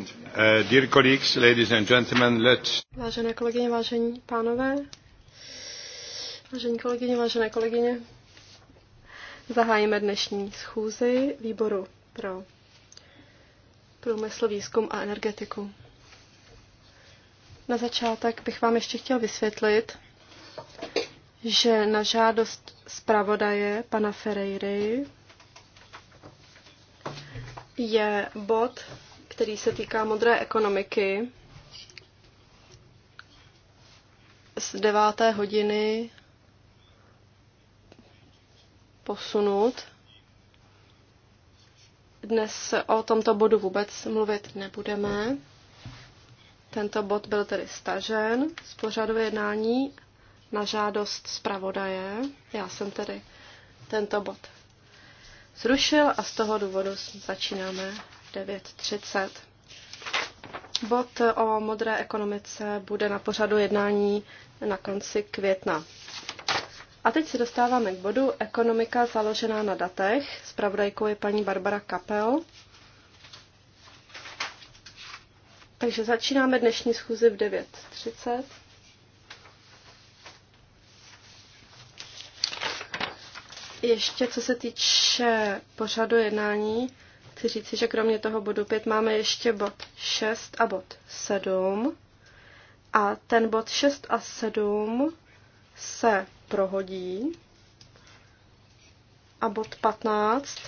Uh, ladies and gentlemen, Vážené kolegyně, vážení pánové, vážení kolegyně, vážené kolegyně, zahájíme dnešní schůzi výboru pro průmysl, výzkum a energetiku. Na začátek bych vám ještě chtěl vysvětlit, že na žádost zpravodaje pana Ferreiry je bod který se týká modré ekonomiky z deváté hodiny posunout. Dnes o tomto bodu vůbec mluvit nebudeme. Tento bod byl tedy stažen z pořadu jednání na žádost zpravodaje. Já jsem tedy tento bod zrušil a z toho důvodu začínáme 9.30. Bod o modré ekonomice bude na pořadu jednání na konci května. A teď se dostáváme k bodu Ekonomika založená na datech. Spravodajkou je paní Barbara Kapel. Takže začínáme dnešní schůzi v 9.30. Ještě co se týče pořadu jednání, chci říct, že kromě toho bodu 5 máme ještě bod 6 a bod 7. A ten bod 6 a 7 se prohodí. A bod 15,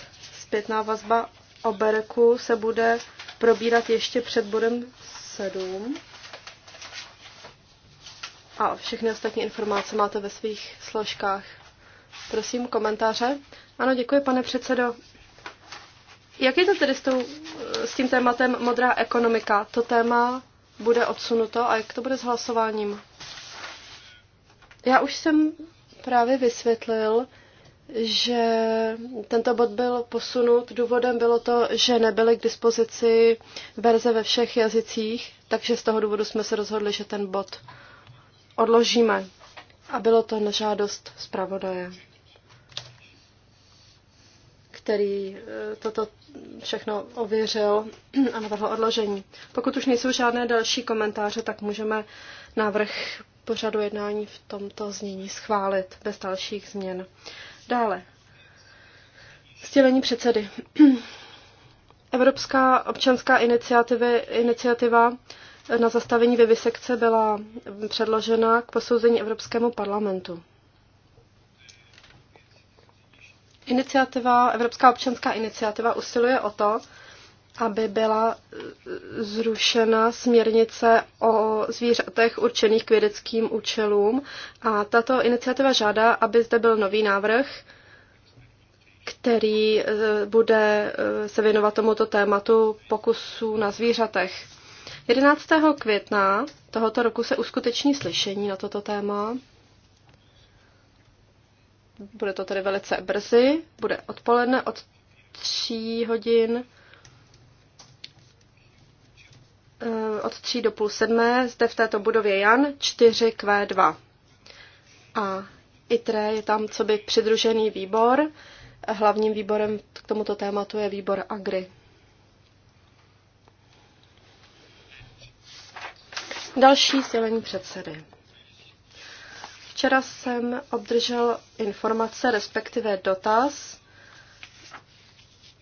zpětná vazba o Bereku, se bude probírat ještě před bodem 7. A všechny ostatní informace máte ve svých složkách. Prosím, komentáře. Ano, děkuji, pane předsedo. Jak je to tedy s, tou, s tím tématem modrá ekonomika? To téma bude odsunuto a jak to bude s hlasováním? Já už jsem právě vysvětlil, že tento bod byl posunut. Důvodem bylo to, že nebyly k dispozici verze ve všech jazycích, takže z toho důvodu jsme se rozhodli, že ten bod odložíme. A bylo to na žádost zpravodaje který eh, toto všechno ověřil a navrhl odložení. Pokud už nejsou žádné další komentáře, tak můžeme návrh pořadu jednání v tomto znění schválit bez dalších změn. Dále. Sdělení předsedy. Evropská občanská iniciativa, iniciativa na zastavení vivisekce byla předložena k posouzení Evropskému parlamentu. Iniciativa, Evropská občanská iniciativa usiluje o to, aby byla eh, zrušena směrnice o zvířatech určených k vědeckým účelům. A tato iniciativa žádá, aby zde byl nový návrh, který eh, bude eh, se věnovat tomuto tématu pokusů na zvířatech. 11. května tohoto roku se uskuteční slyšení na toto téma. Bude to tady velice brzy, bude odpoledne od 3 hodin eh, od 3 do půl sedmé, zde v této budově Jan 4Q2. A ITRE je tam co by přidružený výbor. Hlavním výborem k tomuto tématu je výbor AGRI. Další sdělení předsedy. Včera jsem obdržel informace, respektive dotaz.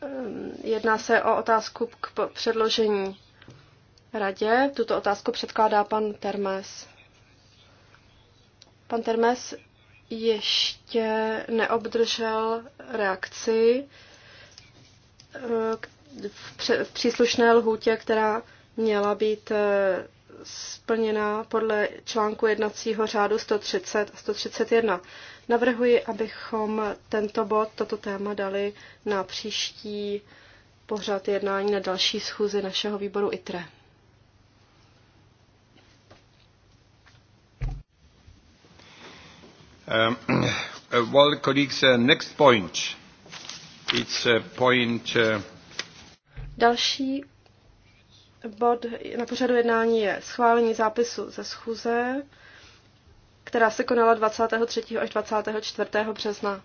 Ehm, jedná se o otázku k předložení radě. Tuto otázku předkládá pan Termes. Pan Termes ještě neobdržel reakci eh, v příslušné lhůtě, která měla být eh, splněna podle článku jednacího řádu 130 a 131. Navrhuji, abychom tento bod, toto téma dali na příští pořad jednání na další schůzi našeho výboru ITRE. Um, uh, well, colleagues, uh, next point. It's uh, point. Uh... Další Bod na pořadu jednání je schválení zápisu ze schůze, která se konala 23. až 24. března.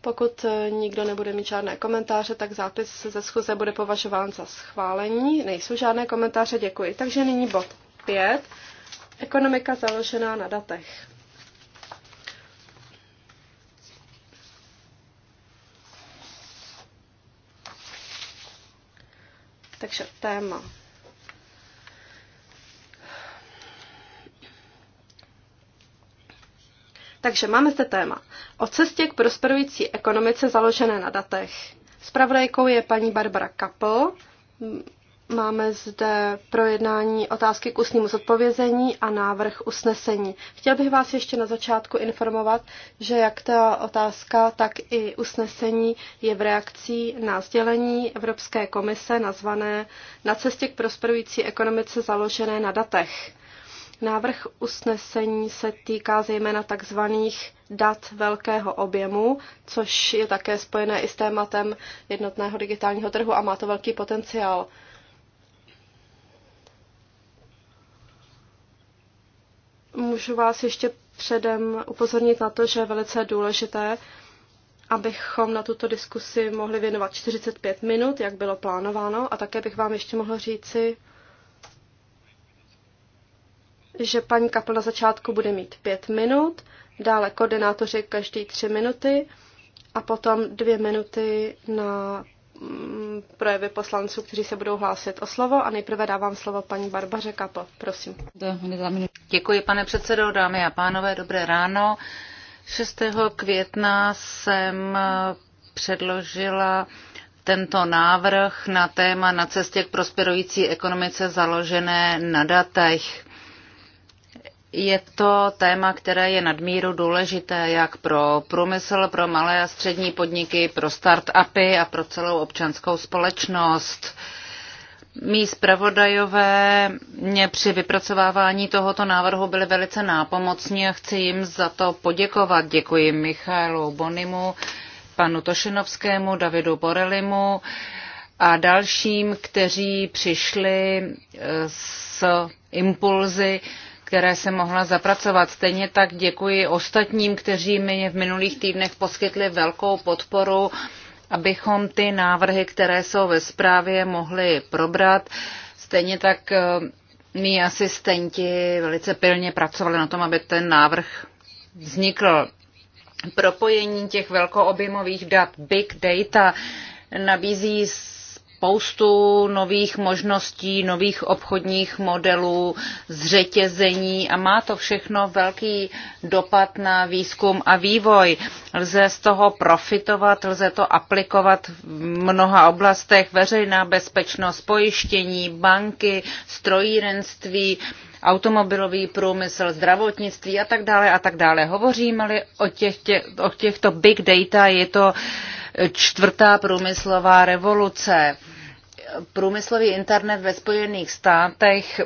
Pokud eh, nikdo nebude mít žádné komentáře, tak zápis ze schůze bude považován za schválení. Nejsou žádné komentáře, děkuji. Takže nyní bod 5. Ekonomika založená na datech. Takže téma Takže máme zde téma. O cestě k prosperující ekonomice založené na datech. Spravodajkou je paní Barbara Kapl. Máme zde projednání otázky k ústnímu zodpovězení a návrh usnesení. Chtěl bych vás ještě na začátku informovat, že jak ta otázka, tak i usnesení je v reakcí na sdělení Evropské komise nazvané Na cestě k prosperující ekonomice založené na datech. Návrh usnesení se týká zejména takzvaných dat velkého objemu, což je také spojené i s tématem jednotného digitálního trhu a má to velký potenciál. Můžu vás ještě předem upozornit na to, že je velice důležité, abychom na tuto diskusi mohli věnovat 45 minut, jak bylo plánováno, a také bych vám ještě mohla říci, že paní Kapl na začátku bude mít pět minut, dále koordinátoři každý tři minuty a potom dvě minuty na mm, projevy poslanců, kteří se budou hlásit o slovo a nejprve dávám slovo paní Barbaře Kapo, Prosím. Děkuji, pane předsedo, dámy a pánové, dobré ráno. 6. května jsem předložila tento návrh na téma na cestě k prosperující ekonomice založené na datech. Je to téma, které je nadmíru důležité jak pro průmysl, pro malé a střední podniky, pro start-upy a pro celou občanskou společnost. Mí zpravodajové mě při vypracovávání tohoto návrhu byli velice nápomocní a chci jim za to poděkovat. Děkuji Michailu Bonimu, panu Tošinovskému, Davidu Borelimu a dalším, kteří přišli eh, s impulzy, které se mohla zapracovat. Stejně tak děkuji ostatním, kteří mi v minulých týdnech poskytli velkou podporu, abychom ty návrhy, které jsou ve zprávě, mohli probrat. Stejně tak eh, mý asistenti velice pilně pracovali na tom, aby ten návrh vznikl. Propojení těch velkoobjemových dat, big data, nabízí spoustu nových možností, nových obchodních modelů, zřetězení a má to všechno velký dopad na výzkum a vývoj. Lze z toho profitovat, lze to aplikovat v mnoha oblastech, veřejná bezpečnost, pojištění, banky, strojírenství, automobilový průmysl, zdravotnictví a tak dále a tak dále. Hovoříme-li o, těch, tě, o těchto big data, je to uh, čtvrtá průmyslová revoluce. Průmyslový internet ve Spojených státech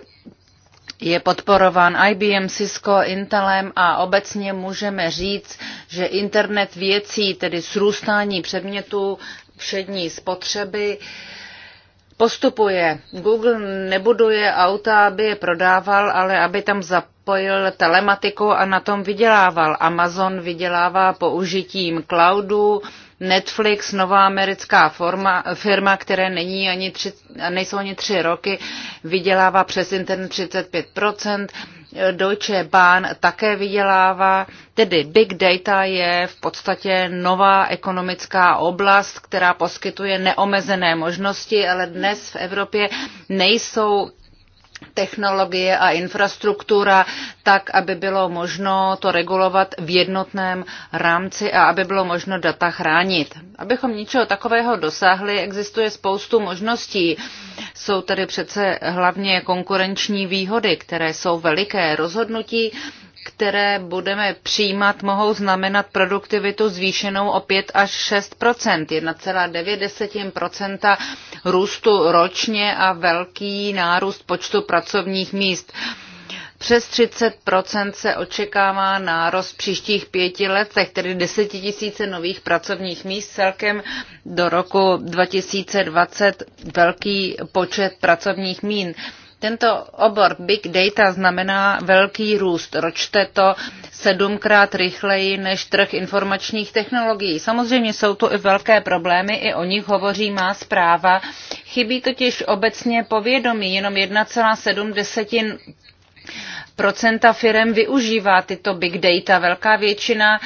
je podporován IBM, Cisco, Intelem a obecně můžeme říct, že internet věcí, tedy srůstání předmětů všední spotřeby, postupuje. Google nebuduje auta, aby je prodával, ale aby tam zapojil telematiku a na tom vydělával. Amazon vydělává použitím cloudu, Netflix, nová americká forma, firma, které není ani tři, nejsou ani tři roky, vydělává přes internet 35%, Deutsche Bahn také vydělává. Tedy big data je v podstatě nová ekonomická oblast, která poskytuje neomezené možnosti, ale dnes v Evropě nejsou technologie a infrastruktura tak, aby bylo možno to regulovat v jednotném rámci a aby bylo možno data chránit. Abychom ničeho takového dosáhli, existuje spoustu možností. Jsou tedy přece hlavně konkurenční výhody, které jsou veliké rozhodnutí, které budeme přijímat, mohou znamenat produktivitu zvýšenou o 5 až 6 1,9 růstu ročně a velký nárůst počtu pracovních míst. Přes 30 se očekává nárost v příštích pěti letech, tedy 10 000 nových pracovních míst celkem do roku 2020 velký počet pracovních míst tento obor Big Data znamená velký růst. Ročte to sedmkrát rychleji než trh informačních technologií. Samozřejmě jsou tu i velké problémy, i o nich hovoří má zpráva. Chybí totiž obecně povědomí, jenom 1,7 desetin procenta firm využívá tyto big data. Velká většina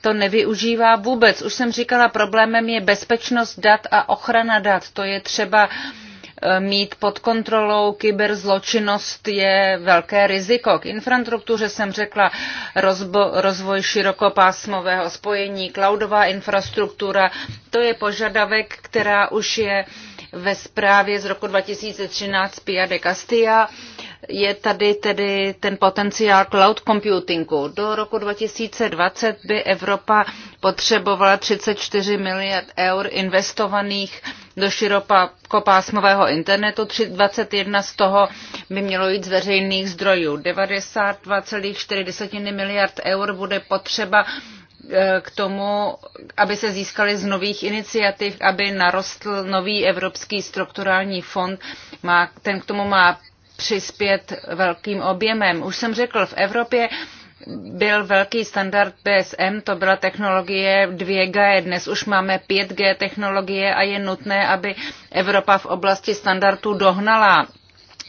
to nevyužívá vůbec. Už jsem říkala, problémem je bezpečnost dat a ochrana dat. To je třeba uh, mít pod kontrolou kyberzločinnost je velké riziko. K infrastruktuře jsem řekla rozbo, rozvoj širokopásmového spojení, cloudová infrastruktura, to je požadavek, která už je ve zprávě z roku 2013 Pia de Castilla. Je tady tedy ten potenciál cloud computingu. Do roku 2020 by Evropa potřebovala 34 miliard eur investovaných do širokopásmového internetu, 21 z toho by mělo jít z veřejných zdrojů. 92,4 miliard eur bude potřeba eh, k tomu, aby se získaly z nových iniciativ, aby narostl nový Evropský strukturální fond. ten k tomu má přispět velkým objemem. Už jsem řekl, v Evropě byl velký standard BSM, to byla technologie 2G, dnes už máme 5G technologie a je nutné, aby Evropa v oblasti standardů dohnala.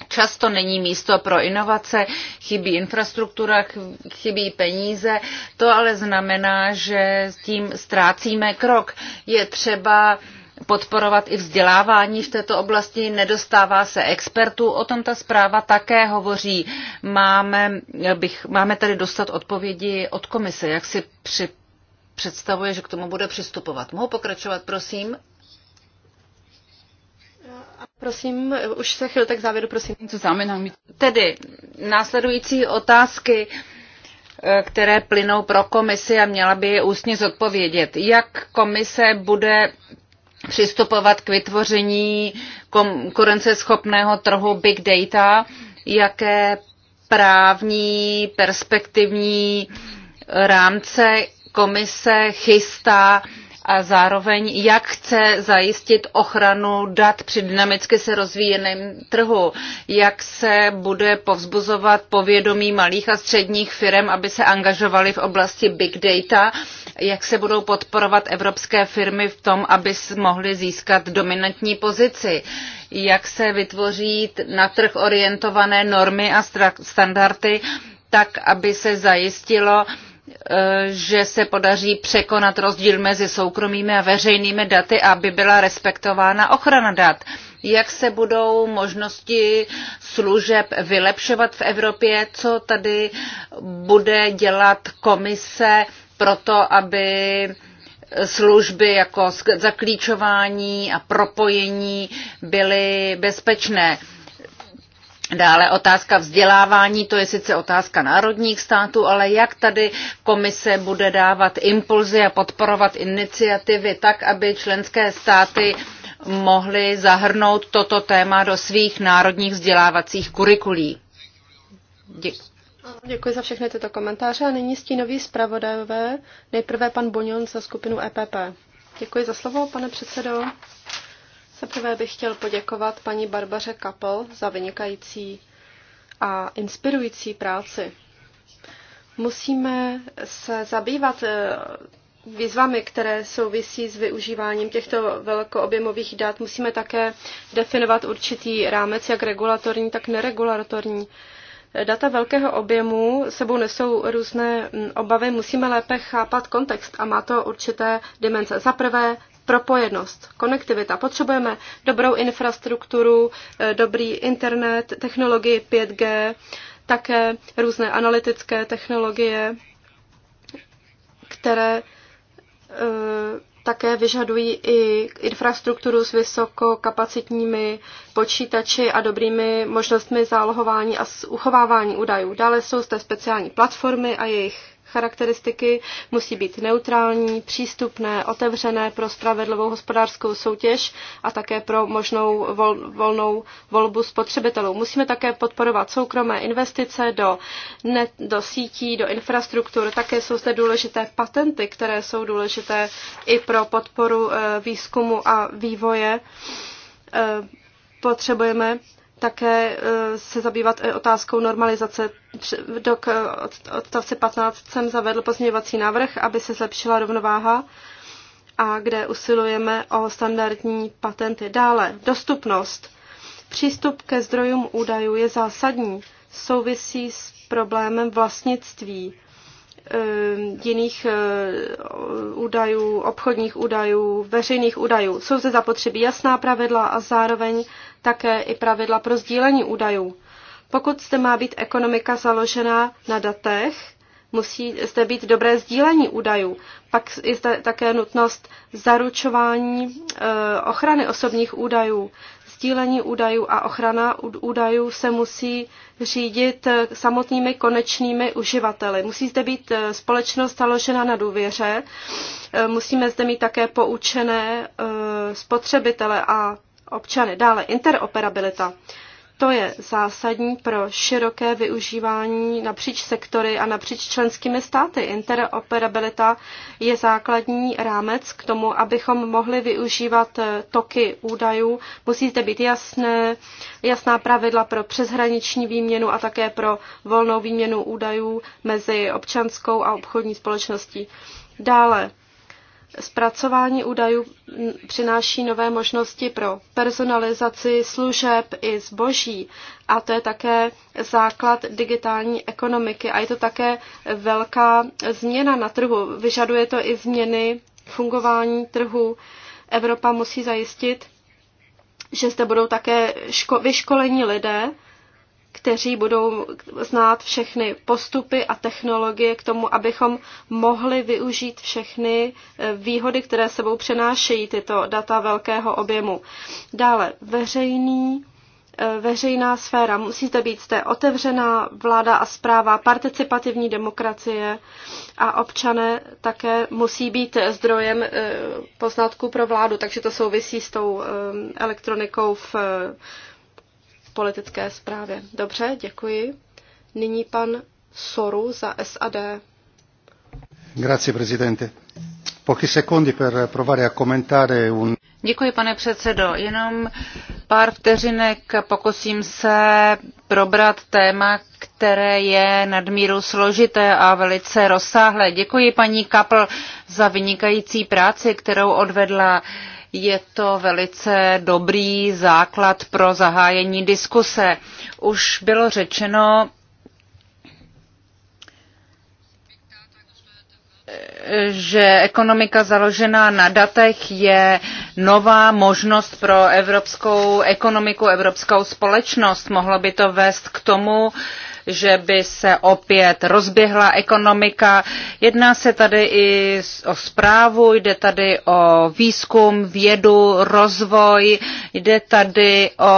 Často není místo pro inovace, chybí infrastruktura, chybí peníze. To ale znamená, že s tím ztrácíme krok. Je třeba uh, podporovat i vzdělávání v této oblasti, nedostává se expertů, o tom ta zpráva také hovoří. Máme, bych, máme tady dostat odpovědi od komise, jak si při, představuje, že k tomu bude přistupovat. Mohu pokračovat, prosím? Prosím, už se chvíli tak závěru, prosím. co Tedy následující otázky které plynou pro komisi a měla by je ústně zodpovědět. Jak komise bude přistupovat k vytvoření konkurenceschopného trhu big data, jaké právní perspektivní rámce komise chystá a zároveň jak chce zajistit ochranu dat při dynamicky se rozvíjeném trhu, jak se bude povzbuzovat povědomí malých a středních firm, aby se angažovali v oblasti big data jak se budou podporovat evropské firmy v tom, aby mohly získat dominantní pozici, jak se vytvoří na trh orientované normy a standardy, tak aby se zajistilo, eh, že se podaří překonat rozdíl mezi soukromými a veřejnými daty, aby byla respektována ochrana dat. Jak se budou možnosti služeb vylepšovat v Evropě, co tady bude dělat komise proto, aby služby jako zaklíčování a propojení byly bezpečné. Dále otázka vzdělávání, to je sice otázka národních států, ale jak tady komise bude dávat impulzy a podporovat iniciativy tak, aby členské státy mohly zahrnout toto téma do svých národních vzdělávacích kurikulí. Děkuji. Děkuji za všechny tyto komentáře a nyní stínový zpravodajové. Nejprve pan Bonion za skupinu EPP. Děkuji za slovo, pane předsedo. Zaprvé bych chtěl poděkovat paní Barbaře Kapel za vynikající a inspirující práci. Musíme se zabývat eh, výzvami, které souvisí s využíváním těchto velkoobjemových dat. Musíme také definovat určitý rámec, jak regulatorní, tak neregulatorní data velkého objemu sebou nesou různé mm, obavy, musíme lépe chápat kontext a má to určité dimenze. Za prvé, propojenost, konektivita. Potřebujeme dobrou infrastrukturu, eh, dobrý internet, technologii 5G, také různé analytické technologie, které eh, také vyžadují i infrastrukturu s vysokokapacitními počítači a dobrými možnostmi zálohování a uchovávání údajů. Dále jsou zde speciální platformy a jejich charakteristiky musí být neutrální, přístupné, otevřené pro spravedlivou hospodářskou soutěž a také pro možnou vol, volnou volbu spotřebitelů. Musíme také podporovat soukromé investice do, ne, do sítí, do infrastruktur. Také jsou zde důležité patenty, které jsou důležité i pro podporu eh, výzkumu a vývoje. Eh, potřebujeme také e, se zabývat otázkou normalizace. Do e, odstavce 15 jsem zavedl pozměňovací návrh, aby se zlepšila rovnováha a kde usilujeme o standardní patenty. Dále, dostupnost. Přístup ke zdrojům údajů je zásadní, souvisí s problémem vlastnictví e, jiných údajů, obchodních údajů, veřejných údajů. Jsou zde zapotřebí jasná pravidla a zároveň také i pravidla pro sdílení údajů. Pokud zde má být ekonomika založená na datech, musí zde být dobré sdílení údajů. Pak je zde také nutnost zaručování e, ochrany osobních údajů. Sdílení údajů a ochrana údajů se musí řídit e, samotnými konečnými uživateli. Musí zde být e, společnost založena na důvěře. Musíme zde mít také poučené spotřebitele a občany. Dále interoperabilita. To je zásadní pro široké využívání napříč sektory a napříč členskými státy. Interoperabilita je základní rámec k tomu, abychom mohli využívat eh, toky údajů. Musí zde být jasné, jasná pravidla pro přeshraniční výměnu a také pro volnou výměnu údajů mezi občanskou a obchodní společností. Dále Zpracování údajů přináší nové možnosti pro personalizaci služeb i zboží a to je také základ digitální ekonomiky a je to také velká změna na trhu. Vyžaduje to i změny fungování trhu. Evropa musí zajistit, že zde budou také vyškolení lidé, kteří budou znát všechny postupy a technologie k tomu, abychom mohli využít všechny eh, výhody, které sebou přenášejí tyto data velkého objemu. Dále veřejný eh, veřejná sféra. Musíte být zde otevřená vláda a zpráva, participativní demokracie a občané také musí být zdrojem eh, poznatků pro vládu, takže to souvisí s tou elektronikou v politické zprávě. Dobře, děkuji. Nyní pan Soru za SAD. Grazie, presidente. Pochi sekundy, per provare a commentare un... Děkuji, pane předsedo. Jenom pár vteřinek pokusím se probrat téma, které je nadmíru složité a velice rozsáhlé. Děkuji paní Kapl za vynikající práci, kterou odvedla je to velice dobrý základ pro zahájení diskuse. Už bylo řečeno, že ekonomika založená na datech je nová možnost pro evropskou ekonomiku, evropskou společnost. Mohlo by to vést k tomu, že by se opět rozběhla ekonomika. Jedná se tady i o zprávu, jde tady o výzkum, vědu, rozvoj, jde tady o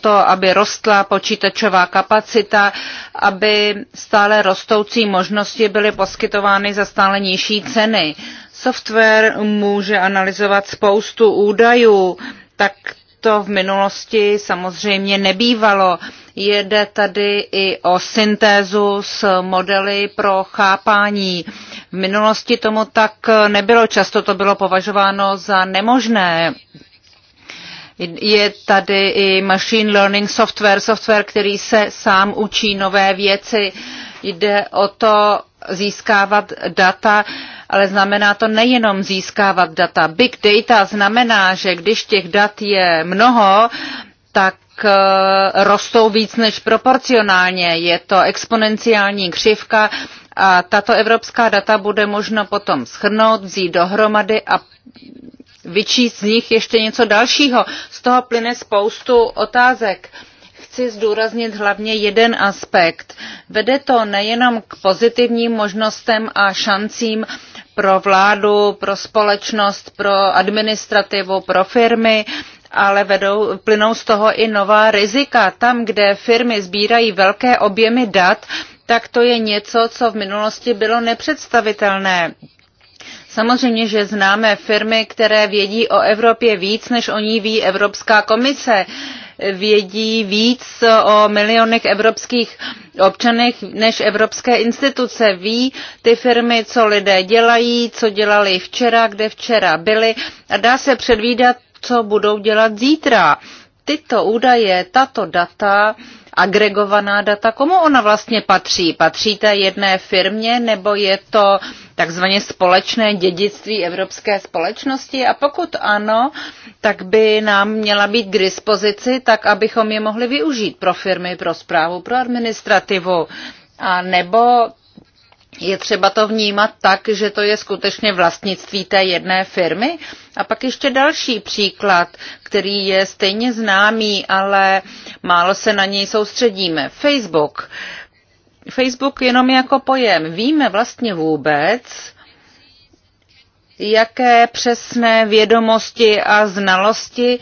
to, aby rostla počítačová kapacita, aby stále rostoucí možnosti byly poskytovány za stále nižší ceny. Software může analyzovat spoustu údajů, tak to v minulosti samozřejmě nebývalo. Jede tady i o syntézu s modely pro chápání. V minulosti tomu tak nebylo, často to bylo považováno za nemožné. Je tady i machine learning software, software, který se sám učí nové věci. Jde o to získávat data, ale znamená to nejenom získávat data. Big data znamená, že když těch dat je mnoho, tak eh, rostou víc než proporcionálně. Je to exponenciální křivka a tato evropská data bude možno potom schrnout, vzít dohromady a vyčíst z nich ještě něco dalšího. Z toho plyne spoustu otázek. Chci zdůraznit hlavně jeden aspekt. Vede to nejenom k pozitivním možnostem a šancím pro vládu, pro společnost, pro administrativu, pro firmy, ale vedou, plynou z toho i nová rizika. Tam, kde firmy sbírají velké objemy dat, tak to je něco, co v minulosti bylo nepředstavitelné. Samozřejmě, že známe firmy, které vědí o Evropě víc, než o ní ví Evropská komise vědí víc o milionech evropských občanech než evropské instituce. Ví ty firmy, co lidé dělají, co dělali včera, kde včera byli a dá se předvídat, co budou dělat zítra. Tyto údaje, tato data agregovaná data, komu ona vlastně patří? Patří té jedné firmě nebo je to takzvaně společné dědictví evropské společnosti? A pokud ano, tak by nám měla být k dispozici, tak abychom je mohli využít pro firmy, pro zprávu, pro administrativu. A nebo je třeba to vnímat tak, že to je skutečně vlastnictví té jedné firmy. A pak ještě další příklad, který je stejně známý, ale málo se na něj soustředíme. Facebook. Facebook jenom jako pojem. Víme vlastně vůbec, jaké přesné vědomosti a znalosti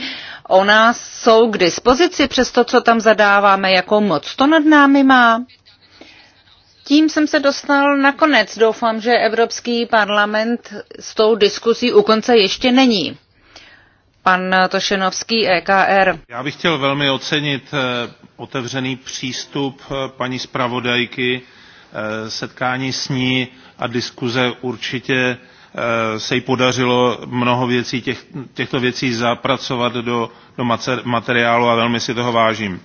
o nás jsou k dispozici přes to, co tam zadáváme, jakou moc to nad námi má tím jsem se dostal nakonec. Doufám, že Evropský parlament s tou diskusí u konce ještě není. Pan Tošenovský, EKR. Já bych chtěl velmi ocenit eh, otevřený přístup eh, paní zpravodajky. Eh, setkání s ní a diskuze určitě se jí podařilo mnoho věcí těch, těchto věcí zapracovat do, do materiálu a velmi si toho vážím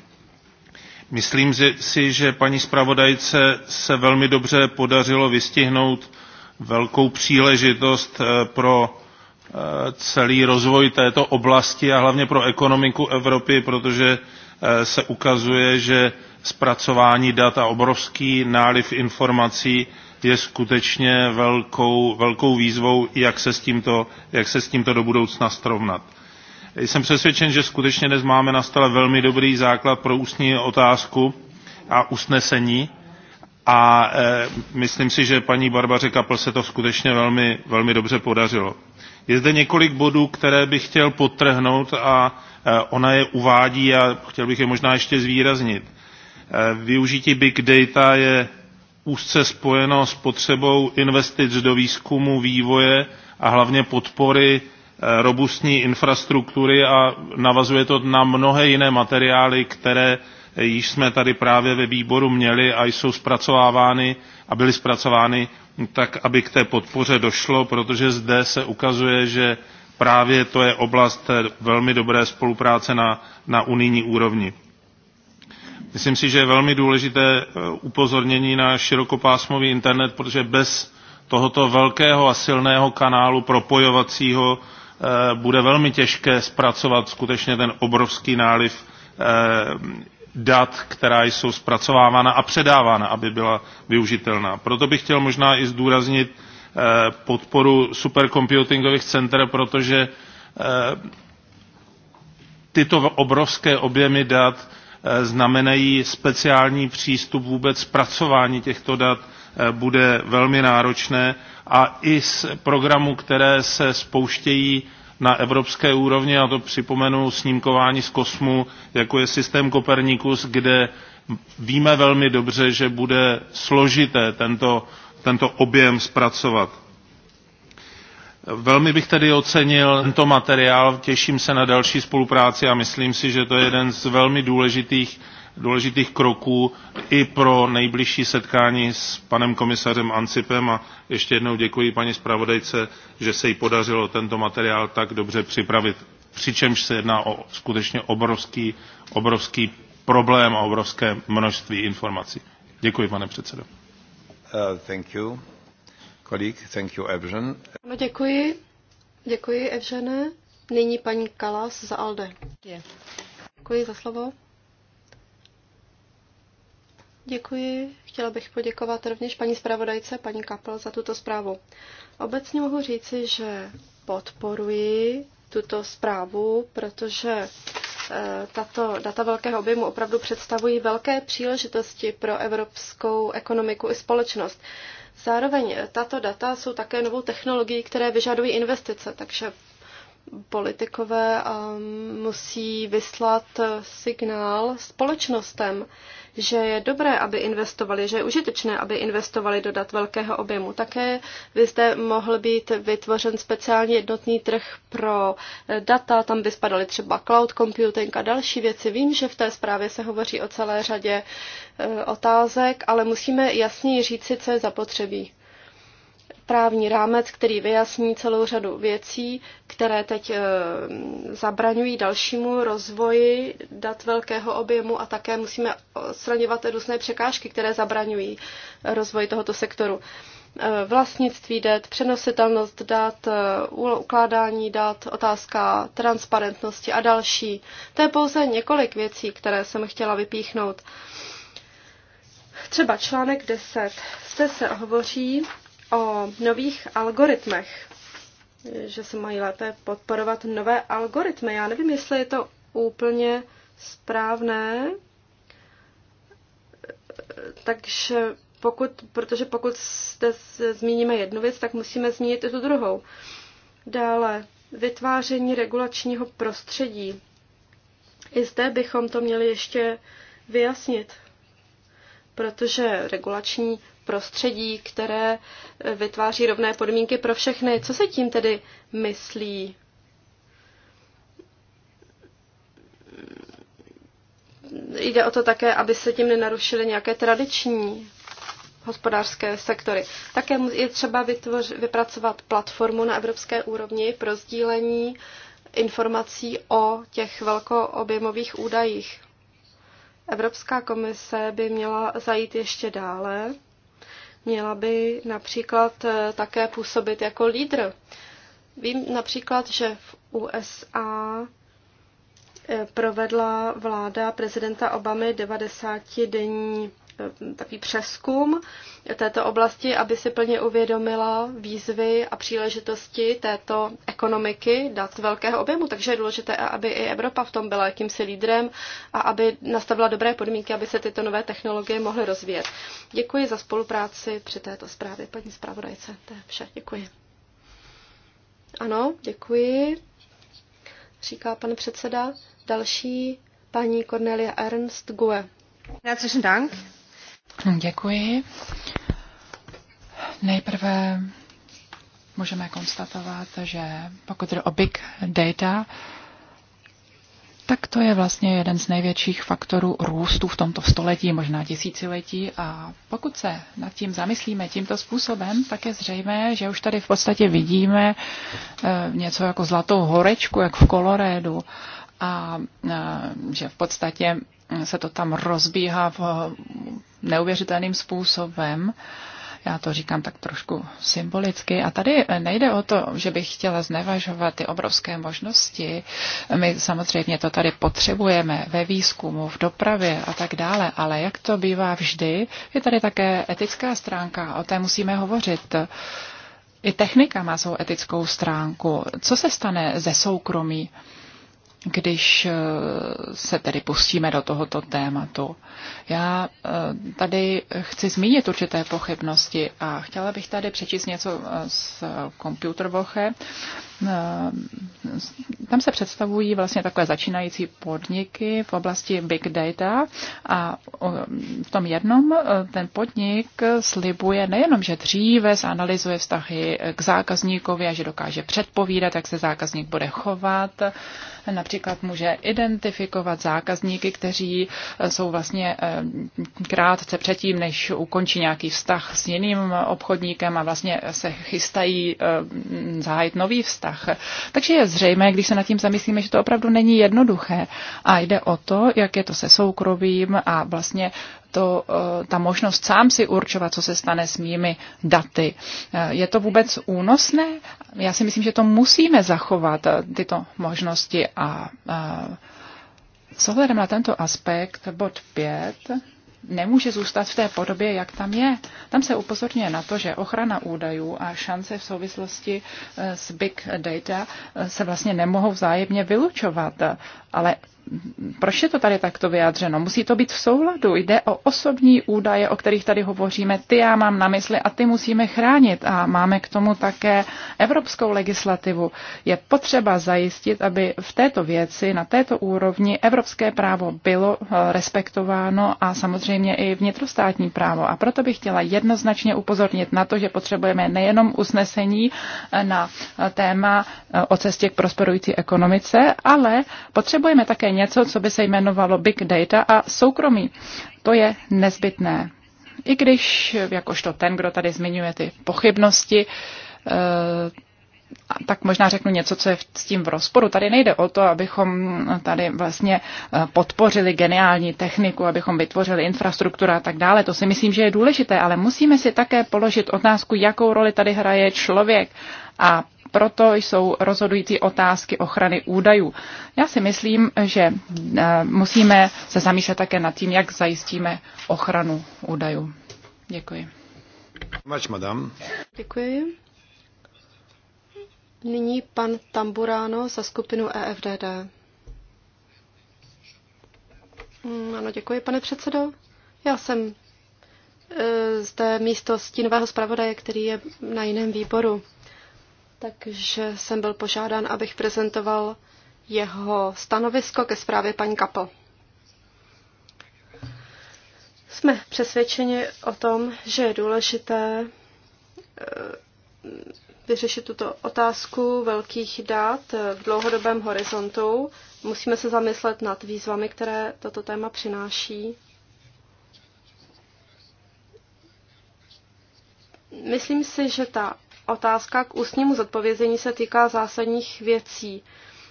Myslím si, že paní zpravodajce se velmi dobře podařilo vystihnout velkou příležitost eh, pro eh, celý rozvoj této oblasti a hlavně pro ekonomiku Evropy, protože eh, se ukazuje, že zpracování dat a obrovský náliv informací je skutečně velkou, velkou výzvou, jak se, s tímto, jak se s tímto do budoucna srovnat. Jsem přesvědčen, že skutečně dnes máme na stole velmi dobrý základ pro ústní otázku a usnesení a e, myslím si, že paní Barbaře Kapl se to skutečně velmi, velmi dobře podařilo. Je zde několik bodů, které bych chtěl podtrhnout a e, ona je uvádí a chtěl bych je možná ještě zvýraznit. E, využití big data je úzce spojeno s potřebou investic do výzkumu, vývoje a hlavně podpory robustní infrastruktury a navazuje to na mnohé jiné materiály, které již jsme tady právě ve výboru měli a jsou zpracovávány a byly zpracovány tak, aby k té podpoře došlo, protože zde se ukazuje, že právě to je oblast velmi dobré spolupráce na, na unijní úrovni. Myslím si, že je velmi důležité eh, upozornění na širokopásmový internet, protože bez tohoto velkého a silného kanálu propojovacího Eh, bude velmi těžké zpracovat skutečně ten obrovský náliv eh, dat, která jsou zpracovávána a předávána, aby byla využitelná. Proto bych chtěl možná i zdůraznit eh, podporu supercomputingových center, protože tyto obrovské objemy dat znamenají speciální přístup vůbec zpracování těchto dat Eh, bude velmi náročné a i z programů, které se spouštějí na evropské úrovni, a to připomenu snímkování z kosmu, jako je systém Kopernikus, kde víme velmi dobře, že bude složité tento, tento objem zpracovat. Velmi bych tedy ocenil tento materiál, těším se na další spolupráci a myslím si, že to je jeden z velmi důležitých důležitých kroků i pro nejbližší setkání s panem komisařem Ancipem a ještě jednou děkuji paní zpravodajce, že se jí podařilo tento materiál tak dobře připravit, přičemž se jedná o skutečně obrovský, obrovský problém a obrovské množství informací. Děkuji, pane předsedo. Uh, thank you. Colleague, thank you, Evžen. No, děkuji. Děkuji, Evžene. Nyní paní Kalas za ALDE. Děkuji za slovo. Děkuji. Chtěla bych poděkovat rovněž paní zpravodajce, paní Kapel, za tuto zprávu. Obecně mohu říci, že podporuji tuto zprávu, protože eh, tato data velkého objemu opravdu představují velké příležitosti pro evropskou ekonomiku i společnost. Zároveň tato data jsou také novou technologií, které vyžadují investice, takže politikové eh, musí vyslat signál společnostem, že je dobré, aby investovali, že je užitečné, aby investovali do dat velkého objemu. Také by zde mohl být vytvořen speciální jednotný trh pro eh, data, tam by spadaly třeba cloud computing a další věci. Vím, že v té zprávě se hovoří o celé řadě eh, otázek, ale musíme jasně říci, co je zapotřebí právní rámec, který vyjasní celou řadu věcí, které teď eh, zabraňují dalšímu rozvoji dat velkého objemu a také musíme odstraňovat různé překážky, které zabraňují rozvoji tohoto sektoru. Eh, vlastnictví dat, přenositelnost dat, eh, ukládání dat, otázka transparentnosti a další. To je pouze několik věcí, které jsem chtěla vypíchnout. Třeba článek 10. Zde se hovoří o nových algoritmech, že se mají lépe podporovat nové algoritmy. Já nevím, jestli je to úplně správné, takže pokud, protože pokud zde zmíníme jednu věc, tak musíme zmínit i tu druhou. Dále, vytváření regulačního prostředí. I zde bychom to měli ještě vyjasnit, protože regulační prostředí, které eh, vytváří rovné podmínky pro všechny. Co se tím tedy myslí? Jde o to také, aby se tím nenarušily nějaké tradiční hospodářské sektory. Také je třeba vytvoř, vypracovat platformu na evropské úrovni pro sdílení informací o těch velkoobjemových údajích. Evropská komise by měla zajít ještě dále Měla by například eh, také působit jako lídr. Vím například, že v USA eh, provedla vláda prezidenta Obamy 90-denní Eh, takový přeskum této oblasti, aby si plně uvědomila výzvy a příležitosti této ekonomiky dat velkého objemu. Takže je důležité, aby i Evropa v tom byla jakýmsi lídrem a aby nastavila dobré podmínky, aby se tyto nové technologie mohly rozvíjet. Děkuji za spolupráci při této zprávě, paní zpravodajce. To je vše. Děkuji. Ano, děkuji, říká pan předseda. Další paní Cornelia Ernst Gue. Herzlichen Dank. Děkuji. Nejprve můžeme konstatovat, že pokud jde o big data, tak to je vlastně jeden z největších faktorů růstu v tomto století, možná tisíciletí. A pokud se nad tím zamyslíme tímto způsobem, tak je zřejmé, že už tady v podstatě vidíme eh, něco jako zlatou horečku, jak v Kolorédu. A eh, že v podstatě se to tam rozbíhá v neuvěřitelným způsobem. Já to říkám tak trošku symbolicky. A tady nejde o to, že bych chtěla znevažovat ty obrovské možnosti. My samozřejmě to tady potřebujeme ve výzkumu, v dopravě a tak dále, ale jak to bývá vždy, je tady také etická stránka, o té musíme hovořit. I technika má svou etickou stránku. Co se stane ze soukromí? když eh, se tedy pustíme do tohoto tématu. Já eh, tady chci zmínit určité pochybnosti a chtěla bych tady přečíst něco eh, z Voche, Ehm, tam se představují vlastně takové začínající podniky v oblasti big data a v tom jednom eh, ten podnik slibuje nejenom, že dříve zanalizuje vztahy k zákazníkovi a že dokáže předpovídat, jak se zákazník bude chovat, například může identifikovat zákazníky, kteří eh, jsou vlastně eh, krátce předtím, než ukončí nějaký vztah s jiným obchodníkem a vlastně se chystají zahájit nový vztah vztah. Takže je zřejmé, když se nad tím zamyslíme, že to opravdu není jednoduché. A jde o to, jak je to se soukromím a vlastně to, eh, ta možnost sám si určovat, co se stane s mými daty. Eh, je to vůbec únosné? Já si myslím, že to musíme zachovat, eh, tyto možnosti. A, a s ohledem na tento aspekt, bod 5 nemůže zůstat v té podobě, jak tam je. Tam se upozorňuje na to, že ochrana údajů a šance v souvislosti eh, s big data eh, se vlastně nemohou vzájemně vylučovat, eh, ale proč je to tady takto vyjádřeno? Musí to být v souladu. Jde o osobní údaje, o kterých tady hovoříme. Ty já mám na mysli a ty musíme chránit. A máme k tomu také evropskou legislativu. Je potřeba zajistit, aby v této věci, na této úrovni, evropské právo bylo eh, respektováno a samozřejmě i vnitrostátní právo. A proto bych chtěla jednoznačně upozornit na to, že potřebujeme nejenom usnesení eh, na eh, téma o cestě k prosperující ekonomice, ale potřebujeme také něco, co by se jmenovalo big data a soukromí. To je nezbytné. I když, jakožto ten, kdo tady zmiňuje ty pochybnosti, eh, tak možná řeknu něco, co je s tím v rozporu. Tady nejde o to, abychom tady vlastně eh, podpořili geniální techniku, abychom vytvořili infrastrukturu a tak dále. To si myslím, že je důležité, ale musíme si také položit otázku, jakou roli tady hraje člověk. A proto jsou rozhodující otázky ochrany údajů. Já si myslím, že eh, musíme se zamýšlet také nad tím, jak zajistíme ochranu údajů. Děkuji. Mač, madam. Děkuji. Nyní pan Tamburáno za skupinu EFDD. Hmm, ano, děkuji, pane předsedo. Já jsem eh, zde místo stínového zpravodaje, který je na jiném výboru takže jsem byl požádán, abych prezentoval jeho stanovisko ke zprávě paní Kapo. Jsme přesvědčeni o tom, že je důležité eh, vyřešit tuto otázku velkých dát eh, v dlouhodobém horizontu. Musíme se zamyslet nad výzvami, které toto téma přináší. Myslím si, že ta otázka k ústnímu zodpovězení se týká zásadních věcí.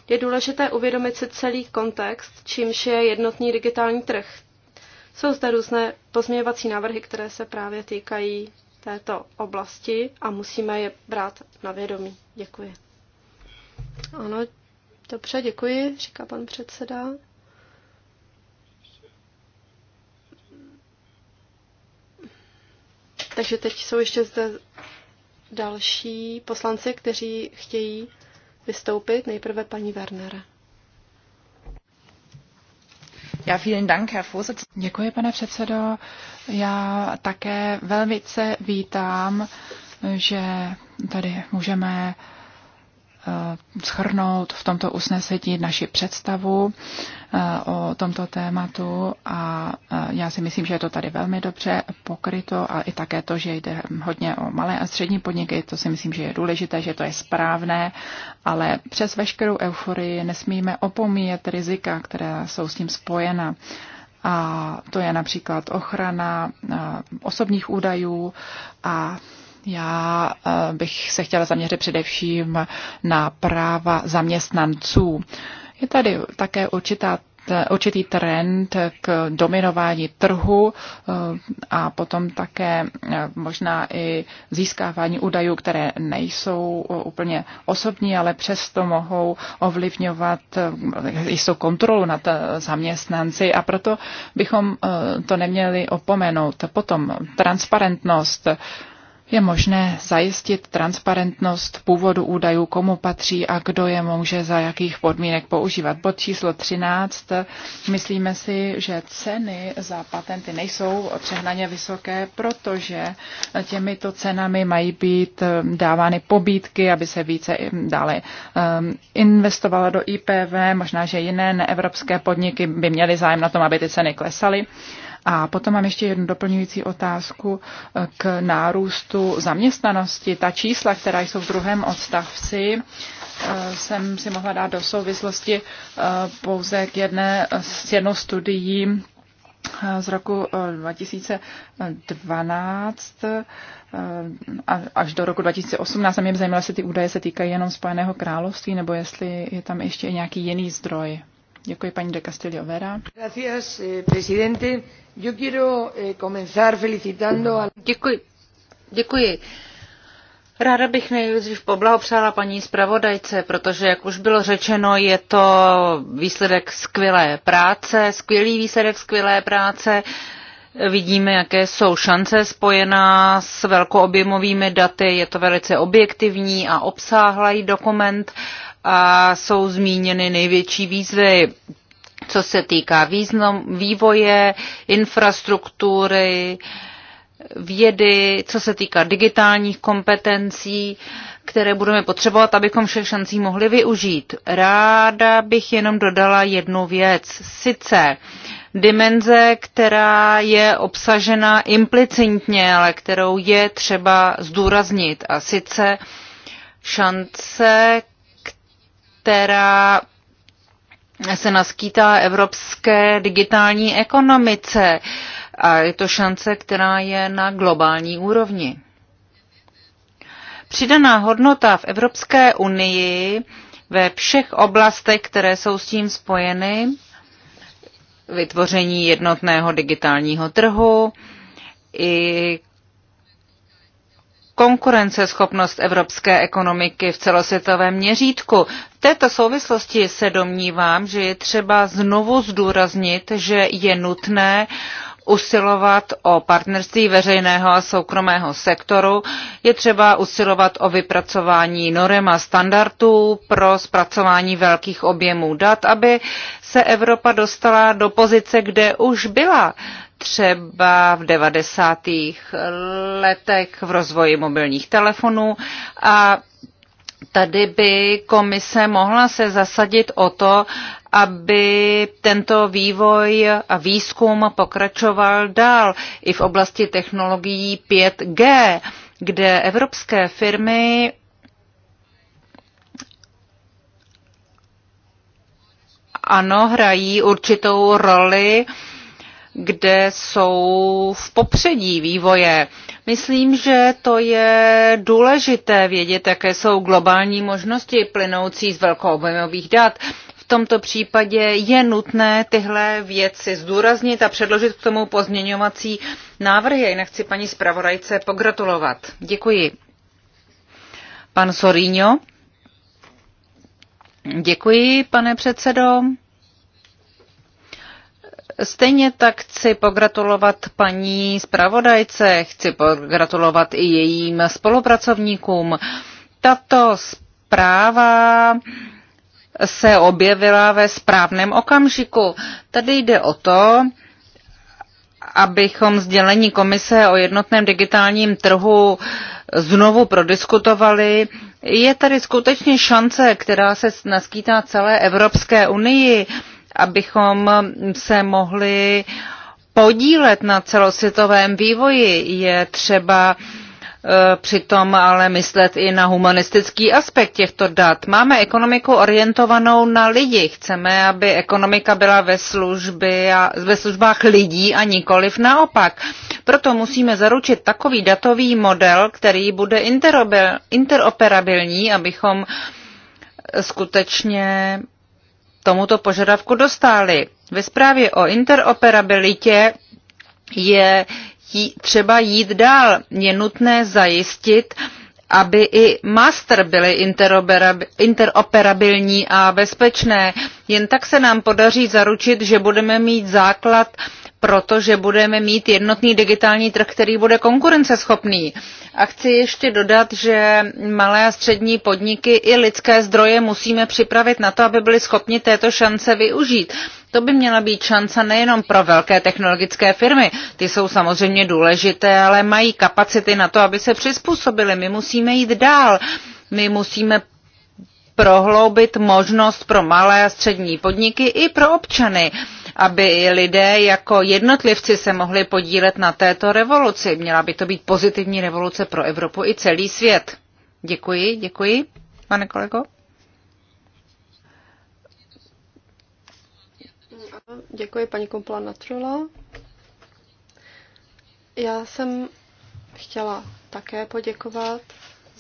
Je důležité uvědomit si celý kontext, čímž je jednotný digitální trh. Jsou zde různé pozměňovací návrhy, které se právě týkají této oblasti a musíme je brát na vědomí. Děkuji. Ano, dobře, děkuji, říká pan předseda. Takže teď jsou ještě zde další poslanci, kteří chtějí vystoupit. Nejprve paní Werner. Já vielen Dank, Herr Vorsitz. Děkuji, pane předsedo. Já také velmi vítám, že tady můžeme uh, Eh, schrnout v tomto usnesení naši představu eh, o tomto tématu a eh, já si myslím, že je to tady velmi dobře pokryto a i také to, že jde hodně o malé a střední podniky, to si myslím, že je důležité, že to je správné, ale přes veškerou euforii nesmíme opomíjet rizika, která jsou s tím spojena. A to je například ochrana osobních údajů a já eh, bych se chtěla zaměřit především na práva zaměstnanců. Je tady také určitá eh, určitý trend k dominování trhu eh, a potom také možná i získávání údajů, které nejsou úplně osobní, ale přesto mohou ovlivňovat jistou kontrolu nad zaměstnanci a proto bychom to neměli opomenout. Potom transparentnost je možné zajistit transparentnost původu údajů, komu patří a kdo je může za jakých podmínek používat. Bod číslo 13. Myslíme si, že ceny za patenty nejsou přehnaně vysoké, protože těmito cenami mají být eh, dávány pobídky, aby se více eh, dále ehm, investovalo do IPV. Možná, že jiné neevropské podniky by měly zájem na tom, aby ty ceny klesaly. A potom mám ještě jednu doplňující otázku eh, k nárůstu zaměstnanosti. Ta čísla, která jsou v druhém odstavci, eh, jsem si mohla dát do souvislosti eh, pouze k jedné, s jednou studií z roku 2012 až do roku 2018. A mě zajímalo, jestli ty údaje se týkají jenom Spojeného království, nebo jestli je tam ještě nějaký jiný zdroj. Děkuji paní de Castillo Vera. Eh, presidente. Yo quiero eh, comenzar felicitando a... Děkuji. Děkuji. Ráda bych nejdřív poblahopřála paní zpravodajce, protože, jak už bylo řečeno, je to výsledek skvělé práce, skvělý výsledek skvělé práce. Vidíme, jaké jsou šance spojená s velkoobjemovými daty. Je to velice objektivní a obsáhlý dokument a jsou zmíněny největší výzvy, co se týká význam, vývoje, infrastruktury, vědy, co se týká digitálních kompetencí, které budeme potřebovat, abychom všech šancí mohli využít. Ráda bych jenom dodala jednu věc. Sice dimenze, která je obsažena implicitně, ale kterou je třeba zdůraznit. A sice šance, která se naskýtá evropské digitální ekonomice. A je to šance, která je na globální úrovni. Přidaná hodnota v Evropské unii ve všech oblastech, které jsou s tím spojeny, vytvoření jednotného digitálního trhu i konkurenceschopnost evropské ekonomiky v celosvětovém měřítku této souvislosti se domnívám, že je třeba znovu zdůraznit, že je nutné usilovat o partnerství veřejného a soukromého sektoru, je třeba usilovat o vypracování norem a standardů pro zpracování velkých objemů dat, aby se Evropa dostala do pozice, kde už byla třeba v 90. letech v rozvoji mobilních telefonů a Tady by komise mohla se zasadit o to, aby tento vývoj a výzkum pokračoval dál i v oblasti technologií 5G, kde evropské firmy ano, hrají určitou roli kde jsou v popředí vývoje. Myslím, že to je důležité vědět, jaké jsou globální možnosti plynoucí z velkoobjemových dat. V tomto případě je nutné tyhle věci zdůraznit a předložit k tomu pozměňovací návrhy. Jinak chci paní zpravodajce pogratulovat. Děkuji. Pan Sorino. Děkuji, pane předsedo. Stejně tak chci pogratulovat paní zpravodajce, chci pogratulovat i jejím spolupracovníkům. Tato zpráva se objevila ve správném okamžiku. Tady jde o to, abychom sdělení komise o jednotném digitálním trhu znovu prodiskutovali. Je tady skutečně šance, která se naskýtá celé Evropské unii abychom se mohli podílet na celosvětovém vývoji. Je třeba eh, přitom ale myslet i na humanistický aspekt těchto dat. Máme ekonomiku orientovanou na lidi. Chceme, aby ekonomika byla ve, služby a, ve službách lidí a nikoliv naopak. Proto musíme zaručit takový datový model, který bude interoperabilní, abychom skutečně tomuto požadavku dostáli. Ve zprávě o interoperabilitě je třeba jít dál. Je nutné zajistit, aby i master byly interoperabilní a bezpečné. Jen tak se nám podaří zaručit, že budeme mít základ protože budeme mít jednotný digitální trh, který bude konkurenceschopný. A chci ještě dodat, že malé a střední podniky i lidské zdroje musíme připravit na to, aby byli schopni této šance využít. To by měla být šance nejenom pro velké technologické firmy, ty jsou samozřejmě důležité, ale mají kapacity na to, aby se přizpůsobily. My musíme jít dál. My musíme prohloubit možnost pro malé a střední podniky i pro občany aby lidé jako jednotlivci se mohli podílet na této revoluci. Měla by to být pozitivní revoluce pro Evropu i celý svět. Děkuji, děkuji, pane kolego. Děkuji, paní Kompla Natrula. Já jsem chtěla také poděkovat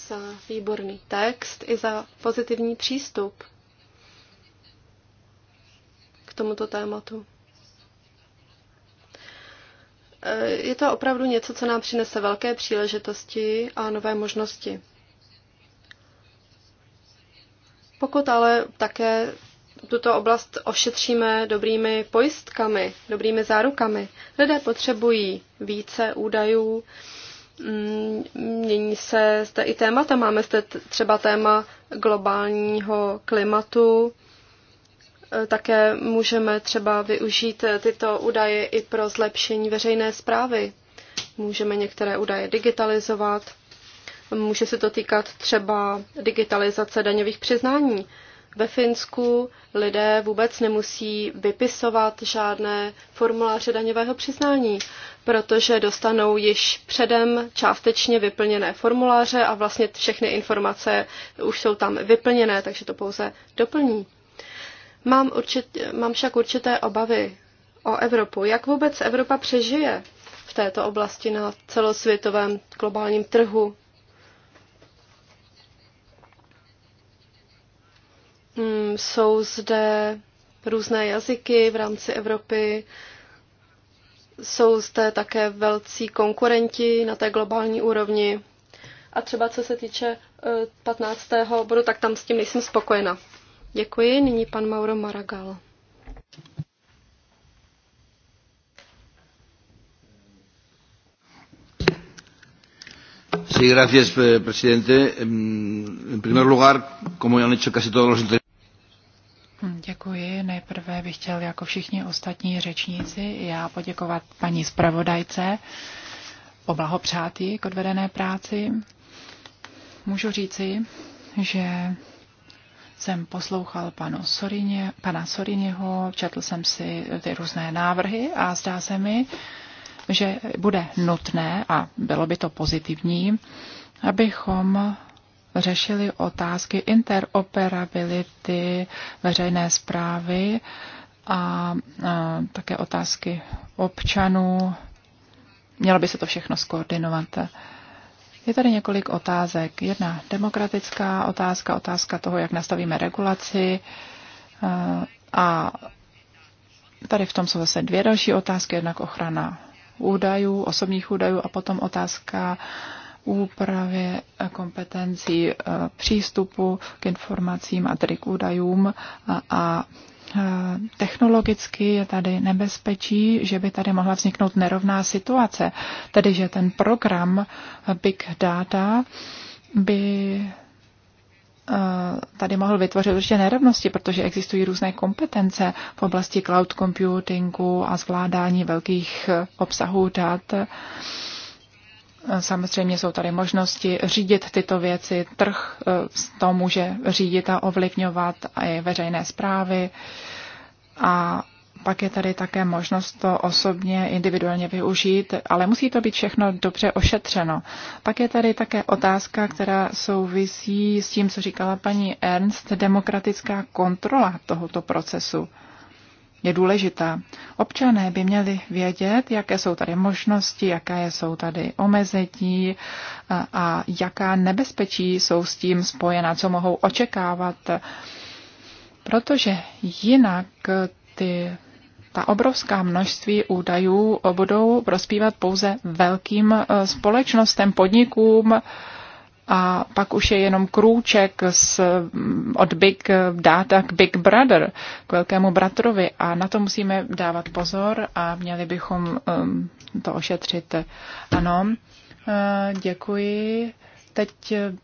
za výborný text i za pozitivní přístup k tomuto tématu. E, je to opravdu něco, co nám přinese velké příležitosti a nové možnosti. Pokud ale také tuto oblast ošetříme dobrými pojistkami, dobrými zárukami, lidé potřebují více údajů, mm, mění se zde i témata. Máme zde třeba téma globálního klimatu, Eh, také můžeme třeba využít eh, tyto údaje i pro zlepšení veřejné zprávy. Můžeme některé údaje digitalizovat. Může se to týkat třeba digitalizace daňových přiznání. Ve Finsku lidé vůbec nemusí vypisovat žádné formuláře daňového přiznání, protože dostanou již předem částečně vyplněné formuláře a vlastně všechny informace už jsou tam vyplněné, takže to pouze doplní. Mám, určit, mám však určité obavy o Evropu. Jak vůbec Evropa přežije v této oblasti na celosvětovém globálním trhu? Hmm, jsou zde různé jazyky v rámci Evropy, jsou zde také velcí konkurenti na té globální úrovni. A třeba co se týče 15. Eh, bodu, tak tam s tím nejsem spokojena. Děkuji. Nyní pan Mauro Maragal. Sí, gracias, eh, presidente. Mm, en primer lugar, como ya han hecho casi todos los hmm, Děkuji. Nejprve bych chtěl jako všichni ostatní řečníci já poděkovat paní zpravodajce, poblahopřát jí k odvedené práci. Můžu říci, že jsem poslouchal panu Sorině, pana Soriněho, četl jsem si ty různé návrhy a zdá se mi, že bude nutné, a bylo by to pozitivní, abychom řešili otázky interoperability veřejné zprávy a, a také otázky občanů. Mělo by se to všechno skoordinovat. Je tady několik otázek. Jedna demokratická otázka, otázka toho, jak nastavíme regulaci. Eh, a tady v tom jsou zase dvě další otázky, jednak ochrana údajů, osobních údajů a potom otázka úpravy kompetencí eh, přístupu k informacím a tedy k údajům a, a Eh, technologicky je tady nebezpečí, že by tady mohla vzniknout nerovná situace, tedy že ten program Big Data by eh, tady mohl vytvořit určitě nerovnosti, protože existují různé kompetence v oblasti cloud computingu a zvládání velkých eh, obsahů dat. Samozřejmě jsou tady možnosti řídit tyto věci, trh eh, to může řídit a ovlivňovat a i veřejné zprávy. A pak je tady také možnost to osobně, individuálně využít, ale musí to být všechno dobře ošetřeno. Pak je tady také otázka, která souvisí s tím, co říkala paní Ernst, demokratická kontrola tohoto procesu je důležitá. Občané by měli vědět, jaké jsou tady možnosti, jaké jsou tady omezení a, a jaká nebezpečí jsou s tím spojena, co mohou očekávat. Protože jinak ty ta obrovská množství údajů budou prospívat pouze velkým eh, společnostem, podnikům a pak už je jenom krůček z, od Big Data k Big Brother, k velkému bratrovi a na to musíme dávat pozor a měli bychom um, to ošetřit. Ano, uh, děkuji. Teď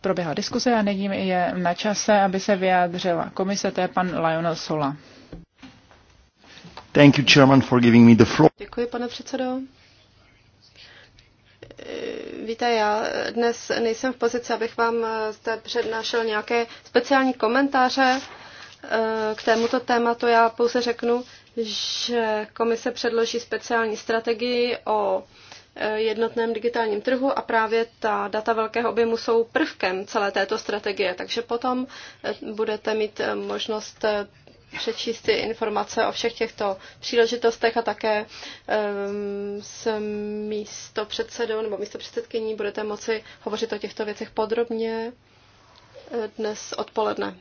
proběhla diskuse a nyní je na čase, aby se vyjádřila komise, to je pan Lionel Sola. Thank you, Chairman, for giving me the floor. Děkuji, pane předsedo. Víte, já dnes nejsem v pozici, abych vám eh, zde přednášel nějaké speciální komentáře eh, k tomuto tématu. Já pouze řeknu, že komise předloží speciální strategii o eh, jednotném digitálním trhu a právě ta data velkého objemu jsou prvkem celé této strategie. Takže potom budete mít možnost přečíst ty informace o všech těchto příležitostech a také um, s místo předsedou nebo místo předsedkyní budete moci hovořit o těchto věcech podrobně eh, dnes odpoledne.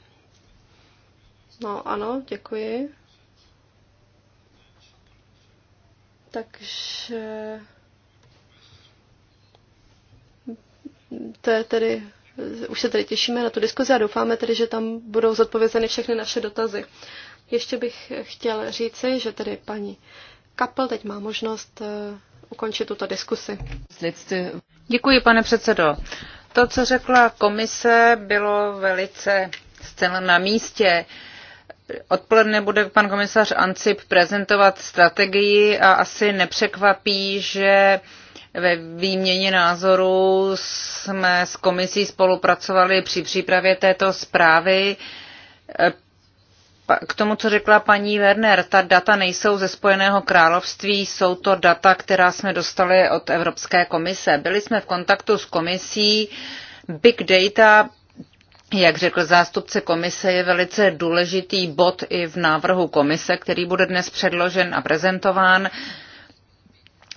No ano, děkuji. Takže to je tedy už se tedy těšíme na tu diskuzi a doufáme tedy, že tam budou zodpovězeny všechny naše dotazy. Ještě bych chtěl říci, že tedy paní Kapel teď má možnost eh, ukončit tuto diskusi. Děkuji, pane předsedo. To, co řekla komise, bylo velice zcela na místě. Odpoledne bude pan komisař Ancip prezentovat strategii a asi nepřekvapí, že ve výměně názorů jsme s komisí spolupracovali při přípravě této zprávy. K tomu, co řekla paní Werner, ta data nejsou ze Spojeného království, jsou to data, která jsme dostali od Evropské komise. Byli jsme v kontaktu s komisí. Big data, jak řekl zástupce komise, je velice důležitý bod i v návrhu komise, který bude dnes předložen a prezentován.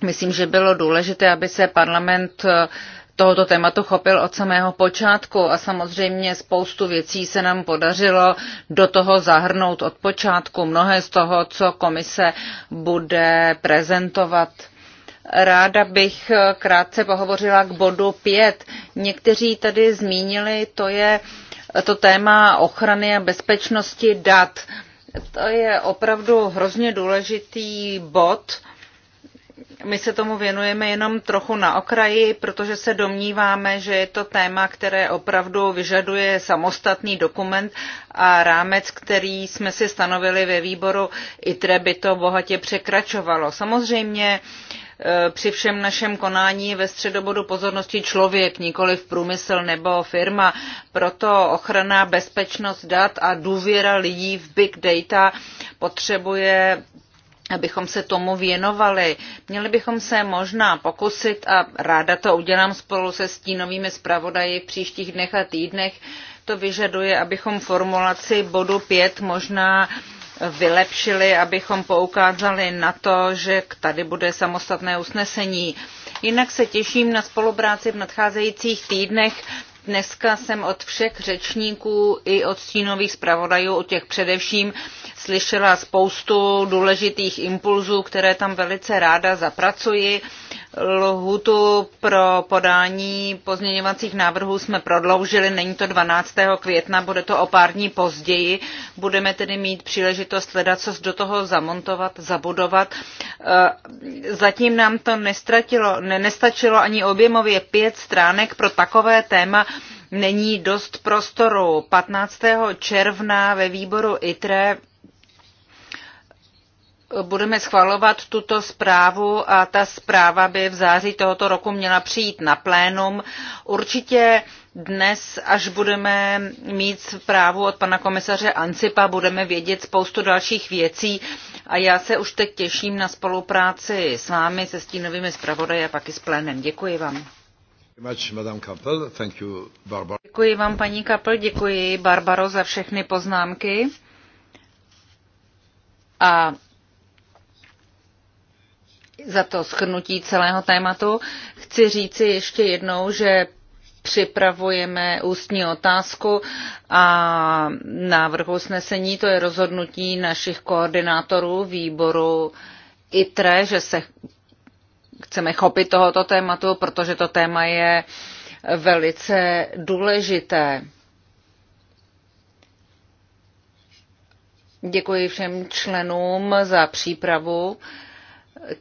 Myslím, že bylo důležité, aby se parlament eh, tohoto tématu chopil od samého počátku a samozřejmě spoustu věcí se nám podařilo do toho zahrnout od počátku. Mnohé z toho, co komise bude prezentovat. Ráda bych eh, krátce pohovořila k bodu 5. Někteří tady zmínili, to je to téma ochrany a bezpečnosti dat. To je opravdu hrozně důležitý bod my se tomu věnujeme jenom trochu na okraji, protože se domníváme, že je to téma, které opravdu vyžaduje samostatný dokument a rámec, který jsme si stanovili ve výboru ITRE, by to bohatě překračovalo. Samozřejmě e, při všem našem konání ve středobodu pozornosti člověk, nikoli v průmysl nebo firma. Proto ochrana, bezpečnost dat a důvěra lidí v big data potřebuje abychom se tomu věnovali. Měli bychom se možná pokusit, a ráda to udělám spolu se stínovými zpravodaji v příštích dnech a týdnech, to vyžaduje, abychom formulaci bodu 5 možná vylepšili, abychom poukázali na to, že tady bude samostatné usnesení. Jinak se těším na spolupráci v nadcházejících týdnech. Dneska jsem od všech řečníků i od stínových zpravodajů, o těch především, slyšela spoustu důležitých impulzů, které tam velice ráda zapracuji. Lhutu pro podání pozměňovacích návrhů jsme prodloužili, není to 12. května, bude to o pár dní později. Budeme tedy mít příležitost hledat, co do toho zamontovat, zabudovat. E, zatím nám to nestratilo, ne, nestačilo ani objemově pět stránek pro takové téma, není dost prostoru. 15. června ve výboru ITRE budeme schvalovat tuto zprávu a ta zpráva by v září tohoto roku měla přijít na plénum. Určitě dnes, až budeme mít zprávu od pana komisaře Ancipa, budeme vědět spoustu dalších věcí a já se už teď těším na spolupráci s vámi, se stínovými zpravodaji a pak i s plénem. Děkuji vám. Děkuji vám, paní Kapel, děkuji Barbaro za všechny poznámky. A za to schrnutí celého tématu. Chci říci ještě jednou, že připravujeme ústní otázku a návrh usnesení, to je rozhodnutí našich koordinátorů výboru ITRE, že se chceme chopit tohoto tématu, protože to téma je velice důležité. Děkuji všem členům za přípravu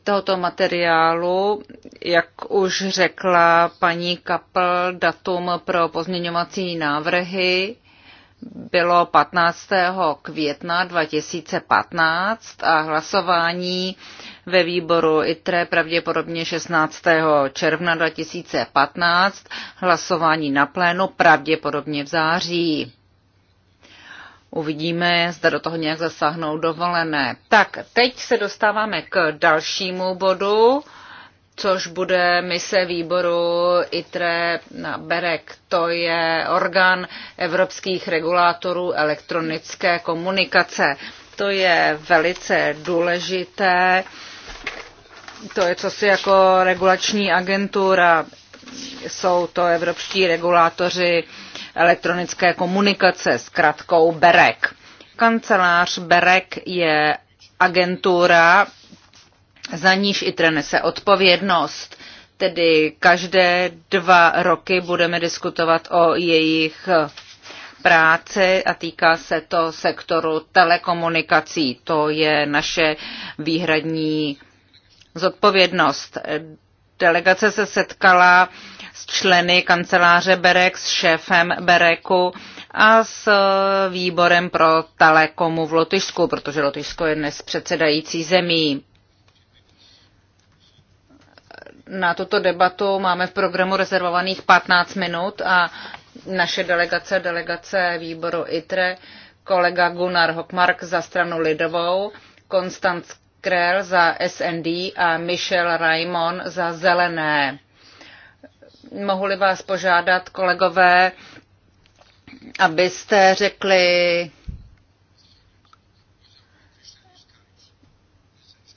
tohoto materiálu, jak už řekla paní Kapl, datum pro pozměňovací návrhy bylo 15. května 2015 a hlasování ve výboru ITRE pravděpodobně 16. června 2015, hlasování na plénu pravděpodobně v září. Uvidíme, zda do toho nějak zasáhnou dovolené. Tak, teď se dostáváme k dalšímu bodu, což bude mise výboru ITRE na BEREK. To je orgán evropských regulátorů elektronické komunikace. To je velice důležité. To je co si jako regulační agentura jsou to evropští regulátoři elektronické komunikace s kratkou BEREC. Kancelář BEREC je agentura, za níž i nese odpovědnost. Tedy každé dva roky budeme diskutovat o jejich práci a týká se to sektoru telekomunikací. To je naše výhradní zodpovědnost. Delegace se setkala s členy kanceláře Berek, s šéfem Bereku a s e, výborem pro telekomu v Lotyšsku, protože Lotyšsko je dnes předsedající zemí. Na tuto debatu máme v programu rezervovaných 15 minut a naše delegace, delegace výboru ITRE, kolega Gunnar Hockmark za stranu Lidovou, Konstanc Krell za SND a Michel Raimon za Zelené. Mohu-li vás požádat, kolegové, abyste řekli,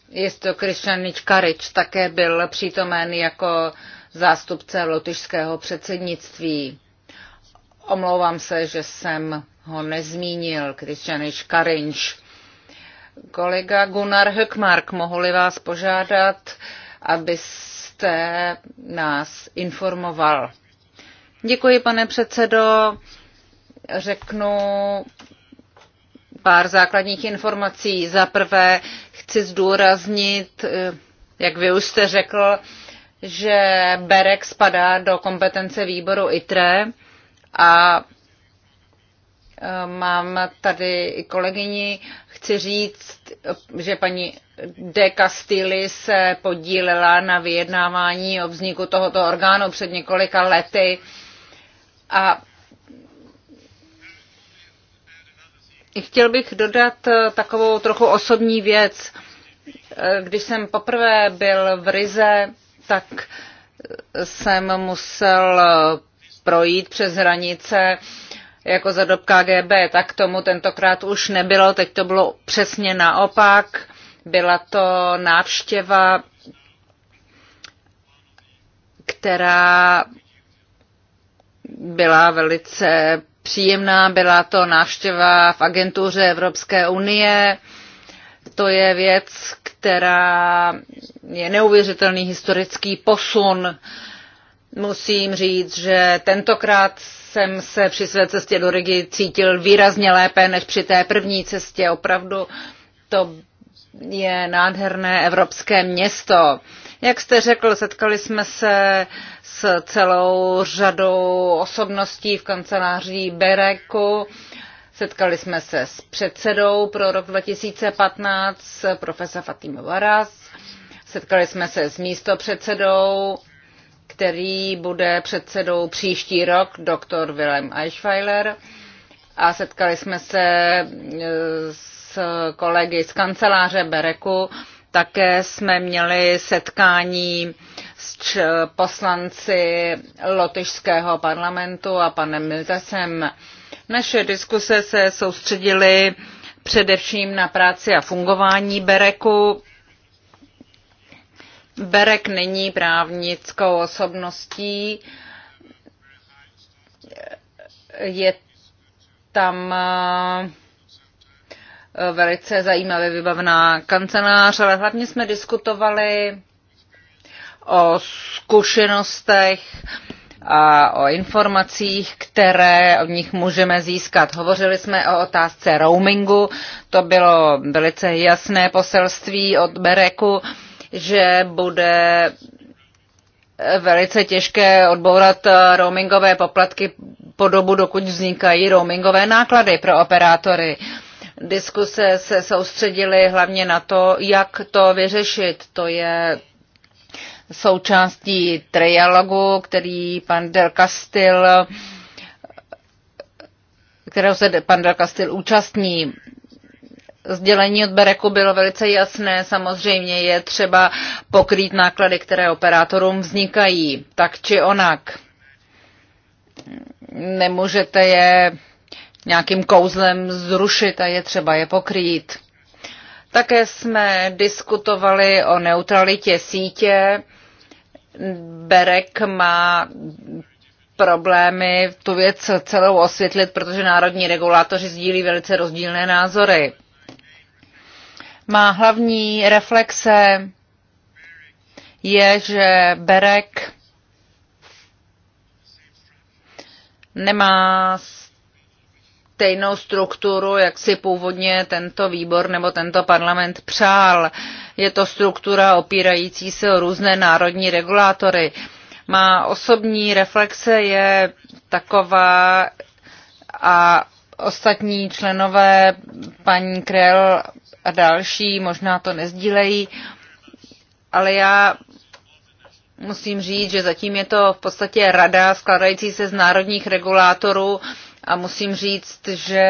jestli to Krišanič Karič také byl přítomen jako zástupce lotyšského předsednictví. Omlouvám se, že jsem ho nezmínil, Krišanič Karinč. Kolega Gunnar Hökmark, mohli vás požádat, abyste nás informoval. Děkuji, pane předsedo. Řeknu pár základních informací. Za prvé chci zdůraznit, jak vy už jste řekl, že Berek spadá do kompetence výboru ITRE a Mám tady i kolegyni. Chci říct, že paní De Castilli se podílela na vyjednávání o vzniku tohoto orgánu před několika lety a chtěl bych dodat takovou trochu osobní věc. Když jsem poprvé byl v Rize, tak jsem musel projít přes hranice jako za dob KGB, tak tomu tentokrát už nebylo, teď to bylo přesně naopak. Byla to návštěva, která byla velice příjemná, byla to návštěva v agentuře Evropské unie. To je věc, která je neuvěřitelný historický posun. Musím říct, že tentokrát jsem se při své cestě do Rigi cítil výrazně lépe než při té první cestě. Opravdu to je nádherné evropské město. Jak jste řekl, setkali jsme se s celou řadou osobností v kanceláří Bereku. Setkali jsme se s předsedou pro rok 2015, profesor Fatim Varas. Setkali jsme se s místopředsedou který bude předsedou příští rok, doktor Wilhelm Eichweiler. A setkali jsme se e, s kolegy z kanceláře Bereku. Také jsme měli setkání s poslanci lotyšského parlamentu a panem Miltesem. Naše diskuse se soustředily především na práci a fungování Bereku Berek není právnickou osobností. Je tam eh, velice zajímavě vybavená kancelář, ale hlavně jsme diskutovali o zkušenostech a o informacích, které od nich můžeme získat. Hovořili jsme o otázce roamingu, to bylo velice jasné poselství od Bereku. Uh, že bude velice těžké odbourat roamingové poplatky po dobu, dokud vznikají roamingové náklady pro operátory. Diskuse se soustředily hlavně na to, jak to vyřešit. To je součástí trialogu, který pan Del Castil, kterého se pan Del Castil účastní sdělení od Bereku bylo velice jasné. Samozřejmě je třeba pokrýt náklady, které operátorům vznikají, tak či onak. Nemůžete je nějakým kouzlem zrušit a je třeba je pokrýt. Také jsme diskutovali o neutralitě sítě. Berek má problémy tu věc celou osvětlit, protože národní regulátoři sdílí velice rozdílné názory má hlavní reflexe je, že Berek nemá stejnou strukturu, jak si původně tento výbor nebo tento parlament přál. Je to struktura opírající se o různé národní regulátory. Má osobní reflexe je taková a ostatní členové paní Krell a další, možná to nezdílejí, ale já musím říct, že zatím je to v podstatě rada skládající se z národních regulátorů a musím říct, že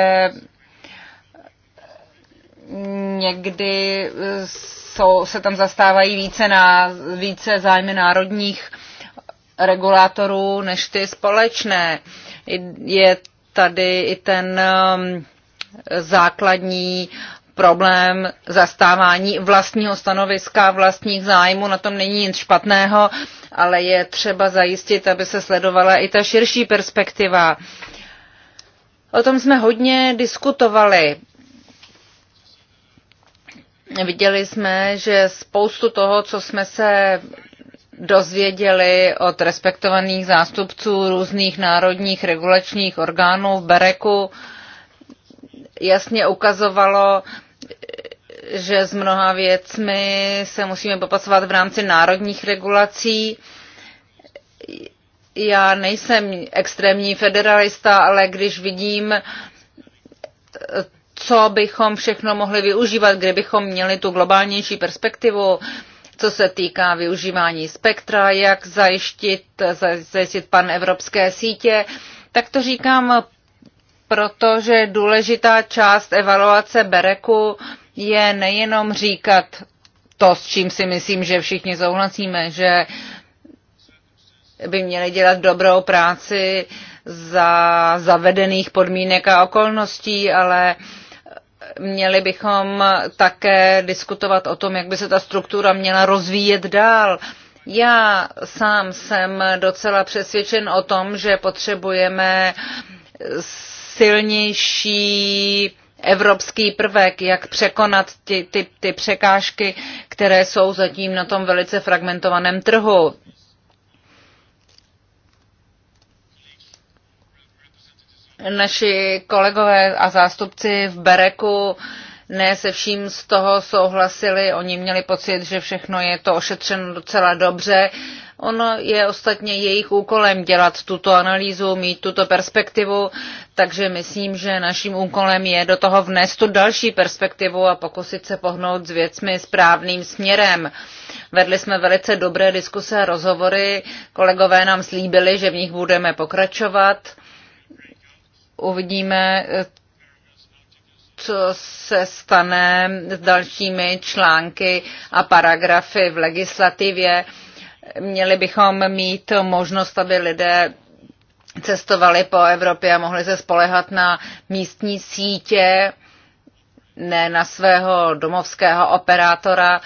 někdy jsou, se tam zastávají více, na, více zájmy národních regulátorů než ty společné. Je tady i ten um, základní problém zastávání vlastního stanoviska, vlastních zájmů, na tom není nic špatného, ale je třeba zajistit, aby se sledovala i ta širší perspektiva. O tom jsme hodně diskutovali. Viděli jsme, že spoustu toho, co jsme se dozvěděli od respektovaných zástupců různých národních regulačních orgánů v Bereku, jasně ukazovalo, že s mnoha věcmi se musíme popasovat v rámci národních regulací. Já nejsem extrémní federalista, ale když vidím, co bychom všechno mohli využívat, kdybychom měli tu globálnější perspektivu, co se týká využívání spektra, jak zajistit, zajistit pan evropské sítě, tak to říkám protože důležitá část evaluace Bereku je nejenom říkat to, s čím si myslím, že všichni souhlasíme, že by měli dělat dobrou práci za zavedených podmínek a okolností, ale měli bychom také diskutovat o tom, jak by se ta struktura měla rozvíjet dál. Já sám jsem docela přesvědčen o tom, že potřebujeme silnější evropský prvek, jak překonat ty, ty, ty překážky, které jsou zatím na tom velice fragmentovaném trhu. Naši kolegové a zástupci v Bereku ne se vším z toho souhlasili. Oni měli pocit, že všechno je to ošetřeno docela dobře. Ono je ostatně jejich úkolem dělat tuto analýzu, mít tuto perspektivu, takže myslím, že naším úkolem je do toho vnést tu další perspektivu a pokusit se pohnout s věcmi správným směrem. Vedli jsme velice dobré diskuse a rozhovory, kolegové nám slíbili, že v nich budeme pokračovat. Uvidíme, co se stane s dalšími články a paragrafy v legislativě Měli bychom mít možnost, aby lidé cestovali po Evropě a mohli se spolehat na místní sítě, ne na svého domovského operátora.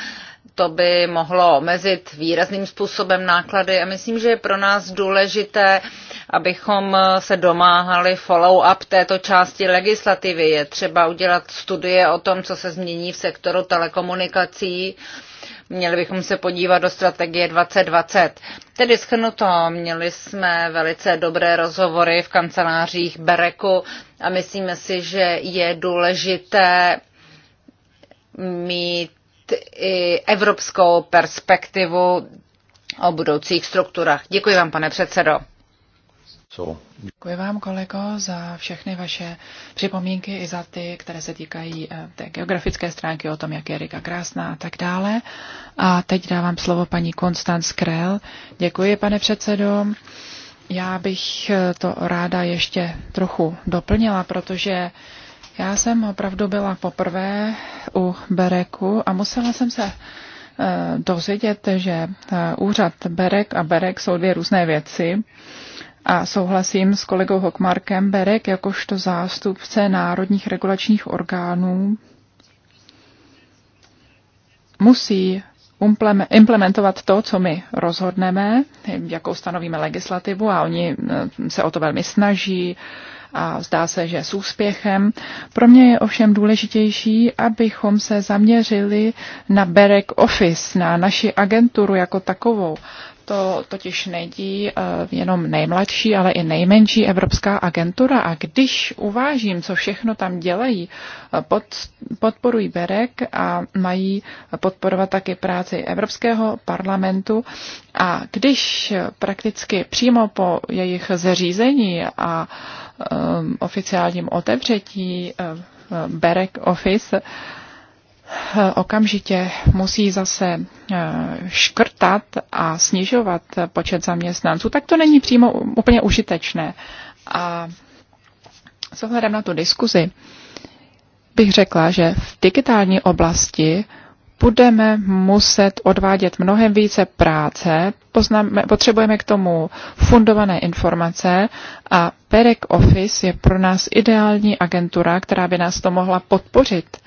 To by mohlo omezit výrazným způsobem náklady a myslím, že je pro nás důležité, abychom se domáhali follow-up této části legislativy. Je třeba udělat studie o tom, co se změní v sektoru telekomunikací Měli bychom se podívat do strategie 2020. Tedy schrnuto, měli jsme velice dobré rozhovory v kancelářích Bereku a myslíme si, že je důležité mít i evropskou perspektivu o budoucích strukturách. Děkuji vám, pane předsedo. Děkuji vám, kolego, za všechny vaše připomínky i za ty, které se týkají eh, té geografické stránky o tom, jak je Rika krásná a tak dále. A teď dávám slovo paní Konstanc Krell. Děkuji, pane předsedo. Já bych eh, to ráda ještě trochu doplnila, protože já jsem opravdu byla poprvé u Bereku a musela jsem se eh, dozvědět, že úřad Berek a Berek jsou dvě různé věci a souhlasím s kolegou Hokmarkem Berek jakožto zástupce národních regulačních orgánů musí implementovat to, co my rozhodneme, jakou stanovíme legislativu a oni eh, se o to velmi snaží a zdá se, že s úspěchem. Pro mě je ovšem důležitější, abychom se zaměřili na Berek Office, na naši agenturu jako takovou, to totiž nedí eh, jenom nejmladší, ale i nejmenší Evropská agentura. A když uvážím, co všechno tam dělají, eh, pod, podporují Berek a mají podporovat taky práci Evropského parlamentu. A když prakticky přímo po jejich zřízení a um, oficiálním otevřetí um, Berek Office okamžitě musí zase e, škrtat a snižovat počet zaměstnanců, tak to není přímo úplně užitečné. A s ohledem na tu diskuzi bych řekla, že v digitální oblasti budeme muset odvádět mnohem více práce, poznáme, potřebujeme k tomu fundované informace a Perek Office je pro nás ideální agentura, která by nás to mohla podpořit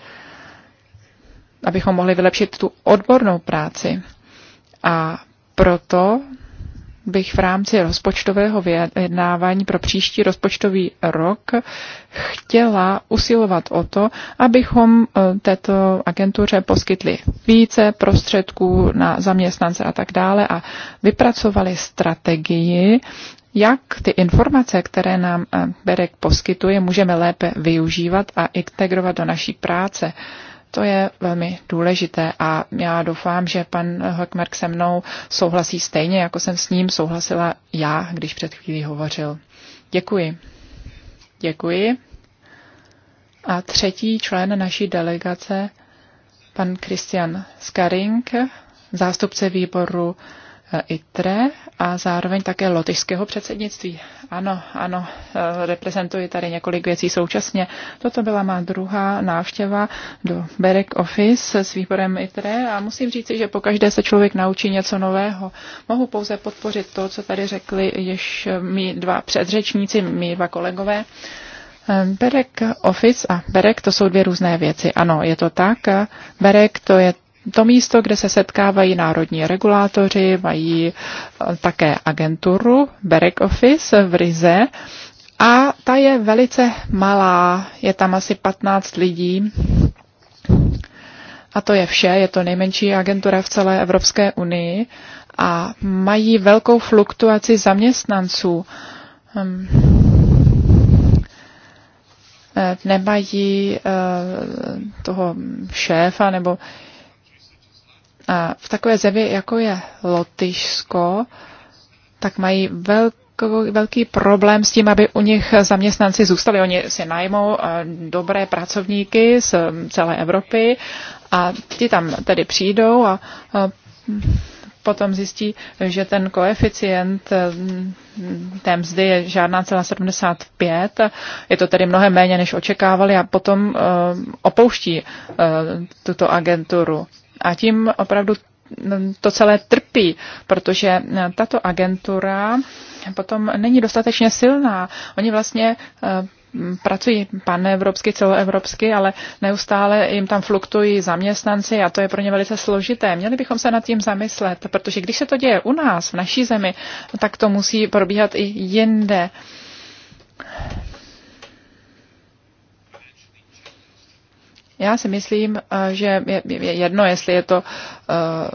abychom mohli vylepšit tu odbornou práci. A proto bych v rámci rozpočtového vyjednávání pro příští rozpočtový rok chtěla usilovat o to, abychom e, této agentuře poskytli více prostředků na zaměstnance a tak dále a vypracovali strategii, jak ty informace, které nám e, Berek poskytuje, můžeme lépe využívat a integrovat do naší práce. To je velmi důležité a já doufám, že pan Hockmark se mnou souhlasí stejně, jako jsem s ním souhlasila já, když před chvílí hovořil. Děkuji. Děkuji. A třetí člen naší delegace, pan Christian Skaring, zástupce výboru Eh, ITRE a zároveň také lotyšského předsednictví. Ano, ano, eh, reprezentuji tady několik věcí současně. Toto byla má druhá návštěva do Berek Office s výborem ITRE a musím říci, že pokaždé se člověk naučí něco nového. Mohu pouze podpořit to, co tady řekli již mý dva předřečníci, mý dva kolegové. Eh, Berek Office a Berek to jsou dvě různé věci. Ano, je to tak. Berek to je to místo, kde se setkávají národní regulátoři, mají eh, také agenturu Berek Office v Rize a ta je velice malá, je tam asi 15 lidí. A to je vše, je to nejmenší agentura v celé Evropské unii a mají velkou fluktuaci zaměstnanců. Hm. Eh, nemají eh, toho šéfa nebo v takové zemi, jako je Lotyšsko, tak mají velkou, velký problém s tím, aby u nich zaměstnanci zůstali. Oni si najmou eh, dobré pracovníky z eh, celé Evropy a ti tam tedy přijdou a eh, potom zjistí, že ten koeficient té mzdy je žádná celá 75, je to tedy mnohem méně, než očekávali a potom opouští tuto agenturu a tím opravdu to celé trpí, protože tato agentura potom není dostatečně silná. Oni vlastně eh, pracují panevropsky, celoevropsky, ale neustále jim tam fluktují zaměstnanci a to je pro ně velice složité. Měli bychom se nad tím zamyslet, protože když se to děje u nás, v naší zemi, tak to musí probíhat i jinde. Já si myslím, eh, že je jedno, jestli je to eh,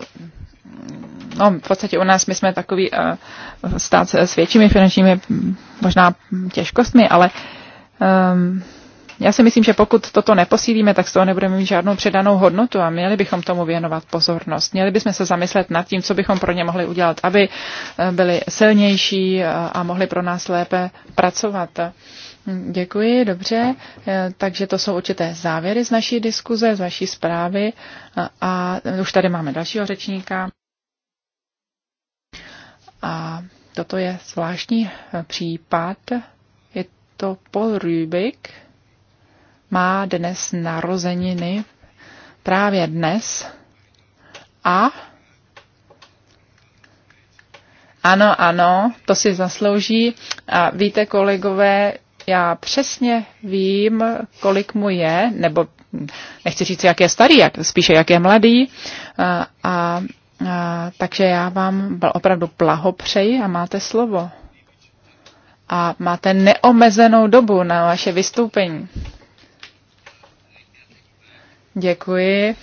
no, v podstatě u nás my jsme takový eh, stát s většími finančními hm, možná těžkostmi, ale um, já si myslím, že pokud toto neposílíme, tak z toho nebudeme mít žádnou předanou hodnotu a měli bychom tomu věnovat pozornost. Měli bychom se zamyslet nad tím, co bychom pro ně mohli udělat, aby eh, byli silnější eh, a mohli pro nás lépe pracovat. Děkuji, dobře. Eh, takže to jsou určité závěry z naší diskuze, z naší zprávy. A už tady máme dalšího řečníka. A toto je zvláštní případ. Je to Paul Rubik má dnes narozeniny právě dnes a ano, ano, to si zaslouží. A víte, kolegové, já přesně vím, kolik mu je, nebo nechci říct, jak je starý, jak, spíše jak je mladý. A, a, a, takže já vám opravdu blahopřeji a máte slovo. A máte neomezenou dobu na vaše vystoupení. Děkuji.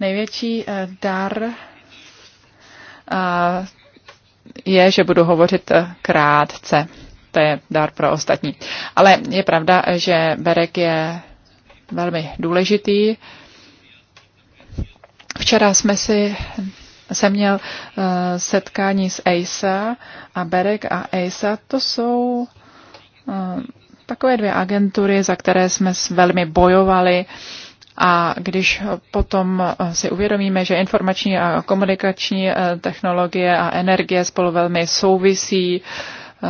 Největší eh, dar eh, je, že budu hovořit eh, krátce. To je dar pro ostatní. Ale je pravda, že Berek je velmi důležitý. Včera jsme si jsem měl uh, setkání s ASA a Berek a ASA, to jsou uh, takové dvě agentury, za které jsme velmi bojovali. Uh, a když potom eh, si uvědomíme, že informační a komunikační eh, technologie a energie spolu velmi souvisí, eh,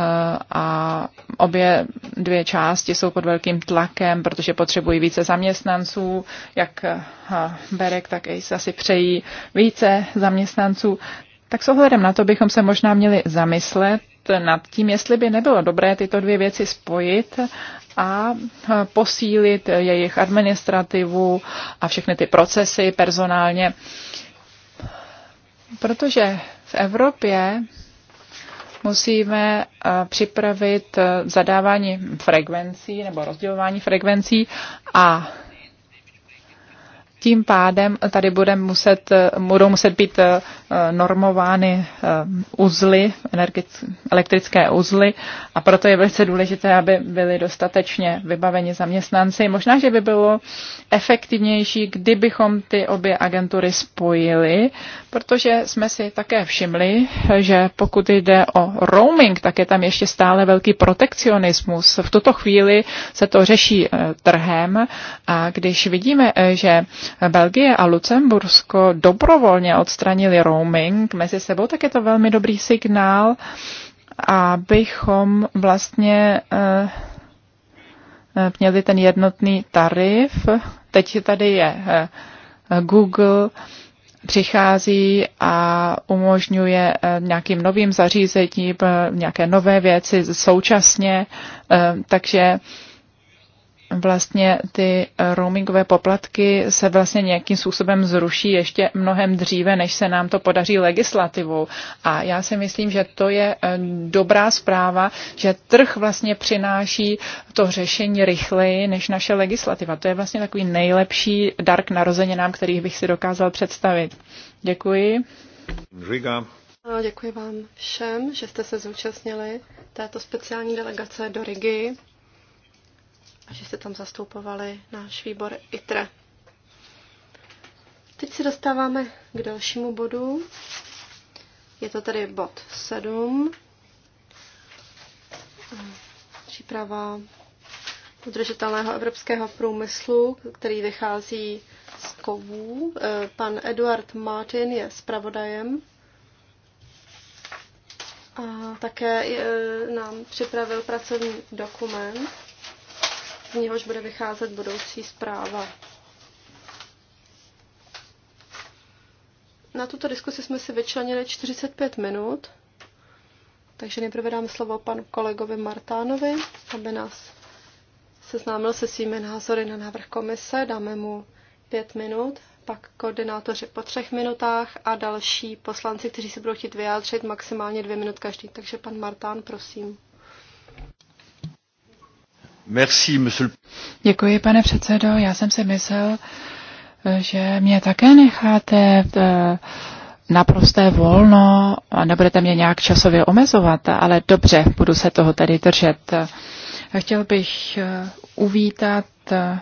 a obě dvě části jsou pod velkým tlakem, protože potřebují více zaměstnanců, jak Berek, tak i asi přejí více zaměstnanců. Tak s ohledem na to bychom se možná měli zamyslet nad tím, jestli by nebylo dobré tyto dvě věci spojit a posílit jejich administrativu a všechny ty procesy personálně. Protože v Evropě musíme eh, připravit eh, zadávání frekvencí nebo rozdělování frekvencí a tím pádem tady bude muset, budou muset být eh, normovány eh, uzly, elektrické uzly a proto je velice důležité, aby byly dostatečně vybaveni zaměstnanci. Možná, že by bylo efektivnější, kdybychom ty obě agentury spojili, protože jsme si také všimli, že pokud jde o roaming, tak je tam ještě stále velký protekcionismus. V tuto chvíli se to řeší eh, trhem a když vidíme, že Belgie a Lucembursko dobrovolně odstranili roaming mezi sebou, tak je to velmi dobrý signál, abychom vlastně eh, měli ten jednotný tarif. Teď tady je eh, Google, přichází a umožňuje eh, nějakým novým zařízením nějaké nové věci současně, takže vlastně ty eh, roamingové poplatky se vlastně nějakým způsobem zruší ještě mnohem dříve, než se nám to podaří legislativou. A já si myslím, že to je eh, dobrá zpráva, že trh vlastně přináší to řešení rychleji než naše legislativa. To je vlastně takový nejlepší dar k narozeninám, který bych si dokázal představit. Děkuji. Riga. Děkuji vám všem, že jste se zúčastnili této speciální delegace do Rigi a že jste tam zastupovali náš výbor ITRE. Teď se dostáváme k dalšímu bodu. Je to tady bod 7. Příprava udržitelného evropského průmyslu, který vychází z kovů. E, pan Eduard Martin je zpravodajem a také e, nám připravil pracovní dokument z něhož bude vycházet budoucí zpráva. Na tuto diskusi jsme si vyčlenili 45 minut, takže nejprve dám slovo panu kolegovi Martánovi, aby nás seznámil se svými názory na návrh komise. Dáme mu pět minut, pak koordinátoři po třech minutách a další poslanci, kteří se budou chtít vyjádřit, maximálně dvě minut každý. Takže pan Martán, prosím. Merci, monsieur... Děkuji, pane předsedo. Já jsem si myslel, že mě také necháte eh, naprosté volno a nebudete mě nějak časově omezovat, ale dobře, budu se toho tady držet. Chtěl bych eh, uvítat eh,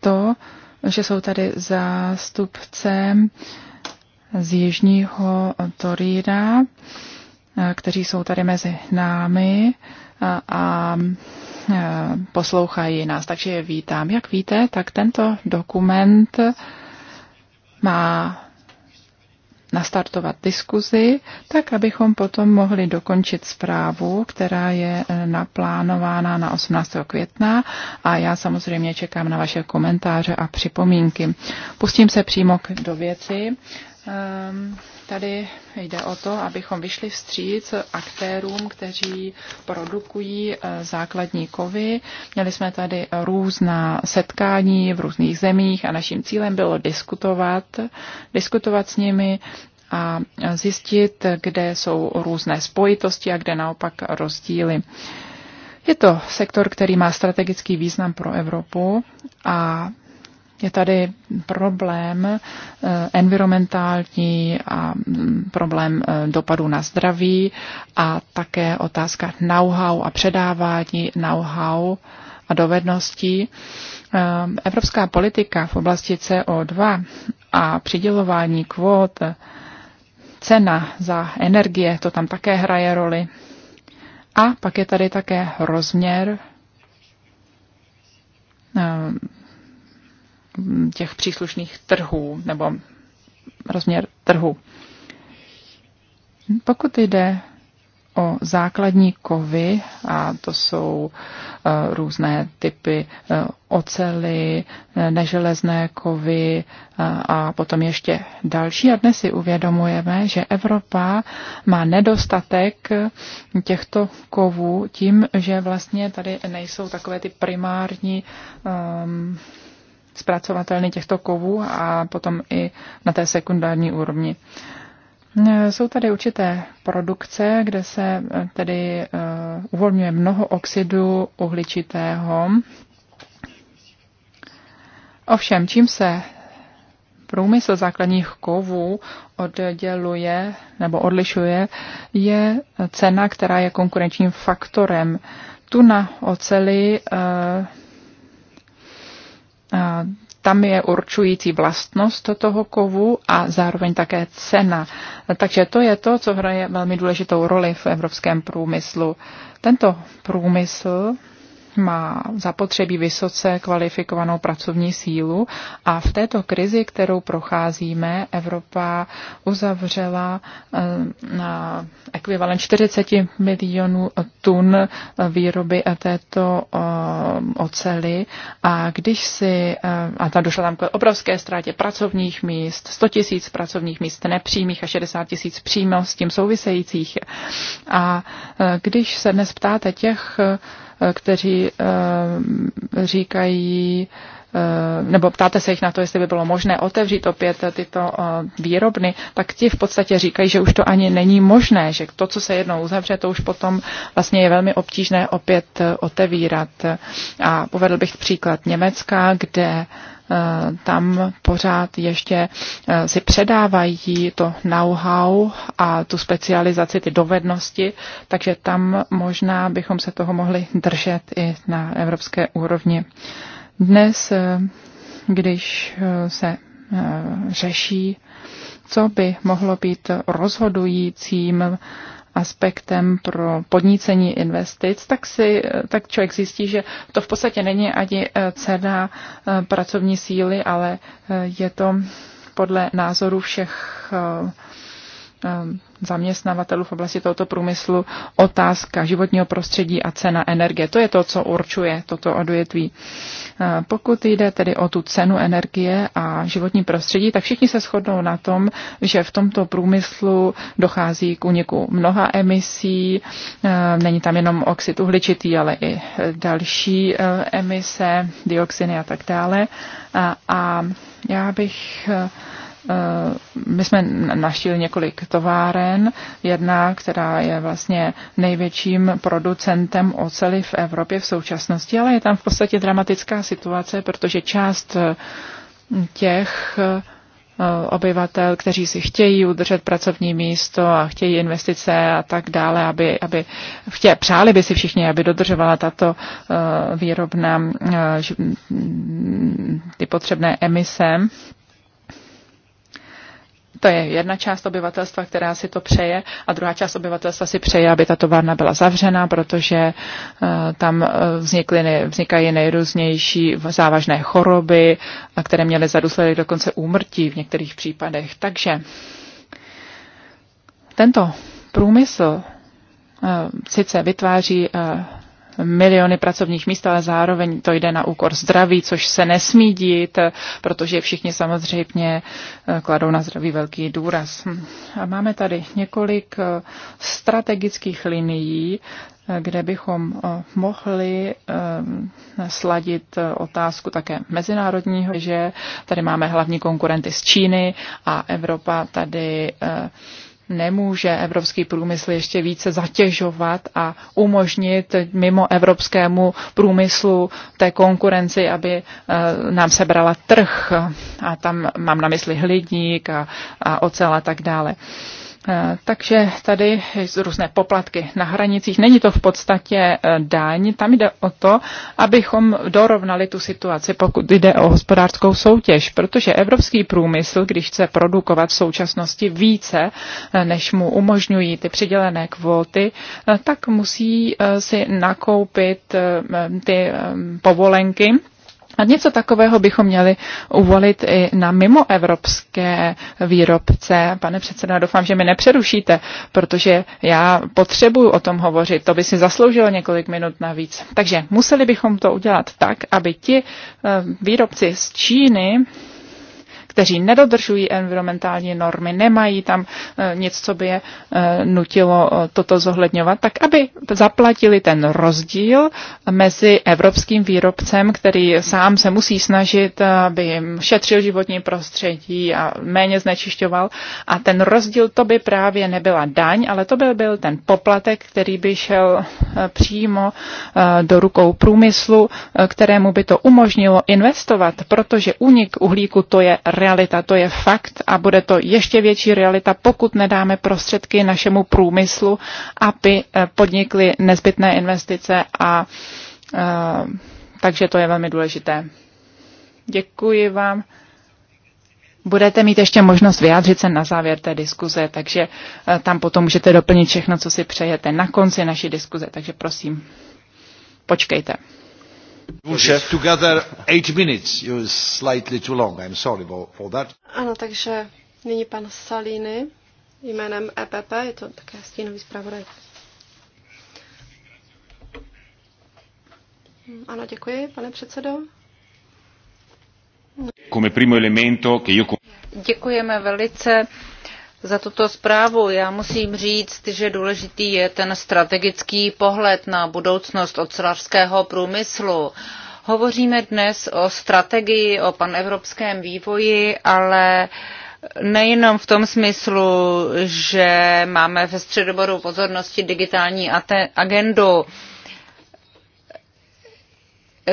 to, že jsou tady zástupce z Jižního Torína, kteří jsou tady mezi námi a, a Eh, poslouchají nás, takže je vítám. Jak víte, tak tento dokument má nastartovat diskuzi, tak abychom potom mohli dokončit zprávu, která je eh, naplánována na 18. května a já samozřejmě čekám na vaše komentáře a připomínky. Pustím se přímo do věci Ehm, tady jde o to, abychom vyšli vstříc aktérům, kteří produkují eh, základní kovy. Měli jsme tady různá setkání v různých zemích a naším cílem bylo diskutovat, diskutovat s nimi a zjistit, kde jsou různé spojitosti a kde naopak rozdíly. Je to sektor, který má strategický význam pro Evropu a je tady problém eh, environmentální a mm, problém eh, dopadu na zdraví a také otázka know-how a předávání know-how a dovedností. Eh, evropská politika v oblasti CO2 a přidělování kvót, cena za energie, to tam také hraje roli. A pak je tady také rozměr těch příslušných trhů nebo rozměr trhu. Pokud jde o základní kovy, a to jsou e, různé typy e, ocely, e, neželezné kovy a potom ještě další. A dnes si uvědomujeme, že Evropa má nedostatek těchto kovů tím, že vlastně tady nejsou takové ty primární um, zpracovatelny těchto kovů a potom i na té sekundární úrovni. Jsou tady určité produkce, kde se eh, tedy eh, uvolňuje mnoho oxidu uhličitého. Ovšem, čím se průmysl základních kovů odděluje nebo odlišuje, je cena, která je konkurenčním faktorem. Tuna oceli eh, tam je určující vlastnost toho kovu a zároveň také cena. Takže to je to, co hraje velmi důležitou roli v evropském průmyslu. Tento průmysl má zapotřebí vysoce kvalifikovanou pracovní sílu a v této krizi, kterou procházíme, Evropa uzavřela eh, na ekvivalent 40 milionů tun výroby této eh, ocely a když si, eh, a tam došla tam k obrovské ztrátě pracovních míst, 100 tisíc pracovních míst nepřímých a 60 tisíc přímo s tím souvisejících. A když se dnes ptáte těch, Eh, kteří eh, říkají, eh, nebo ptáte se jich na to, jestli by bylo možné otevřít opět tyto výrobny, tak ti v podstatě říkají, že už to ani není možné, že to, co se jednou uzavře, to už potom vlastně je velmi obtížné opět otevírat. A povedl bych příklad Německa, kde Eh, tam pořád ještě eh, si předávají to know-how a tu specializaci, ty dovednosti, takže tam možná bychom se toho mohli držet i na evropské úrovni. Dnes, eh, když se řeší, co by mohlo být rozhodujícím aspektem pro podnícení investic, tak, si, tak člověk zjistí, že to v podstatě není ani eh, cena eh, pracovní síly, ale eh, je to podle názoru všech Ehm, zaměstnavatelů v oblasti tohoto průmyslu otázka životního prostředí a cena energie. To je to, co určuje toto odvětví. Ehm, pokud jde tedy o tu cenu energie a životní prostředí, tak všichni se shodnou na tom, že v tomto průmyslu dochází k uniku mnoha emisí. Ehm, není tam jenom oxid uhličitý, ale i další emise, dioxiny a tak dále. A, a já bych Eh, my jsme naštívili několik továren, jedna, která je vlastně největším producentem oceli v Evropě v současnosti, ale je tam v podstatě dramatická situace, protože část eh, těch eh, obyvatel, kteří si chtějí udržet pracovní místo a chtějí investice a tak dále, aby, aby chtě, přáli by si všichni, aby dodržovala tato výrobna ty potřebné emise to je jedna část obyvatelstva, která si to přeje a druhá část obyvatelstva si přeje, aby ta továrna byla zavřena, protože eh, tam eh, vznikly, vznikají nejrůznější závažné choroby, které měly za důsledek dokonce úmrtí v některých případech. Takže tento průmysl eh, sice vytváří miliony pracovních míst, ale zároveň to jde na úkor zdraví, což se nesmí dít, protože všichni samozřejmě eh, kladou na zdraví velký důraz. Hm. A máme tady několik eh, strategických linií, eh, kde bychom mohli sladit otázku také mezinárodního, že tady máme hlavní konkurenty z Číny a Evropa tady nemůže evropský průmysl ještě více zatěžovat a umožnit mimo evropskému průmyslu té konkurenci, aby eh, nám sebrala trh. A tam mám na mysli hliník a, a ocel a tak dále. Eh, takže tady různé poplatky na hranicích. Není to v podstatě eh, daň, tam jde o to, abychom dorovnali tu situaci, pokud jde o hospodářskou soutěž, protože evropský průmysl, když chce produkovat v současnosti více, eh, než mu umožňují ty přidělené kvóty, tak musí si nakoupit ty povolenky a něco takového bychom měli uvolit i na mimoevropské výrobce. Pane předseda, doufám, že mi nepřerušíte, protože já potřebuju o tom hovořit. To by si zasloužilo několik minut navíc. Takže museli bychom to udělat tak, aby ti eh, výrobci z Číny kteří nedodržují environmentální normy, nemají tam eh, nic, co by je eh, nutilo eh, toto zohledňovat, tak aby zaplatili ten rozdíl mezi evropským výrobcem, který sám se musí snažit, aby jim šetřil životní prostředí a méně znečišťoval. A ten rozdíl to by právě nebyla daň, ale to by byl ten poplatek, který by šel přímo do rukou průmyslu, kterému by to umožnilo investovat, protože unik uhlíku to je realita, to je fakt a bude to ještě větší realita, pokud nedáme prostředky našemu průmyslu, aby eh, podnikly nezbytné investice a eh, takže to je velmi důležité. Děkuji vám. Budete mít ještě možnost vyjádřit se na závěr té diskuze, takže eh, tam potom můžete doplnit všechno, co si přejete na konci naší diskuze, takže prosím, počkejte. Ano, takže nyní pan Salini jménem EPP, je to také stínový zpravodaj. Ano, děkuji, pane předsedo. Děkujeme velice za tuto zprávu. Já musím říct, že důležitý je ten strategický pohled na budoucnost ocelářského průmyslu. Hovoříme dnes o strategii, o panevropském vývoji, ale nejenom v tom smyslu, že máme ve středoboru pozornosti digitální agendu.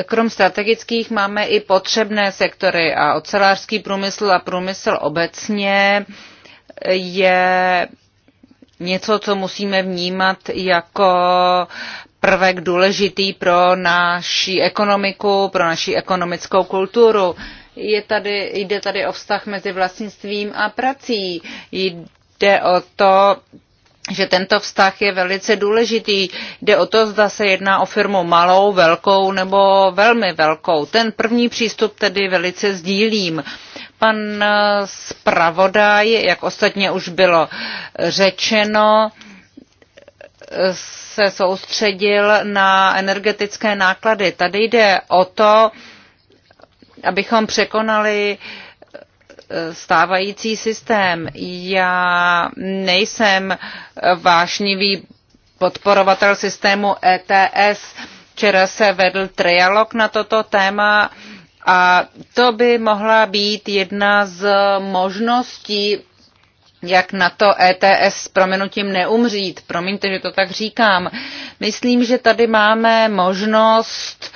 Krom strategických máme i potřebné sektory a ocelářský průmysl a průmysl obecně je něco, co musíme vnímat jako prvek důležitý pro naši ekonomiku, pro naši ekonomickou kulturu. Je tady, jde tady o vztah mezi vlastnictvím a prací. Jde o to, že tento vztah je velice důležitý. Jde o to, zda se jedná o firmu malou, velkou nebo velmi velkou. Ten první přístup tedy velice sdílím. Uh, Pan eh, zpravodaj, jak ostatně už bylo řečeno, se soustředil na energetické náklady. Tady jde o to, abychom překonali eh, stávající systém. Já nejsem vášnivý podporovatel systému ETS. Včera se vedl trialog na toto téma. A to by mohla být jedna z možností, jak na to ETS s prominutím neumřít. Promiňte, že to tak říkám. Myslím, že tady máme možnost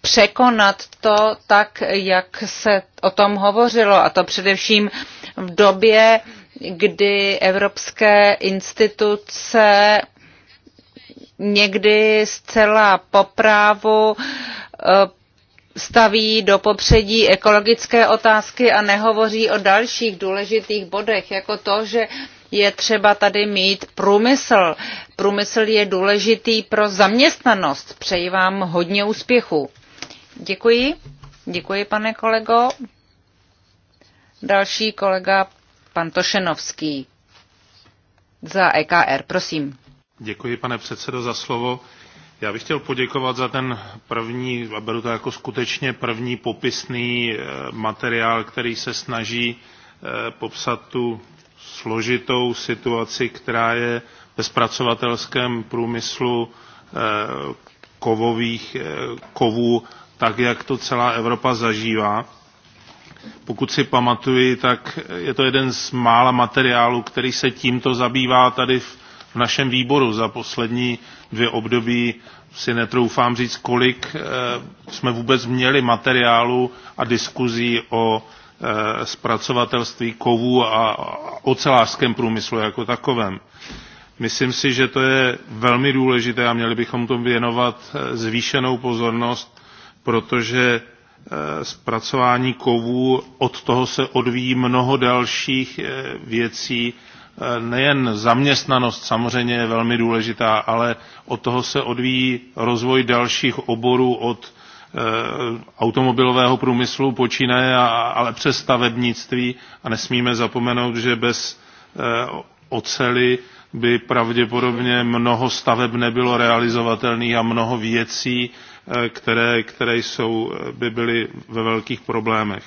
překonat to tak, jak se o tom hovořilo, a to především v době, kdy evropské instituce někdy zcela poprávu eh, staví do popředí ekologické otázky a nehovoří o dalších důležitých bodech, jako to, že je třeba tady mít průmysl. Průmysl je důležitý pro zaměstnanost. Přeji vám hodně úspěchu. Děkuji. Děkuji, pane kolego. Další kolega, pan Tošenovský za EKR. Prosím. Děkuji, pane předsedo, za slovo já bych chtěl poděkovat za ten první, a beru to jako skutečně první popisný eh, materiál, který se snaží eh, popsat tu složitou situaci, která je ve zpracovatelském průmyslu eh, kovových kovů, tak jak to celá Evropa zažívá. Pokud si pamatuji, tak je to jeden z mála materiálů, který se tímto zabývá tady v našem výboru za poslední dvě období si netroufám říct, kolik eh, jsme vůbec měli materiálu a diskuzí o eh, zpracovatelství kovů a ocelářském průmyslu jako takovém. Myslím si, že to je velmi důležité a měli bychom tomu věnovat eh, zvýšenou pozornost, protože zpracování kovů, od toho se odvíjí mnoho dalších věcí, nejen zaměstnanost samozřejmě je velmi důležitá, ale od toho se odvíjí rozvoj dalších oborů od eh, automobilového průmyslu počínaje, ale přes stavebnictví a nesmíme zapomenout, že bez eh, ocely by pravděpodobně mnoho staveb nebylo realizovatelných a mnoho věcí, eh, které, které jsou, by byly ve velkých problémech.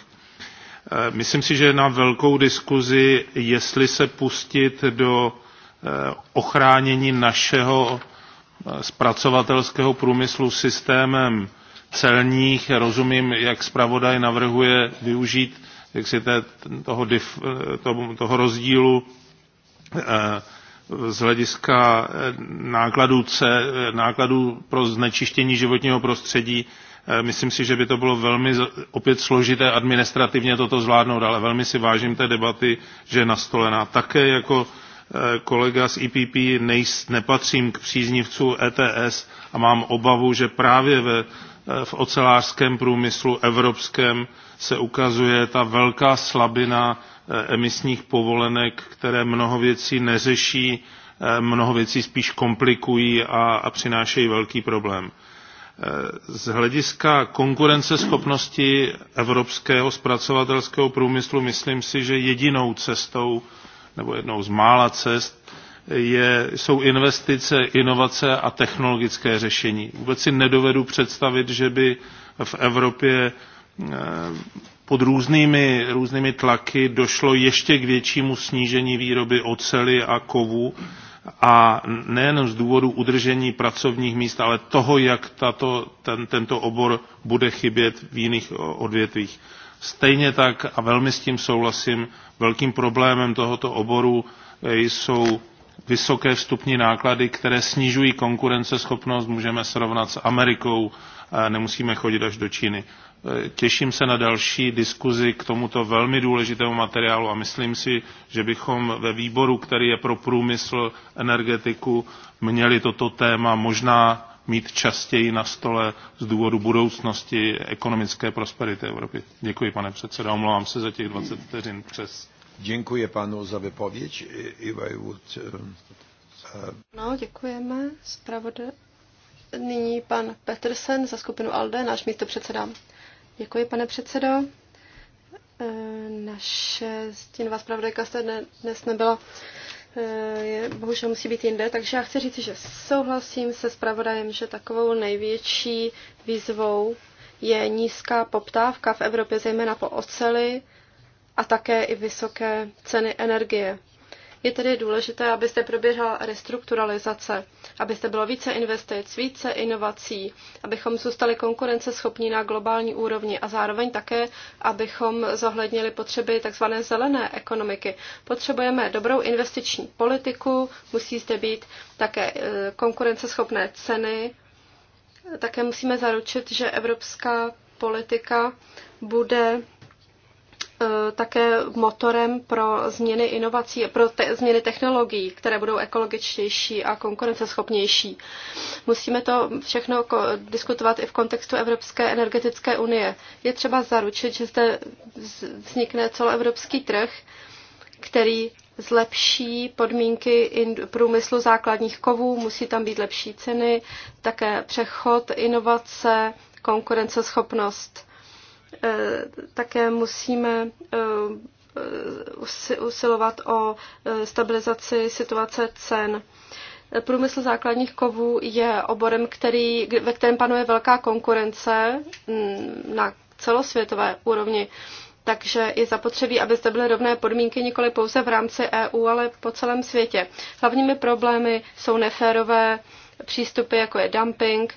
Eh, myslím si, že na velkou diskuzi, jestli se pustit do eh, ochránění našeho eh, zpracovatelského průmyslu systémem celních. Rozumím, jak zpravodaj navrhuje využít jak si té, toho, dif, toho rozdílu z hlediska nákladů, nákladů pro znečištění životního prostředí Eh, myslím si že by to bylo velmi opět složité administrativně toto zvládnout ale velmi si vážím té debaty že je nastolená. také jako eh, kolega z ppe nepatřím k příznivcům ets a mám obavu že právě ve, eh, v ocelářském průmyslu evropském se ukazuje ta velká slabina emisních povolenek které mnoho věcí neřeší mnoho věcí spíš komplikují a, a přinášejí velký problém z hlediska konkurenceschopnosti evropského zpracovatelského průmyslu myslím si, že jedinou cestou nebo jednou z mála cest je, jsou investice, inovace a technologické řešení. Vůbec si nedovedu představit, že by v Evropě eh, pod různými, různými tlaky došlo ještě k většímu snížení výroby ocely a kovů a nejenom z důvodu udržení pracovních míst, ale toho, jak tato, ten, tento obor bude chybět v jiných odvětvích. Stejně tak, a velmi s tím souhlasím, velkým problémem tohoto oboru e, jsou vysoké vstupní náklady, které snižují konkurenceschopnost, můžeme srovnat s Amerikou, nemusíme chodit až do Číny. Eh, těším se na další diskuzi k tomuto velmi důležitému materiálu a myslím si, že bychom ve výboru, který je pro průmysl, energetiku, měli toto téma možná mít častěji na stole z důvodu budoucnosti ekonomické prosperity Evropy. Děkuji, pane předsedo, omlouvám se za těch 20 vteřin přes. Děkuji panu za vypověď. Eh, no, děkujeme. Zpravodaj... Nyní pan Petersen za skupinu ALDE, náš místo předseda. Děkuji, pane předsedo. E, naše stínová zpravodajka se dnes nebyla, e, je, bohužel musí být jinde, takže já chci říct, že souhlasím se zpravodajem, že takovou největší výzvou je nízká poptávka v Evropě, zejména po oceli a také i vysoké ceny energie. Je tedy důležité, abyste proběhla restrukturalizace, abyste bylo více investic, více inovací, abychom zůstali konkurenceschopní na globální úrovni a zároveň také, abychom zohlednili potřeby tzv. zelené ekonomiky. Potřebujeme dobrou investiční politiku, musí zde být také e, konkurenceschopné ceny, také musíme zaručit, že evropská politika bude Eh, také motorem pro změny inovací, pro te, změny technologií, které budou ekologičtější a konkurenceschopnější. Musíme to všechno diskutovat i v kontextu Evropské energetické unie. Je třeba zaručit, že zde vznikne celoevropský trh, který zlepší podmínky průmyslu základních kovů, musí tam být lepší ceny, také přechod, inovace, konkurenceschopnost Eh, také musíme eh, usilovat o eh, stabilizaci situace cen. Průmysl základních kovů je oborem, který, ve kterém panuje velká konkurence mm, na celosvětové úrovni. Takže je zapotřebí, aby zde byly rovné podmínky nikoli pouze v rámci EU, ale po celém světě. Hlavními problémy jsou neférové přístupy, jako je dumping,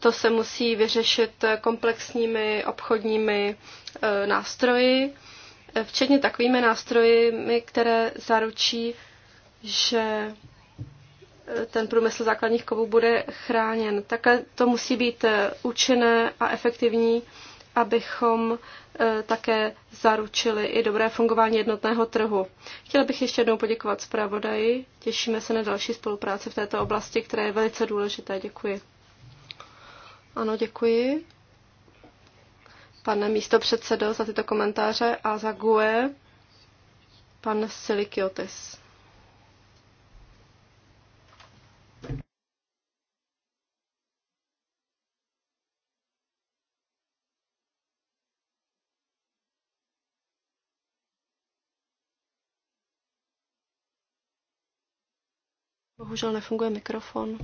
to se musí vyřešit komplexními obchodními eh, nástroji, eh, včetně takovými nástroji, které zaručí, že eh, ten průmysl základních kovů bude chráněn. Také to musí být účinné a efektivní, abychom také zaručili i dobré fungování jednotného trhu. Chtěla bych ještě jednou poděkovat zpravodaji. Těšíme se na další spolupráci v této oblasti, která je velice důležitá. Děkuji. Ano, děkuji. Pane místo předsedo za tyto komentáře a za GUE pan Silikiotis. Bohužel nefunguje mikrofon.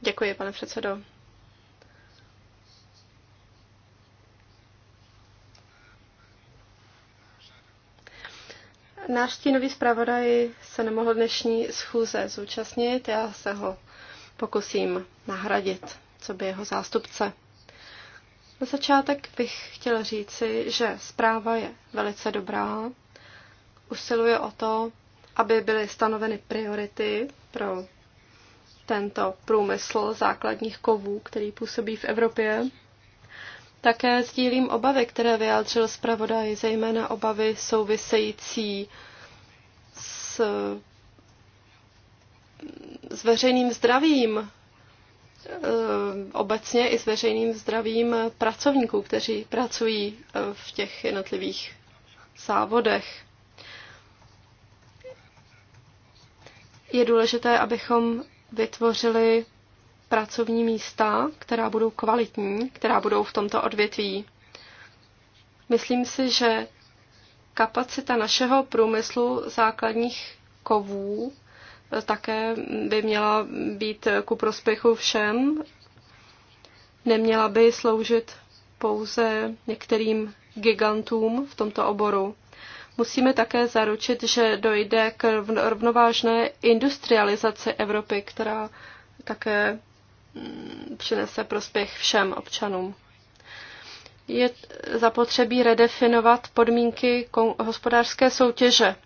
Děkuji, pane předsedo. Náš stínový zpravodaj se nemohl dnešní schůze zúčastnit, já se ho pokusím nahradit, co by jeho zástupce. Na začátek bych chtěla říci, že zpráva je velice dobrá, usiluje o to, aby byly stanoveny priority pro tento průmysl základních kovů, který působí v Evropě. Také sdílím obavy, které vyjádřil zpravodaj, zejména obavy související s, s veřejným zdravím eh, obecně i s veřejným zdravím pracovníků, kteří pracují eh, v těch jednotlivých závodech. je důležité, abychom vytvořili pracovní místa, která budou kvalitní, která budou v tomto odvětví. Myslím si, že kapacita našeho průmyslu základních kovů eh, také by měla být ku prospěchu všem. Neměla by sloužit pouze některým gigantům v tomto oboru. Musíme také zaručit, že dojde k rovnovážné industrializaci Evropy, která také mm, přinese prospěch všem občanům. Je zapotřebí redefinovat podmínky hospodářské soutěže,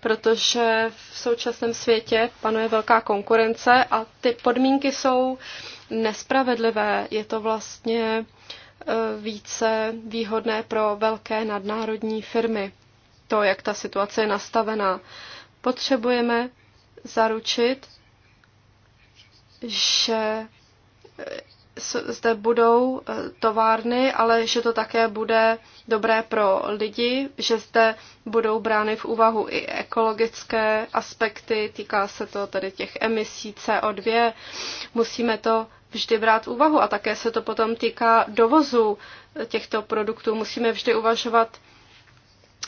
protože v současném světě panuje velká konkurence a ty podmínky jsou nespravedlivé. Je to vlastně e, více výhodné pro velké nadnárodní firmy to, jak ta situace je nastavená. Potřebujeme zaručit, že eh, zde budou eh, továrny, ale že to také bude dobré pro lidi, že zde budou brány v úvahu i ekologické aspekty, týká se to tedy těch emisí CO2. Musíme to vždy brát v úvahu a také se to potom týká dovozu těchto produktů. Musíme vždy uvažovat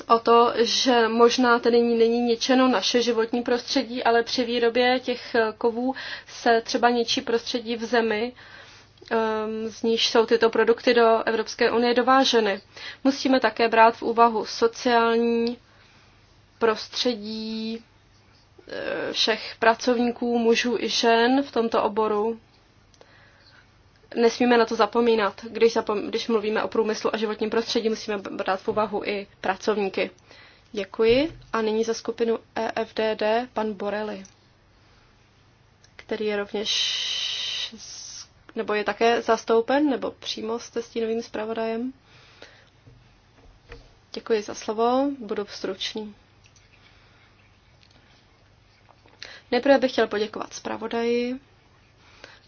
o to, že možná tedy není ničeno naše životní prostředí, ale při výrobě těch kovů se třeba ničí prostředí v zemi, ehm, z níž jsou tyto produkty do Evropské unie dováženy. Musíme také brát v úvahu sociální prostředí eh, všech pracovníků, mužů i žen v tomto oboru nesmíme na to zapomínat. Když, zapom- když mluvíme o průmyslu a životním prostředí, musíme brát v úvahu i pracovníky. Děkuji. A nyní za skupinu EFDD pan Borelli, který je rovněž nebo je také zastoupen, nebo přímo jste stínovým zpravodajem. Děkuji za slovo, budu stručný. Nejprve bych chtěl poděkovat zpravodaji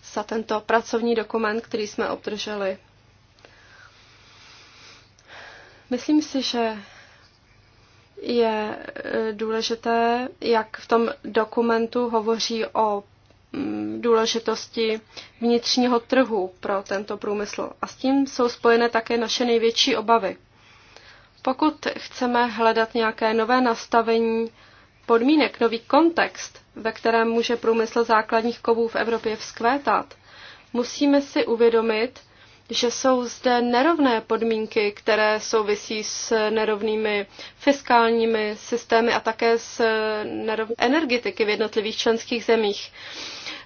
za tento pracovní dokument, který jsme obdrželi. Myslím si, že je e, důležité, jak v tom dokumentu hovoří o mm, důležitosti vnitřního trhu pro tento průmysl. A s tím jsou spojené také naše největší obavy. Pokud chceme hledat nějaké nové nastavení podmínek, nový kontext, ve kterém může průmysl základních kovů v Evropě vzkvétat, musíme si uvědomit, že jsou zde nerovné podmínky, které souvisí s nerovnými fiskálními systémy a také s nerovnými energetiky v jednotlivých členských zemích.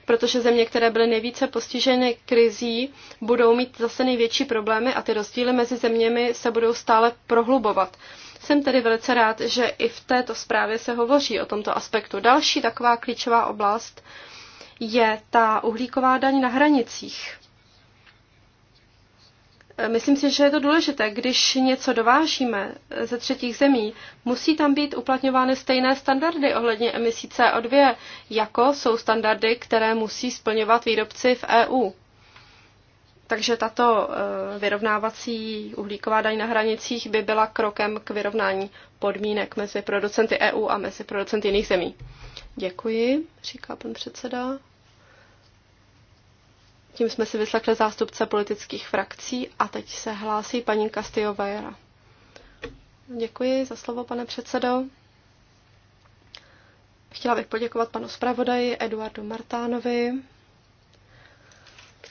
Protože země, které byly nejvíce postiženy krizí, budou mít zase největší problémy a ty rozdíly mezi zeměmi se budou stále prohlubovat. Jsem tedy velice rád, že i v této zprávě se hovoří o tomto aspektu. Další taková klíčová oblast je ta uhlíková daň na hranicích. Myslím si, že je to důležité, když něco dovážíme ze třetích zemí, musí tam být uplatňovány stejné standardy ohledně emisí CO2, jako jsou standardy, které musí splňovat výrobci v EU. Takže tato eh, vyrovnávací uhlíková daň na hranicích by byla krokem k vyrovnání podmínek mezi producenty EU a mezi producenty jiných zemí. Děkuji, říká pan předseda. Tím jsme si vyslechli zástupce politických frakcí a teď se hlásí paní Castillo Vajera. Děkuji za slovo, pane předsedo. Chtěla bych poděkovat panu zpravodaji Eduardu Martánovi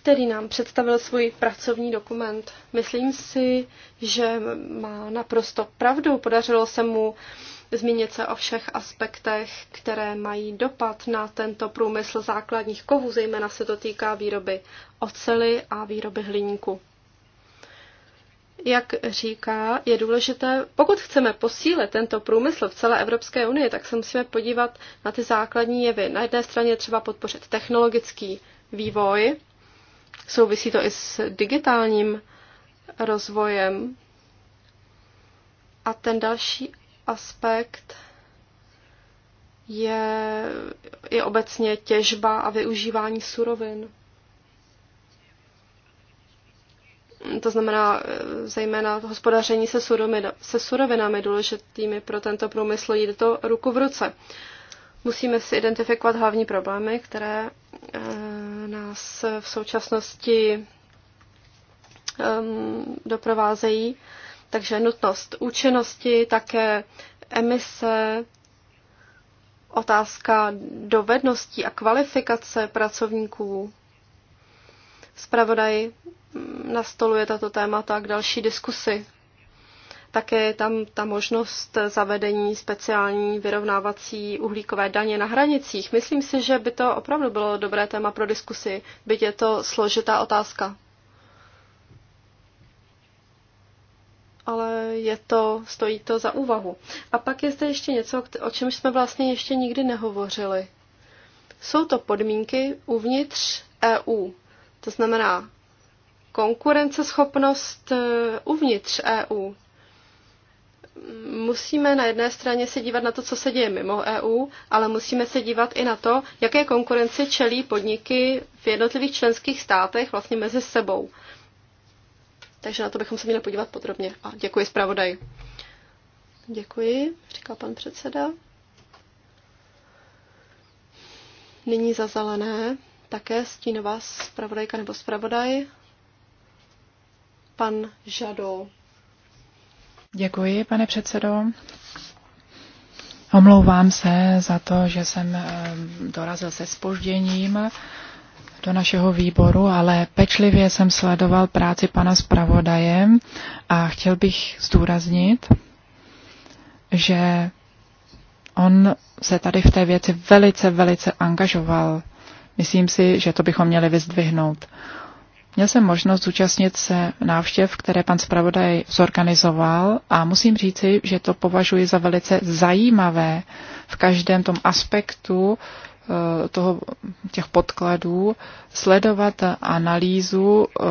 který nám představil svůj pracovní dokument. Myslím si, že má naprosto pravdu. Podařilo se mu zmínit se o všech aspektech, které mají dopad na tento průmysl základních kovů, zejména se to týká výroby ocely a výroby hliníku. Jak říká, je důležité, pokud chceme posílit tento průmysl v celé Evropské unii, tak se musíme podívat na ty základní jevy. Na jedné straně třeba podpořit technologický vývoj, Souvisí to i s digitálním rozvojem. A ten další aspekt je, je obecně těžba a využívání surovin. To znamená eh, zejména hospodaření se, surovin, se surovinami důležitými pro tento průmysl. Jde to ruku v ruce. Musíme si identifikovat hlavní problémy, které Eh, nás v současnosti ehm, doprovázejí. Takže nutnost účinnosti, také emise, otázka dovedností a kvalifikace pracovníků. Spravodaj mm, nastoluje tato témata k další diskusi. Také je tam ta možnost zavedení speciální vyrovnávací uhlíkové daně na hranicích. Myslím si, že by to opravdu bylo dobré téma pro diskusi, byť je to složitá otázka. ale je to, stojí to za úvahu. A pak je zde ještě něco, o čem jsme vlastně ještě nikdy nehovořili. Jsou to podmínky uvnitř EU. To znamená konkurenceschopnost eh, uvnitř EU musíme na jedné straně se dívat na to, co se děje mimo EU, ale musíme se dívat i na to, jaké konkurenci čelí podniky v jednotlivých členských státech vlastně mezi sebou. Takže na to bychom se měli podívat podrobně. A děkuji zpravodaj. Děkuji, říká pan předseda. Nyní za zelené také stínová zpravodajka nebo zpravodaj pan Žado. Děkuji, pane předsedo. Omlouvám se za to, že jsem eh, dorazil se spožděním do našeho výboru, ale pečlivě jsem sledoval práci pana zpravodaje a chtěl bych zdůraznit, že on se tady v té věci velice, velice angažoval. Myslím si, že to bychom měli vyzdvihnout. Měl jsem možnost zúčastnit se návštěv, které pan zpravodaj zorganizoval a musím říci, že to považuji za velice zajímavé v každém tom aspektu eh, toho, těch podkladů, sledovat analýzu, eh,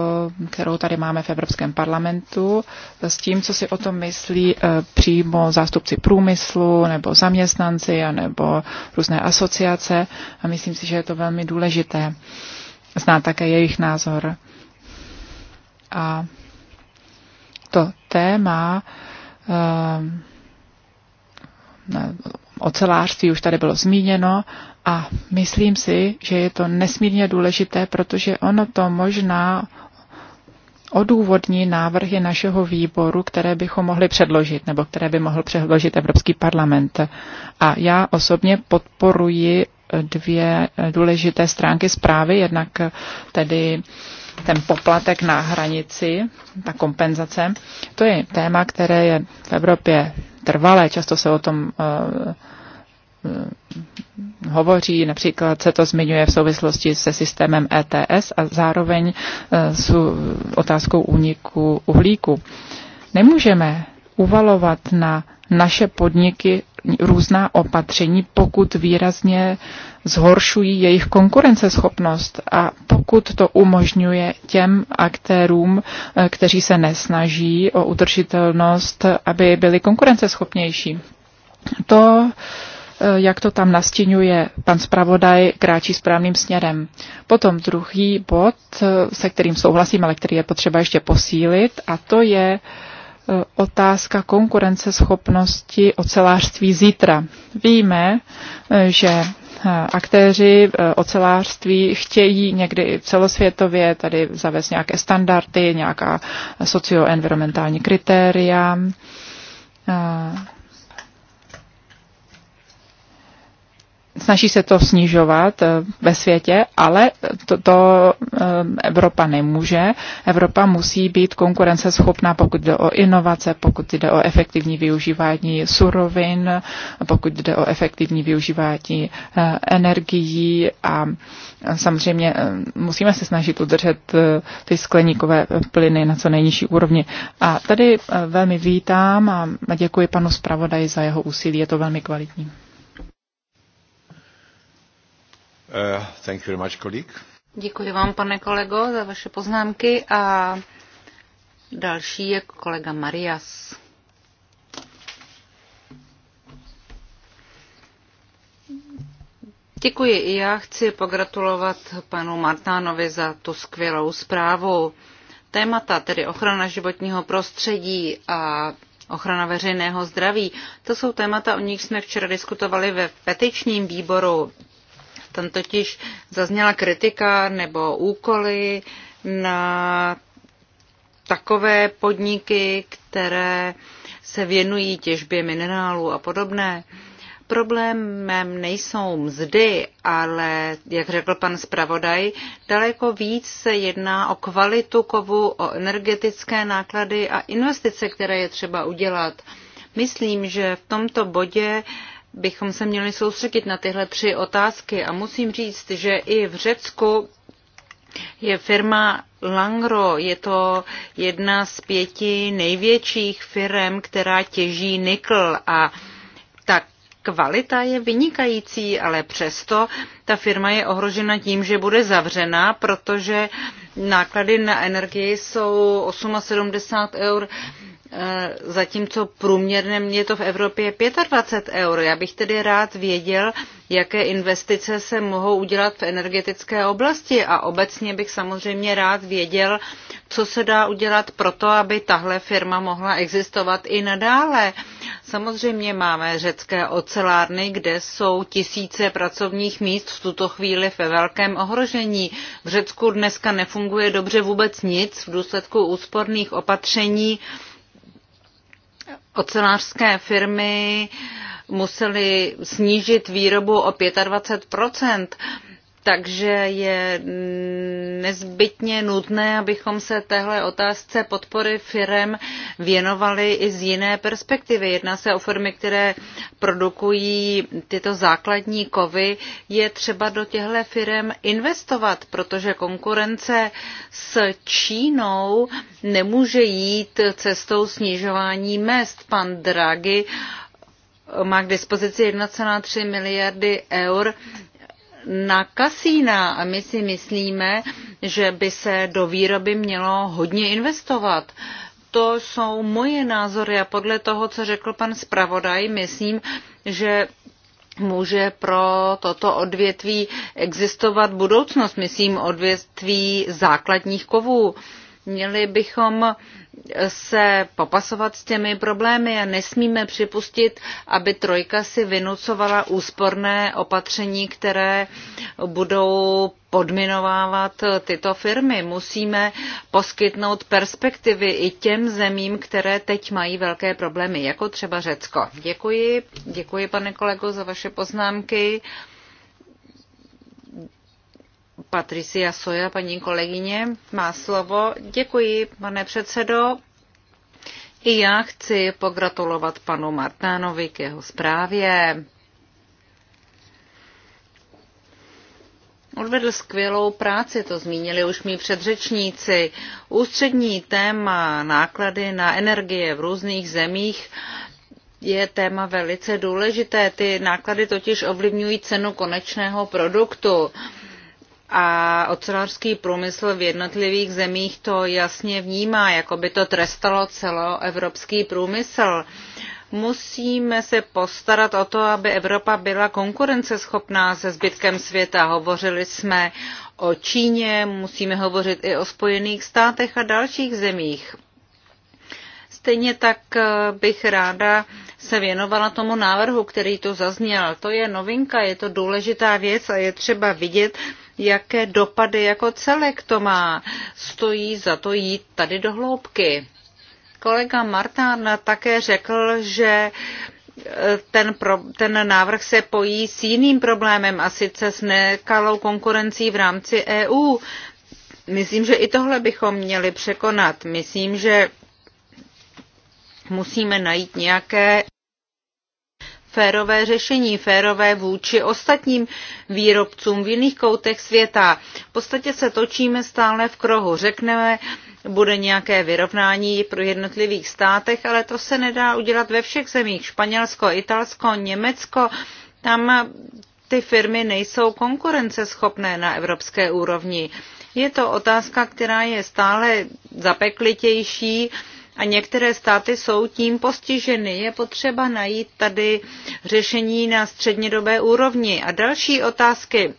kterou tady máme v Evropském parlamentu, s tím, co si o tom myslí eh, přímo zástupci průmyslu nebo zaměstnanci nebo různé asociace a myslím si, že je to velmi důležité znát také jejich názor a to téma ehm, ocelářství už tady bylo zmíněno a myslím si, že je to nesmírně důležité, protože ono to možná odůvodní návrhy našeho výboru, které bychom mohli předložit, nebo které by mohl předložit Evropský parlament. A já osobně podporuji dvě důležité stránky zprávy, jednak tedy uh, ten poplatek na hranici, ta kompenzace, to je téma, které je v Evropě trvalé, často se o tom eh, eh, hovoří, například se to zmiňuje v souvislosti se systémem ETS a zároveň eh, s otázkou úniku uhlíku. Nemůžeme uvalovat na naše podniky různá opatření, pokud výrazně zhoršují jejich konkurenceschopnost a pokud to umožňuje těm aktérům, eh, kteří se nesnaží o udržitelnost, aby byli konkurenceschopnější. To eh, jak to tam nastínuje pan zpravodaj, kráčí správným směrem. Potom druhý bod, eh, se kterým souhlasím, ale který je potřeba ještě posílit, a to je uh, Eh, otázka konkurenceschopnosti ocelářství zítra. Víme, eh, že eh, aktéři ocelářství chtějí někdy celosvětově tady zavést nějaké standardy, nějaká socioenvironmentální kritéria, snaží se to snižovat eh, ve světě, ale to, to eh, Evropa nemůže. Evropa musí být konkurenceschopná, pokud jde o inovace, pokud jde o efektivní využívání surovin, pokud jde o efektivní využívání eh, energií a samozřejmě musíme se snažit udržet ty skleníkové plyny na co nejnižší úrovni. A tady velmi vítám a děkuji panu zpravodaji za jeho úsilí, je to velmi kvalitní. Eh, thank you very much, colleague. Děkuji vám, pane kolego, za vaše poznámky a další je kolega Marias. Děkuji i já chci pogratulovat panu Martánovi za tu skvělou zprávu. Témata, tedy ochrana životního prostředí a ochrana veřejného zdraví, to jsou témata, o nich jsme včera diskutovali ve petičním výboru. Tam totiž zazněla kritika nebo úkoly na takové podniky, které se věnují těžbě minerálů a podobné. Problémem nejsou mzdy, ale, jak řekl pan zpravodaj, daleko víc se jedná o kvalitu kovu, o energetické náklady a investice, které je třeba udělat. Myslím, že v tomto bodě bychom se měli soustředit na tyhle tři otázky. A musím říct, že i v Řecku je firma Langro, je to jedna z pěti největších firm, která těží nikl a ta kvalita je vynikající, ale přesto ta firma je ohrožena tím, že bude zavřena, protože náklady na energii jsou 78 eur Eh, zatímco průměrně je to v Evropě 25 eur. Já bych tedy rád věděl, jaké investice se mohou udělat v energetické oblasti a obecně bych samozřejmě rád věděl, co se dá udělat pro to, aby tahle firma mohla existovat i nadále. Samozřejmě máme řecké ocelárny, kde jsou tisíce pracovních míst v tuto chvíli ve velkém ohrožení. V Řecku dneska nefunguje dobře vůbec nic v důsledku úsporných opatření ocelářské firmy museli snížit výrobu o 25 takže je nezbytně nutné, abychom se téhle otázce podpory firem věnovali i z jiné perspektivy. Jedná se o firmy, které produkují tyto základní kovy. Je třeba do těchto firm investovat, protože konkurence s Čínou nemůže jít cestou snižování mest. Pan Draghi má k dispozici 1,3 miliardy eur na kasína a my si myslíme, že by se do výroby mělo hodně investovat. To jsou moje názory a podle toho, co řekl pan zpravodaj, myslím, že může pro toto odvětví existovat budoucnost, myslím odvětví základních kovů Měli bychom se popasovat s těmi problémy a nesmíme připustit, aby trojka si vynucovala úsporné opatření, které budou podminovávat tyto firmy. Musíme poskytnout perspektivy i těm zemím, které teď mají velké problémy, jako třeba Řecko. Děkuji, děkuji pane kolego za vaše poznámky. Patricia Soja, paní kolegyně, má slovo. Děkuji, pane předsedo. I já chci pogratulovat panu Martánovi k jeho zprávě. Odvedl skvělou práci, to zmínili už mý předřečníci. Ústřední téma náklady na energie v různých zemích je téma velice důležité. Ty náklady totiž ovlivňují cenu konečného produktu a ocelářský průmysl v jednotlivých zemích to jasně vnímá, jako by to trestalo celoevropský průmysl. Musíme se postarat o to, aby Evropa byla konkurenceschopná se zbytkem světa. Hovořili jsme o Číně, musíme hovořit i o Spojených státech a dalších zemích. Stejně tak eh, bych ráda se věnovala tomu návrhu, který tu zazněl. To je novinka, je to důležitá věc a je třeba vidět, jaké dopady jako celek to má. Stojí za to jít tady do hloubky. Kolega Martán také řekl, že e, ten, pro, ten návrh se pojí s jiným problémem a sice s nekalou konkurencí v rámci EU. Myslím, že i tohle bychom měli překonat. Myslím, že musíme najít nějaké férové řešení, férové vůči ostatním výrobcům v jiných koutech světa. V podstatě se točíme stále v krohu. Řekneme, bude nějaké vyrovnání pro jednotlivých státech, ale to se nedá udělat ve všech zemích. Španělsko, Italsko, Německo, tam ty firmy nejsou konkurenceschopné na evropské úrovni. Je to otázka, která je stále zapeklitější a některé státy jsou tím postiženy. Je potřeba najít tady řešení na střednědobé úrovni. A další otázky,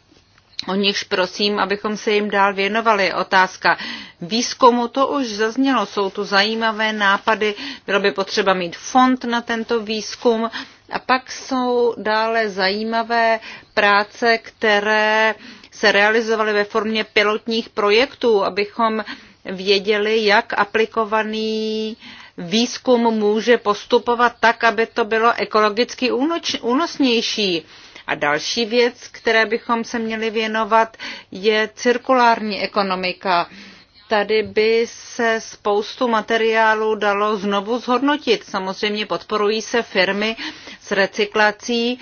o nichž prosím, abychom se jim dál věnovali. Otázka výzkumu, to už zaznělo, jsou tu zajímavé nápady, bylo by potřeba mít fond na tento výzkum. A pak jsou dále zajímavé práce, které se realizovaly ve formě pilotních projektů, abychom věděli, jak aplikovaný výzkum může postupovat tak, aby to bylo ekologicky únosnější. A další věc, které bychom se měli věnovat, je cirkulární ekonomika. Tady by se spoustu materiálů dalo znovu zhodnotit. Samozřejmě podporují se firmy s recyklací,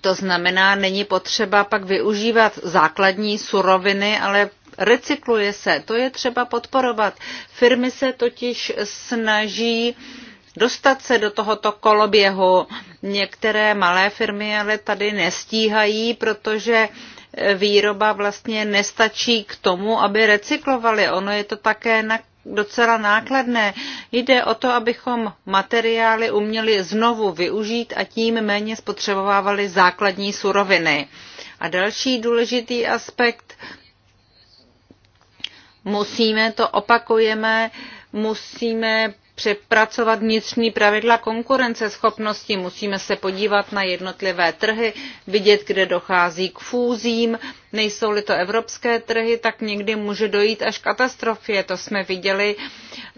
to znamená, není potřeba pak využívat základní suroviny, ale recykluje se. To je třeba podporovat. Firmy se totiž snaží dostat se do tohoto koloběhu. Některé malé firmy ale tady nestíhají, protože výroba vlastně nestačí k tomu, aby recyklovali. Ono je to také na docela nákladné. Jde o to, abychom materiály uměli znovu využít a tím méně spotřebovávali základní suroviny. A další důležitý aspekt Musíme, to opakujeme, musíme přepracovat vnitřní pravidla konkurenceschopnosti, musíme se podívat na jednotlivé trhy, vidět, kde dochází k fúzím. Nejsou-li to evropské trhy, tak někdy může dojít až k katastrofě. To jsme viděli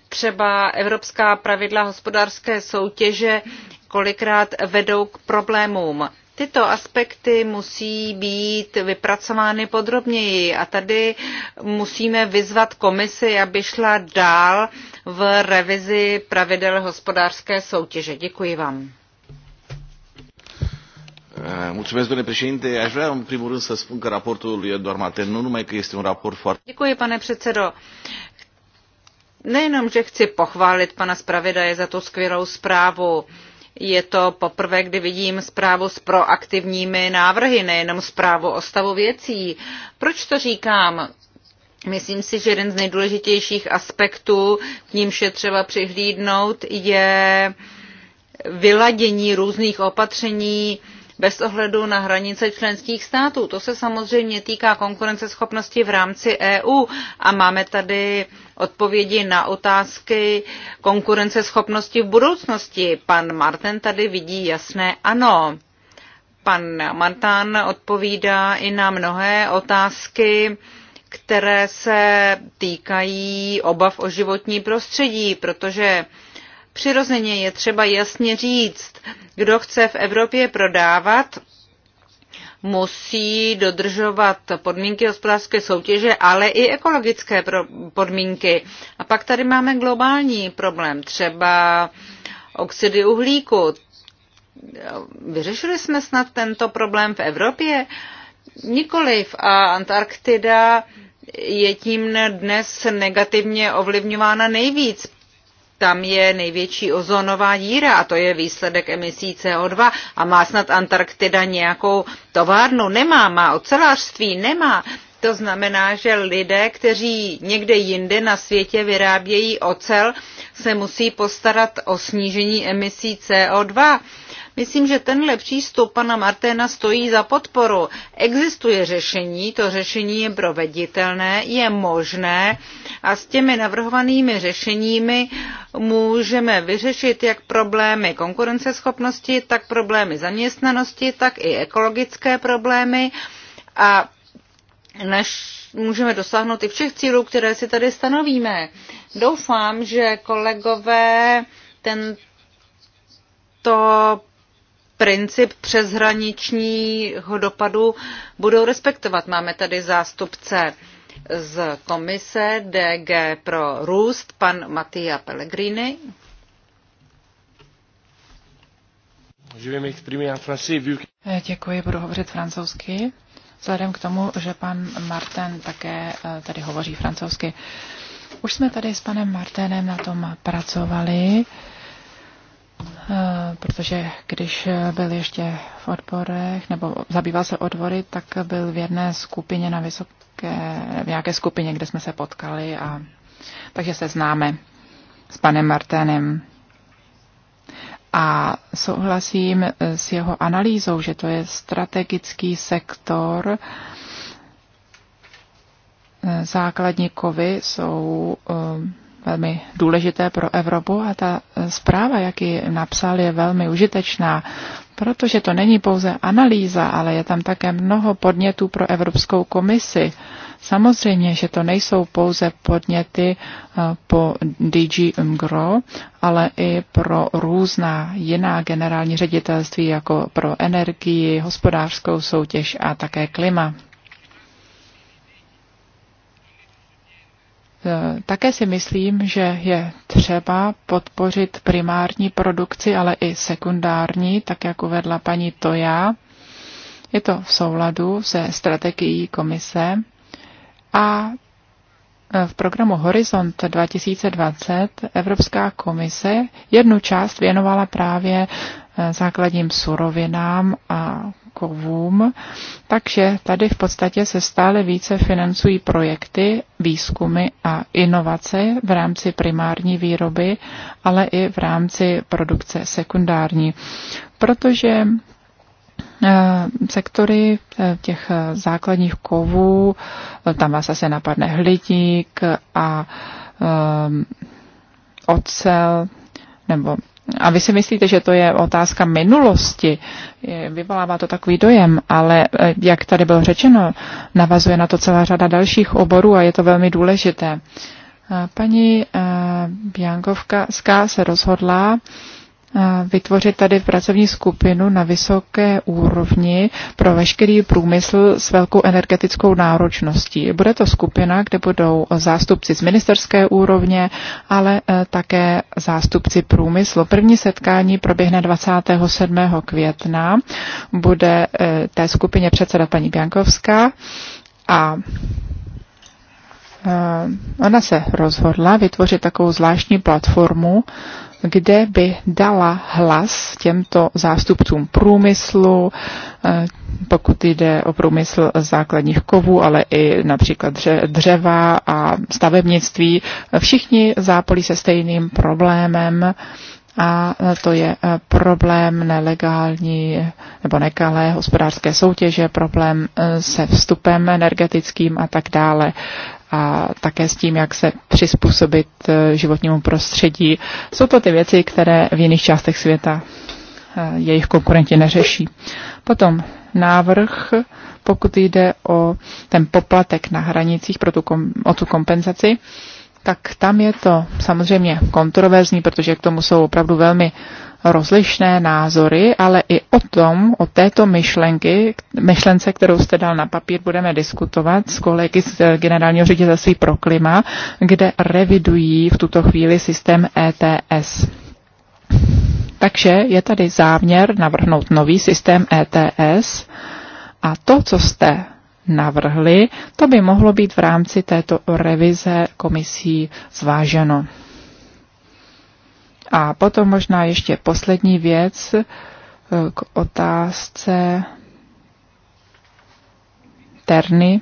třeba evropská pravidla hospodářské soutěže kolikrát vedou k problémům. Tyto aspekty musí být vypracovány podrobněji a tady musíme vyzvat komisi, aby šla dál v revizi pravidel hospodářské soutěže. Děkuji vám. Eh, Děkuji, pane předsedo. Nejenom, že chci pochválit pana zpravidaje za tu skvělou zprávu, je to poprvé, kdy vidím zprávu s proaktivními návrhy, nejenom zprávu o stavu věcí. Proč to říkám? Myslím si, že jeden z nejdůležitějších aspektů, k nímž je třeba přihlídnout, je vyladění různých opatření, bez ohledu na hranice členských států. To se samozřejmě týká konkurenceschopnosti v rámci EU a máme tady odpovědi na otázky konkurenceschopnosti v budoucnosti. Pan Martin tady vidí jasné ano. Pan Martin odpovídá i na mnohé otázky, které se týkají obav o životní prostředí, protože přirozeně je třeba jasně říct, kdo chce v Evropě prodávat, musí dodržovat podmínky hospodářské soutěže, ale i ekologické podmínky. A pak tady máme globální problém, třeba oxidy uhlíku. Vyřešili jsme snad tento problém v Evropě? Nikoliv. A Antarktida je tím dnes negativně ovlivňována nejvíc tam je největší ozonová díra a to je výsledek emisí CO2 a má snad Antarktida nějakou továrnu? Nemá, má ocelářství? Nemá. To znamená, že lidé, kteří někde jinde na světě vyrábějí ocel, se musí postarat o snížení emisí CO2. Myslím, že tenhle přístup pana Marténa stojí za podporu. Existuje řešení, to řešení je proveditelné, je možné a s těmi navrhovanými řešeními můžeme vyřešit jak problémy konkurenceschopnosti, tak problémy zaměstnanosti, tak i ekologické problémy a než můžeme dosáhnout i všech cílů, které si tady stanovíme. Doufám, že kolegové tento princip přeshraničního dopadu budou respektovat. Máme tady zástupce z komise DG pro růst, pan Matia Pellegrini. Eh, děkuji, budu hovořit francouzsky vzhledem k tomu, že pan Marten také eh, tady hovoří francouzsky. Už jsme tady s panem Martenem na tom pracovali, eh, protože když byl ještě v odborech, nebo zabýval se odbory, tak byl v jedné skupině na vysoké, v nějaké skupině, kde jsme se potkali a takže se známe s panem Martenem a souhlasím eh, s jeho analýzou, že to je strategický sektor. Eh, základní kovy jsou eh, velmi důležité pro Evropu a ta zpráva, jak ji napsal, je velmi užitečná, protože to není pouze analýza, ale je tam také mnoho podnětů pro Evropskou komisi. Samozřejmě, že to nejsou pouze podněty eh, po DG MGRO, ale i pro různá jiná generální ředitelství, jako pro energii, hospodářskou soutěž a také klima. Eh, také si myslím, že je třeba podpořit primární produkci, ale i sekundární, tak jak uvedla paní Toja. Je to v souladu se strategií komise a e, v programu Horizont 2020 Evropská komise jednu část věnovala právě e, základním surovinám a kovům, takže tady v podstatě se stále více financují projekty, výzkumy a inovace v rámci primární výroby, ale i v rámci produkce sekundární, protože Eh, sektory eh, těch eh, základních kovů, tam vás asi napadne hliník a ocel, nebo a vy si myslíte, že to je otázka minulosti, vyvolává to takový dojem, ale jak tady bylo řečeno, navazuje na to celá řada dalších oborů a je to velmi důležité. Paní Biankovka se rozhodla vytvořit tady pracovní skupinu na vysoké úrovni pro veškerý průmysl s velkou energetickou náročností. Bude to skupina, kde budou zástupci z ministerské úrovně, ale e, také zástupci průmyslu. První setkání proběhne 27. května. Bude e, té skupině předseda paní Biankovská a e, ona se rozhodla vytvořit takovou zvláštní platformu, kde by dala hlas těmto zástupcům průmyslu, eh, pokud jde o průmysl základních kovů, ale i například dřeva a stavebnictví. Všichni zápolí se stejným problémem a to je eh, problém nelegální nebo nekalé hospodářské soutěže, problém eh, se vstupem energetickým a tak dále a také s tím, jak se přizpůsobit eh, životnímu prostředí. Jsou to ty věci, které v jiných částech světa eh, jejich konkurenti neřeší. Potom návrh, pokud jde o ten poplatek na hranicích pro tu kom, o tu kompenzaci, tak tam je to samozřejmě kontroverzní, protože k tomu jsou opravdu velmi rozlišné názory, ale i o tom, o této myšlenky, myšlence, kterou jste dal na papír, budeme diskutovat s kolegy z eh, generálního ředitelství pro klima, kde revidují v tuto chvíli systém ETS. Takže je tady záměr navrhnout nový systém ETS a to, co jste navrhli, to by mohlo být v rámci této revize komisí zváženo. A potom možná ještě poslední věc eh, k otázce Terny.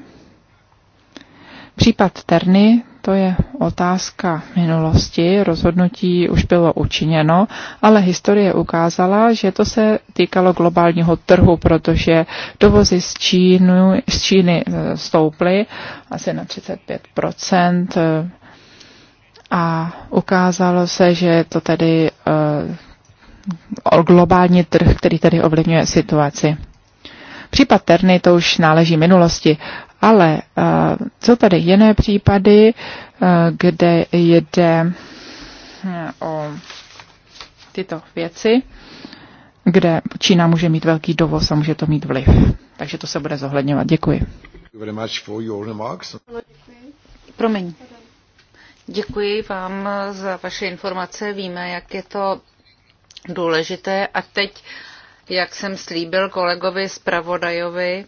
Případ Terny, to je otázka minulosti, rozhodnutí už bylo učiněno, ale historie ukázala, že to se týkalo globálního trhu, protože dovozy z, Čínu, z Číny eh, stouply asi na 35 a ukázalo se, že je to tedy eh, globální trh, který tedy ovlivňuje situaci. Případ Terny to už náleží minulosti, ale co eh, tady jiné případy, eh, kde jde hm, o tyto věci, kde Čína může mít velký dovoz a může to mít vliv. Takže to se bude zohledňovat. Děkuji. Promiň. Děkuji vám za vaše informace. Víme, jak je to důležité. A teď, jak jsem slíbil kolegovi zpravodajovi,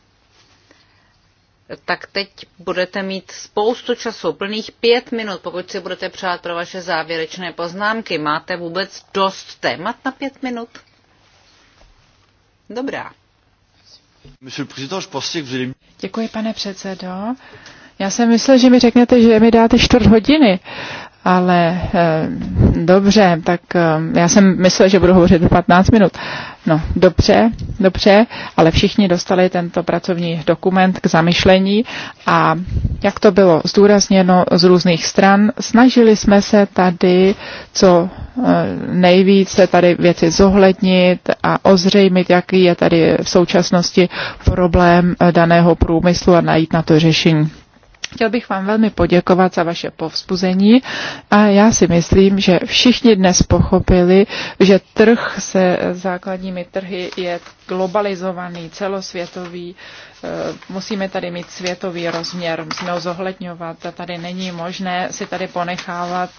tak teď budete mít spoustu času, plných pět minut, pokud si budete přát pro vaše závěrečné poznámky. Máte vůbec dost témat na pět minut? Dobrá. Děkuji, pane předsedo. Já jsem myslel, že mi řeknete, že mi dáte čtvrt hodiny, ale eh, dobře, tak eh, já jsem myslel, že budu hovořit 15 minut. No, dobře, dobře, ale všichni dostali tento pracovní dokument k zamyšlení a jak to bylo zdůrazněno z různých stran, snažili jsme se tady co eh, nejvíce tady věci zohlednit a ozřejmit, jaký je tady v současnosti problém eh, daného průmyslu a najít na to řešení. Chtěl bych vám velmi poděkovat za vaše povzbuzení a já si myslím, že všichni dnes pochopili, že trh se základními trhy je globalizovaný, celosvětový. E, musíme tady mít světový rozměr, musíme ho zohledňovat. Tady není možné si tady ponechávat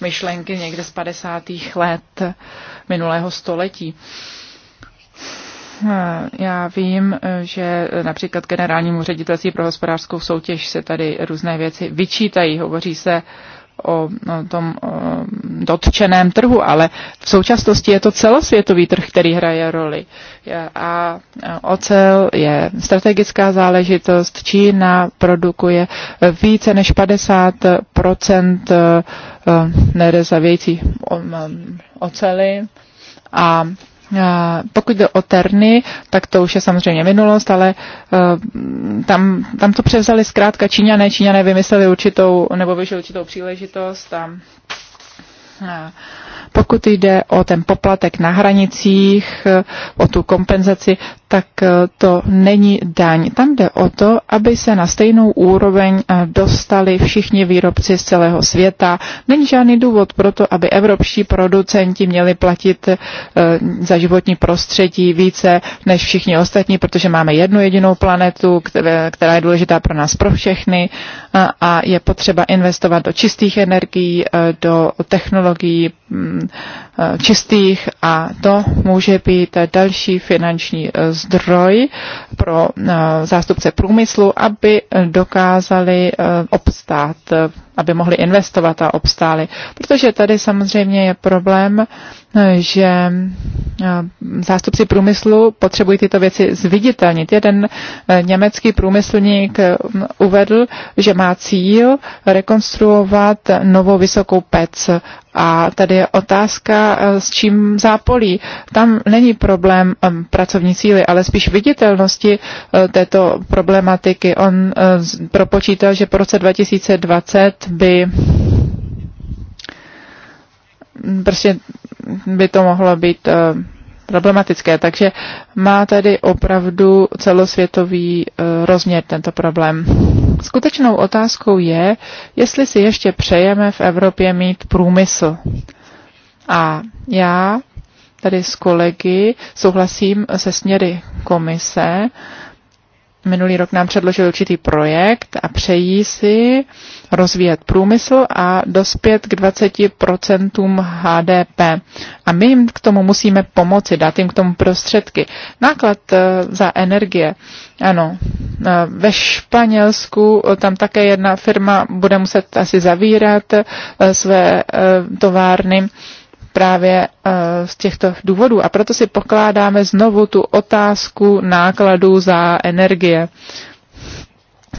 myšlenky někde z 50. let minulého století. Hm, já vím, že například generálnímu ředitelství pro hospodářskou soutěž se tady různé věci vyčítají. Hovoří se o tom dotčeném trhu, ale v současnosti je to celosvětový trh, který hraje roli. A ocel je strategická záležitost. Čína produkuje více než 50 eh, eh, nerezavějící ocely a pokud jde o Terny, tak to už je samozřejmě minulost, ale e, tam, tam to převzali zkrátka Číňané. Číňané vymysleli určitou, nebo vyšli určitou příležitost a pokud jde o ten poplatek na hranicích, e, o tu kompenzaci, tak eh, to není daň. Tam jde o to, aby se na stejnou úroveň eh, dostali všichni výrobci z celého světa. Není žádný důvod pro to, aby evropští producenti měli platit eh, za životní prostředí více než všichni ostatní, protože máme jednu jedinou planetu, která je důležitá pro nás, pro všechny a je potřeba investovat do čistých energií, do technologií mm, čistých a to může být další finanční zdroj pro eh, zástupce průmyslu, aby dokázali eh, obstát eh, aby mohli investovat a obstáli. Protože tady samozřejmě je problém, že eh, zástupci průmyslu potřebují tyto věci zviditelnit. Jeden eh, německý průmyslník eh, uvedl, že má cíl rekonstruovat novou vysokou pec. A tady je otázka, s čím zápolí. Tam není problém pracovní síly, ale spíš viditelnosti této problematiky. On propočítal, že po roce 2020 by prostě by to mohlo být eh, problematické. Takže má tady opravdu celosvětový eh, rozměr tento problém. Skutečnou otázkou je, jestli si ještě přejeme v Evropě mít průmysl. A já tady s kolegy souhlasím se směry komise, minulý rok nám předložil určitý projekt a přejí si rozvíjet průmysl a dospět k 20% HDP. A my jim k tomu musíme pomoci, dát jim k tomu prostředky. Náklad eh, za energie. Ano, eh, ve Španělsku eh, tam také jedna firma bude muset asi zavírat své továrny právě eh, z těchto důvodů. A proto si pokládáme znovu tu otázku nákladů za energie.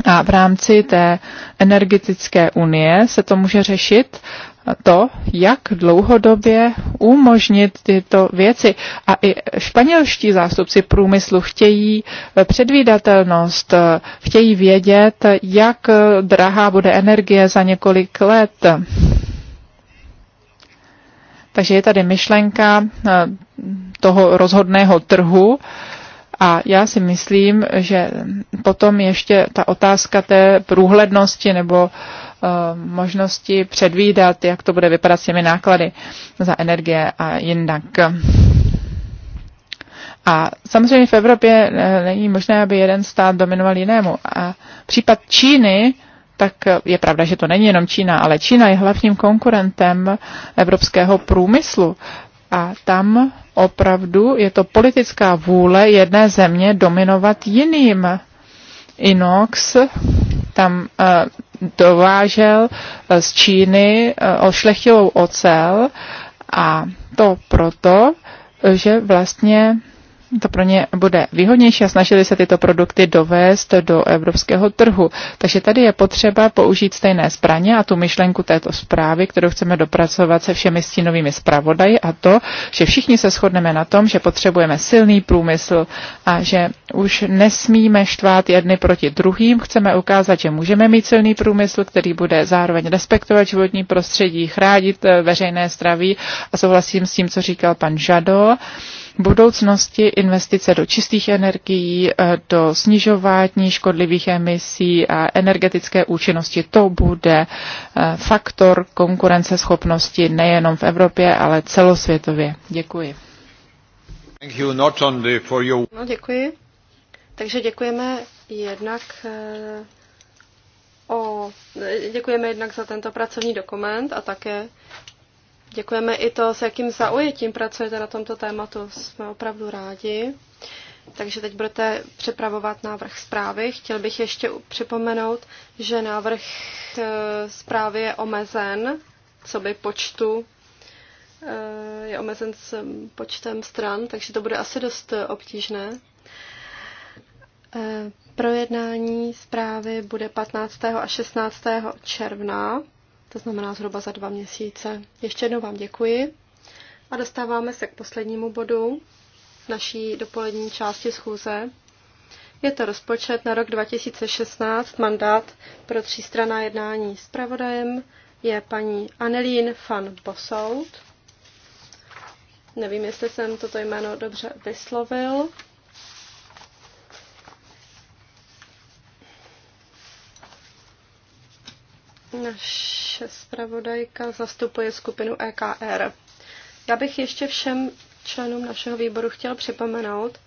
A v rámci té energetické unie se to může řešit eh, to, jak dlouhodobě umožnit tyto věci. A i španělští zástupci průmyslu chtějí eh, předvídatelnost, chtějí vědět, jak drahá bude energie za několik let. Takže je tady myšlenka eh, toho rozhodného trhu, a já si myslím, že potom ještě ta otázka té průhlednosti nebo eh, možnosti předvídat, jak to bude vypadat s těmi náklady za energie a jinak. A samozřejmě v Evropě eh, není možné, aby jeden stát dominoval jinému. A případ Číny tak je pravda, že to není jenom Čína, ale Čína je hlavním konkurentem evropského průmyslu. A tam opravdu je to politická vůle jedné země dominovat jiným. Inox tam eh, dovážel eh, z Číny eh, ošlechtilou ocel a to proto, že vlastně to pro ně bude výhodnější a snažili se tyto produkty dovést do evropského trhu. Takže tady je potřeba použít stejné zbraně a tu myšlenku této zprávy, kterou chceme dopracovat se všemi stínovými zpravodaji a to, že všichni se shodneme na tom, že potřebujeme silný průmysl a že už nesmíme štvát jedny proti druhým. Chceme ukázat, že můžeme mít silný průmysl, který bude zároveň respektovat životní prostředí, chránit eh, veřejné zdraví a souhlasím s tím, co říkal pan Žado budoucnosti investice do čistých energií, eh, do snižování škodlivých emisí a energetické účinnosti. To bude eh, faktor konkurenceschopnosti nejenom v Evropě, ale celosvětově. Děkuji. No, děkuji. Takže děkujeme jednak eh, o, děkujeme jednak za tento pracovní dokument a také Děkujeme i to, s jakým zaujetím pracujete na tomto tématu. Jsme opravdu rádi. Takže teď budete připravovat návrh zprávy. Chtěl bych ještě připomenout, že návrh eh, zprávy je omezen, co by počtu eh, je omezen s počtem stran, takže to bude asi dost obtížné. Eh, projednání zprávy bude 15. a 16. června to znamená zhruba za dva měsíce. Ještě jednou vám děkuji a dostáváme se k poslednímu bodu naší dopolední části schůze. Je to rozpočet na rok 2016, mandát pro třístraná jednání. s pravodajem je paní Anelín van Bosout. Nevím, jestli jsem toto jméno dobře vyslovil. Naše zpravodajka zastupuje skupinu EKR. Já bych ještě všem členům našeho výboru chtěl připomenout,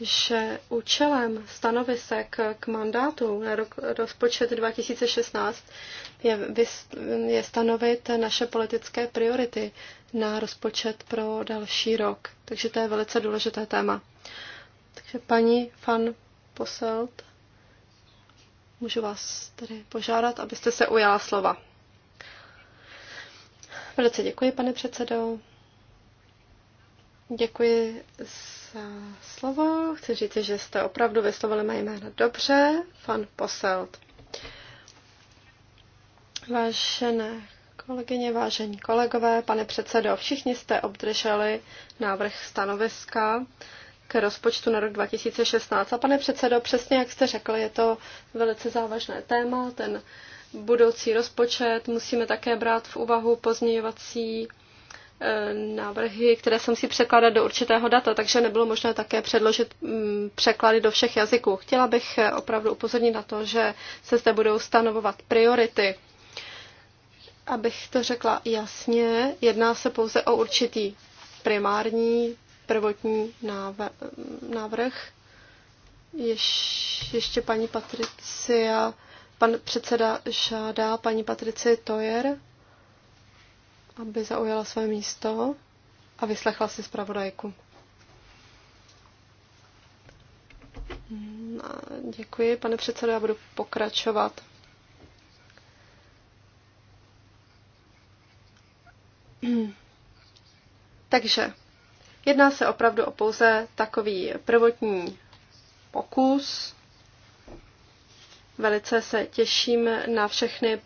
že účelem stanovisek k mandátu na rok, rozpočet 2016 je, je stanovit naše politické priority na rozpočet pro další rok. Takže to je velice důležité téma. Takže paní Fan Poselt. Můžu vás tedy požádat, abyste se ujala slova. Velice děkuji, pane předsedo. Děkuji za slovo. Chci říct, že jste opravdu vyslovili mé jméno. dobře. Fan Poselt. Vážené kolegyně, vážení kolegové, pane předsedo, všichni jste obdrželi návrh stanoviska k rozpočtu na rok 2016. A pane předsedo, přesně jak jste řekl, je to velice závažné téma, ten budoucí rozpočet. Musíme také brát v úvahu pozměňovací eh, návrhy, které jsem si překládat do určitého data, takže nebylo možné také předložit mm, překlady do všech jazyků. Chtěla bych eh, opravdu upozornit na to, že se zde budou stanovovat priority. Abych to řekla jasně, jedná se pouze o určitý primární prvotní návrh. Ješ, ještě paní Patricia, pan předseda žádá paní Patrici Tojer, aby zaujala své místo a vyslechla si zpravodajku. Mm, děkuji, pane předsedo, já budu pokračovat. Takže Jedná se opravdu o pouze takový prvotní pokus. Velice se těším na všechny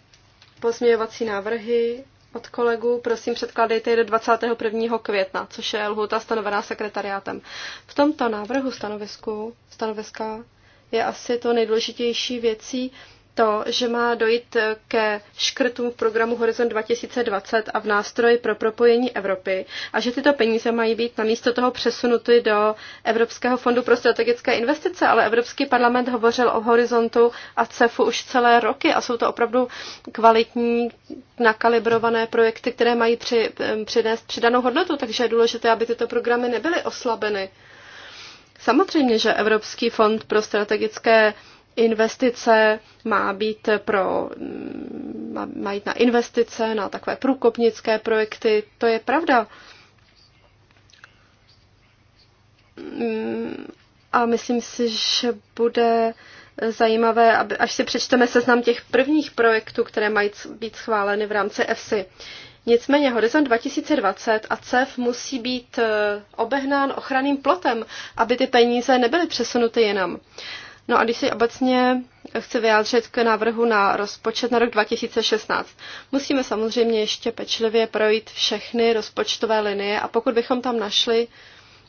pozměňovací návrhy od kolegů. Prosím, předkládejte je do 21. května, což je lhuta stanovená sekretariátem. V tomto návrhu stanovisku, stanoviska je asi to nejdůležitější věcí to, že má dojít ke škrtům v programu Horizon 2020 a v nástroji pro propojení Evropy a že tyto peníze mají být namísto toho přesunuty do Evropského fondu pro strategické investice, ale Evropský parlament hovořil o Horizontu a CEFu už celé roky a jsou to opravdu kvalitní, nakalibrované projekty, které mají při, přinést přidanou hodnotu, takže je důležité, aby tyto programy nebyly oslabeny. Samozřejmě, že Evropský fond pro strategické investice má být pro, má jít na investice, na takové průkopnické projekty, to je pravda. Mm, a myslím si, že bude zajímavé, až si přečteme seznam těch prvních projektů, které mají být schváleny v rámci EFSI. Nicméně Horizont 2020 a CEF musí být eh, obehnán ochranným plotem, aby ty peníze nebyly přesunuty jinam. No a když si obecně chci vyjádřit k návrhu na rozpočet na rok 2016, musíme samozřejmě ještě pečlivě projít všechny rozpočtové linie a pokud bychom tam našli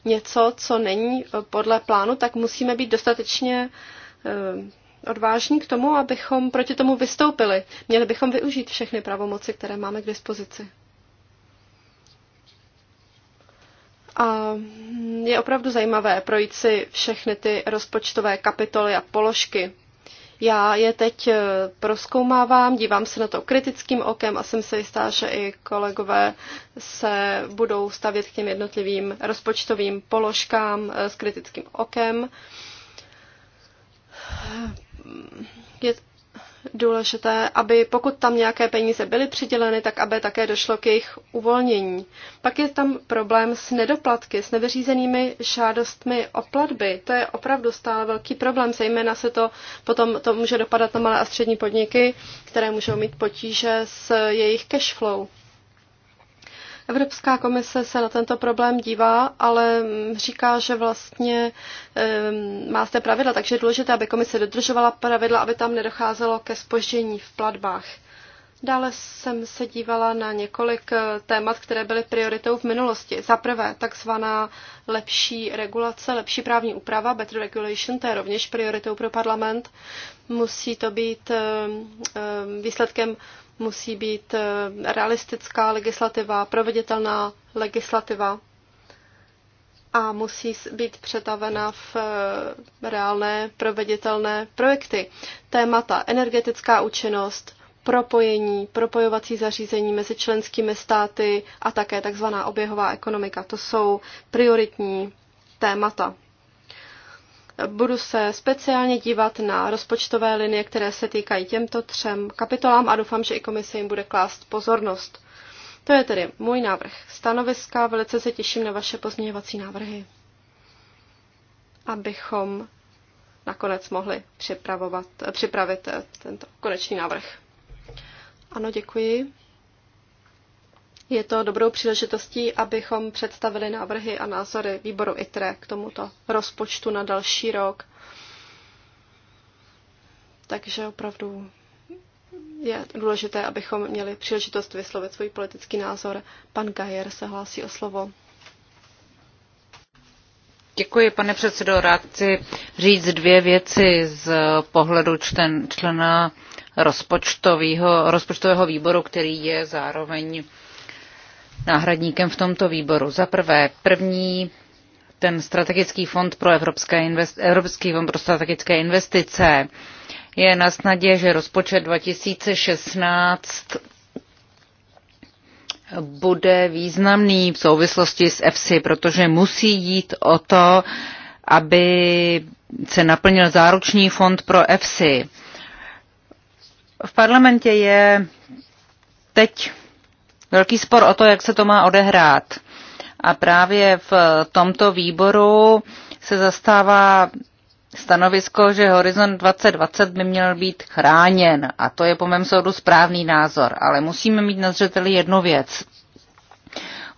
něco, co není eh, podle plánu, tak musíme být dostatečně eh, odvážní k tomu, abychom proti tomu vystoupili. Měli bychom využít všechny pravomoci, které máme k dispozici. A je opravdu zajímavé projít si všechny ty rozpočtové kapitoly a položky. Já je teď eh, proskoumávám, dívám se na to kritickým okem a jsem se jistá, že i kolegové se budou stavět k těm jednotlivým rozpočtovým položkám eh, s kritickým okem. Je důležité, aby pokud tam nějaké peníze byly přiděleny, tak aby také došlo k jejich uvolnění. Pak je tam problém s nedoplatky, s nevyřízenými žádostmi o platby. To je opravdu stále velký problém, zejména se to potom to může dopadat na malé a střední podniky, které můžou mít potíže s jejich cash flow. Evropská komise se na tento problém dívá, ale mm, říká, že vlastně má zde pravidla, takže je důležité, aby komise dodržovala pravidla, aby tam nedocházelo ke spoždění v platbách. Dále jsem se dívala na několik eh, témat, které byly prioritou v minulosti. Za prvé, takzvaná lepší regulace, lepší právní úprava, better regulation, to je rovněž prioritou pro parlament. Musí to být výsledkem musí být eh, realistická legislativa, proveditelná legislativa a musí být přetavena v eh, reálné proveditelné projekty. Témata energetická účinnost, propojení, propojovací zařízení mezi členskými státy a také tzv. oběhová ekonomika. To jsou prioritní témata. Budu se speciálně dívat na rozpočtové linie, které se týkají těmto třem kapitolám a doufám, že i komise jim bude klást pozornost. To je tedy můj návrh stanoviska. Velice se těším na vaše pozměňovací návrhy, abychom nakonec mohli připravovat, připravit tento konečný návrh. Ano, děkuji. Je to dobrou příležitostí, abychom představili návrhy a názory výboru ITRE k tomuto rozpočtu na další rok. Takže opravdu je důležité, abychom měli příležitost vyslovit svůj politický názor. Pan Gajer se hlásí o slovo. Děkuji, pane předsedo. Rád chci říct dvě věci z pohledu člen, člena rozpočtového, rozpočtového výboru, který je zároveň náhradníkem v tomto výboru. Za prvé, první, ten strategický fond pro Evropské invest, Evropský fond pro strategické investice. Je na snadě, že rozpočet 2016 bude významný v souvislosti s EFSI, protože musí jít o to, aby se naplnil záruční fond pro EFSI. V parlamentě je teď velký spor o to, jak se to má odehrát. A právě v tomto výboru se zastává stanovisko, že Horizont 2020 by měl být chráněn a to je po mém soudu správný názor, ale musíme mít na zřeteli jednu věc.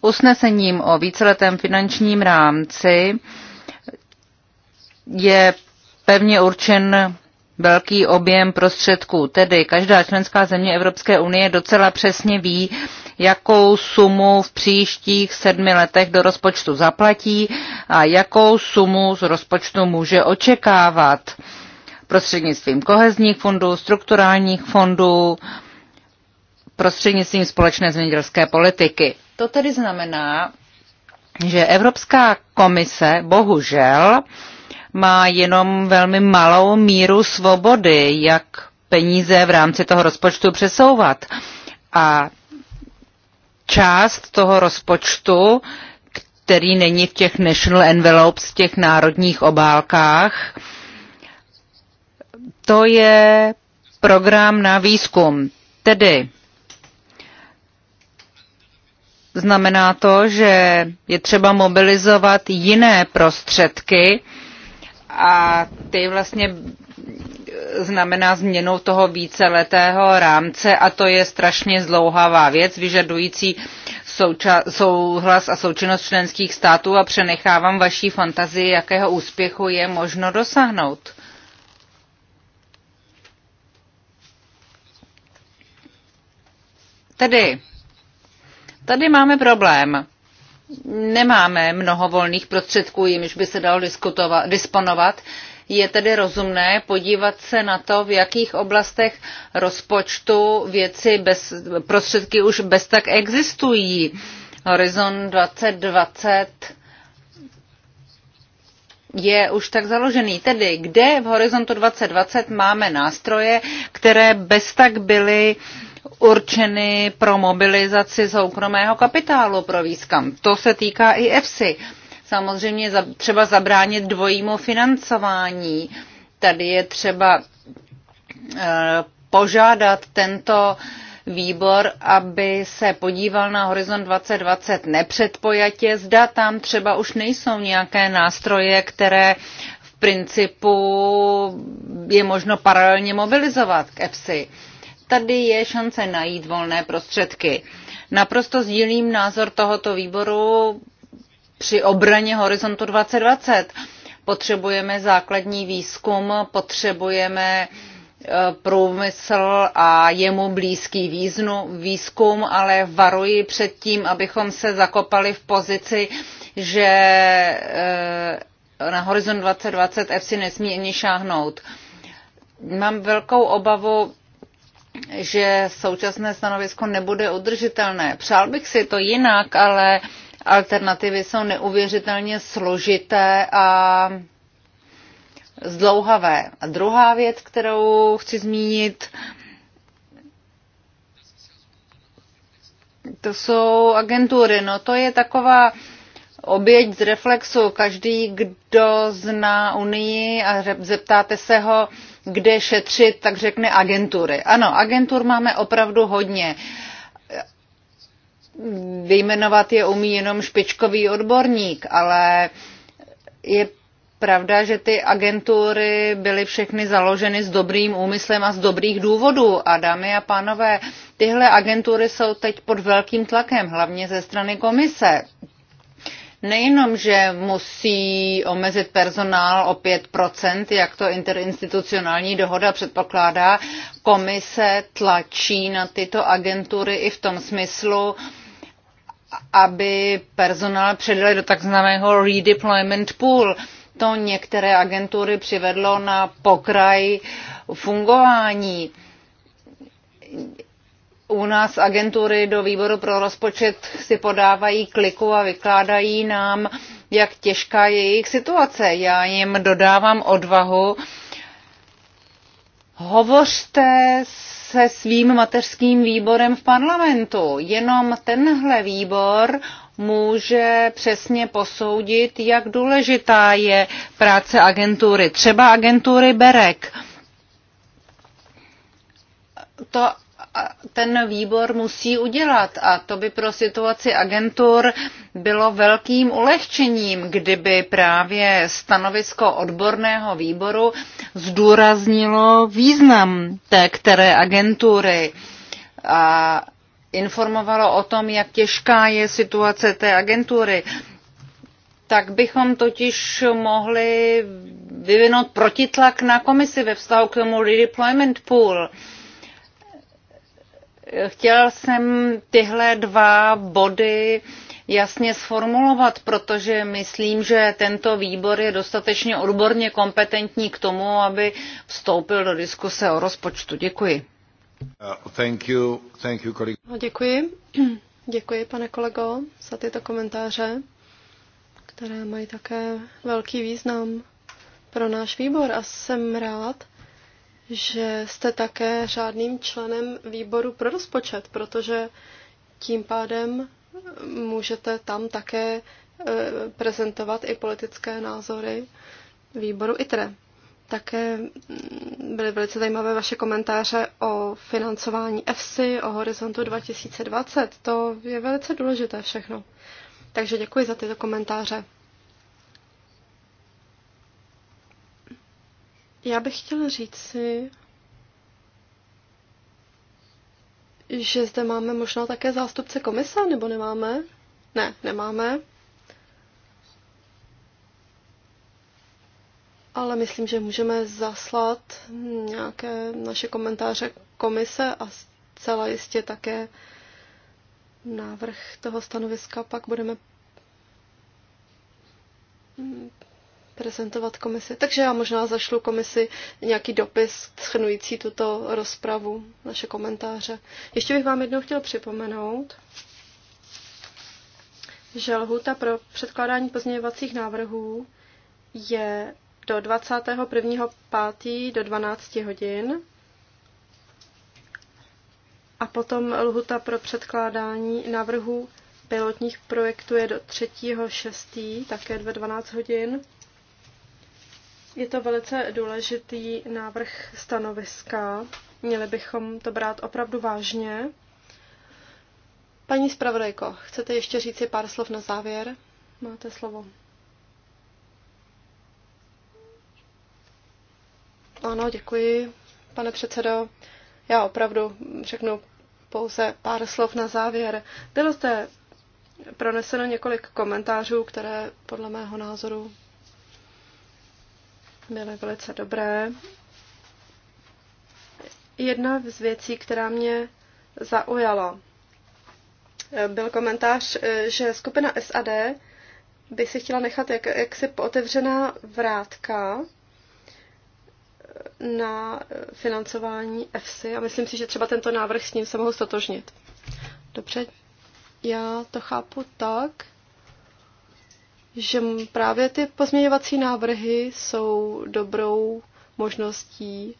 Usnesením o víceletém finančním rámci je pevně určen velký objem prostředků. Tedy každá členská země Evropské unie docela přesně ví, jakou sumu v příštích sedmi letech do rozpočtu zaplatí a jakou sumu z rozpočtu může očekávat prostřednictvím kohezních fondů, strukturálních fondů, prostřednictvím společné zemědělské politiky. To tedy znamená, že Evropská komise bohužel má jenom velmi malou míru svobody, jak peníze v rámci toho rozpočtu přesouvat. A část toho rozpočtu, který není v těch national envelopes, v těch národních obálkách. To je program na výzkum. Tedy znamená to, že je třeba mobilizovat jiné prostředky a ty vlastně znamená změnu toho víceletého rámce a to je strašně zdlouhavá věc, vyžadující souča- souhlas a součinnost členských států a přenechávám vaší fantazii, jakého úspěchu je možno dosáhnout. Tedy, tady máme problém. Nemáme mnoho volných prostředků, jimž by se dalo disponovat je tedy rozumné podívat se na to, v jakých oblastech rozpočtu věci bez, prostředky už bez tak existují. Horizon 2020 je už tak založený. Tedy kde v Horizontu 2020 máme nástroje, které bez tak byly určeny pro mobilizaci soukromého kapitálu pro výzkum. To se týká i EFSI. Samozřejmě třeba zabránit dvojímu financování. Tady je třeba eh, požádat tento výbor, aby se podíval na Horizon 2020 nepředpojatě. Zda tam třeba už nejsou nějaké nástroje, které v principu je možno paralelně mobilizovat k EPSI. Tady je šance najít volné prostředky. Naprosto sdílím názor tohoto výboru, při obraně Horizontu 2020. Potřebujeme základní výzkum, potřebujeme e, průmysl a jemu blízký význu, výzkum, ale varuji před tím, abychom se zakopali v pozici, že e, na Horizont 2020 EFSI nesmí ani šáhnout. Mám velkou obavu, že současné stanovisko nebude udržitelné. Přál bych si to jinak, ale uh, alternativy jsou neuvěřitelně složité a zdlouhavé. A druhá věc, kterou chci zmínit, to jsou agentury. No to je taková oběť z reflexu. Každý, kdo zná Unii a zeptáte se ho, kde šetřit, tak řekne agentury. Ano, agentur máme opravdu hodně. Uh, vyjmenovat je umí jenom špičkový odborník, ale je pravda, že ty agentury byly všechny založeny s dobrým úmyslem a z dobrých důvodů. A dámy a pánové, tyhle agentury jsou teď pod velkým tlakem, hlavně ze strany komise. Nejenom, že musí omezit personál o 5%, jak to interinstitucionální dohoda předpokládá, komise tlačí na tyto agentury i v tom smyslu, aby personál předali do takzvaného redeployment pool. To některé agentury přivedlo na pokraj fungování. U nás agentury do výboru pro rozpočet si podávají kliku a vykládají nám, jak těžká je jejich situace. Já jim dodávám odvahu. Hovořte s se svým mateřským výborem v parlamentu. Jenom tenhle výbor může přesně posoudit, jak důležitá je práce agentury, třeba agentury BEREK. To ten výbor musí udělat. A to by pro situaci agentur bylo velkým ulehčením, kdyby právě stanovisko odborného výboru zdůraznilo význam té které agentury a informovalo o tom, jak těžká je situace té agentury. Tak bychom totiž mohli vyvinout protitlak na komisi ve vztahu k tomu redeployment pool. Chtěla jsem tyhle dva body jasně sformulovat, protože myslím, že tento výbor je dostatečně odborně kompetentní k tomu, aby vstoupil do diskuse o rozpočtu. Děkuji. Uh, thank you, thank you, no, děkuji. Děkuji, pane kolego, za tyto komentáře, které mají také velký význam pro náš výbor a jsem rád, že jste také řádným členem výboru pro rozpočet, protože tím pádem můžete tam také e, prezentovat i politické názory výboru ITRE. Také mm, byly velice zajímavé vaše komentáře o financování EFSI, o horizontu 2020. To je velice důležité všechno. Takže děkuji za tyto komentáře. Já bych chtěla říct si, že zde máme možná také zástupce komise, nebo nemáme? Ne, nemáme. Ale myslím, že můžeme zaslat nějaké naše komentáře komise a zcela jistě také návrh toho stanoviska pak budeme prezentovat komisi. Takže já možná zašlu komisi nějaký dopis schrnující tuto rozpravu, naše komentáře. Ještě bych vám jednou chtěl připomenout, že lhuta pro předkládání pozměňovacích návrhů je do 21.5. do 12 hodin. A potom lhuta pro předkládání návrhů pilotních projektů je do 3.6. také do 12 hodin. Je to velice důležitý návrh stanoviska. Měli bychom to brát opravdu vážně. Paní zpravodajko, chcete ještě si pár slov na závěr? Máte slovo. Ano, děkuji, pane předsedo. Já opravdu řeknu pouze pár slov na závěr. Bylo zde proneseno několik komentářů, které podle mého názoru byly velice dobré. Jedna z věcí, která mě zaujala, byl komentář, že skupina SAD by si chtěla nechat jak, jaksi otevřená vrátka na financování EFSI a myslím si, že třeba tento návrh s ním se mohu stotožnit. Dobře, já to chápu tak, že právě ty pozměňovací návrhy jsou dobrou možností,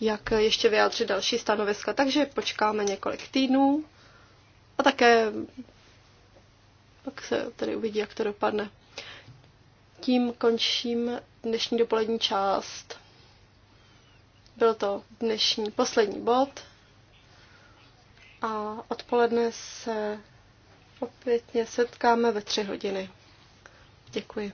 jak ještě vyjádřit další stanoviska. Takže počkáme několik týdnů a také pak se tady uvidí, jak to dopadne. Tím končím dnešní dopolední část. Byl to dnešní poslední bod a odpoledne se opětně setkáme ve tři hodiny. Děkuji.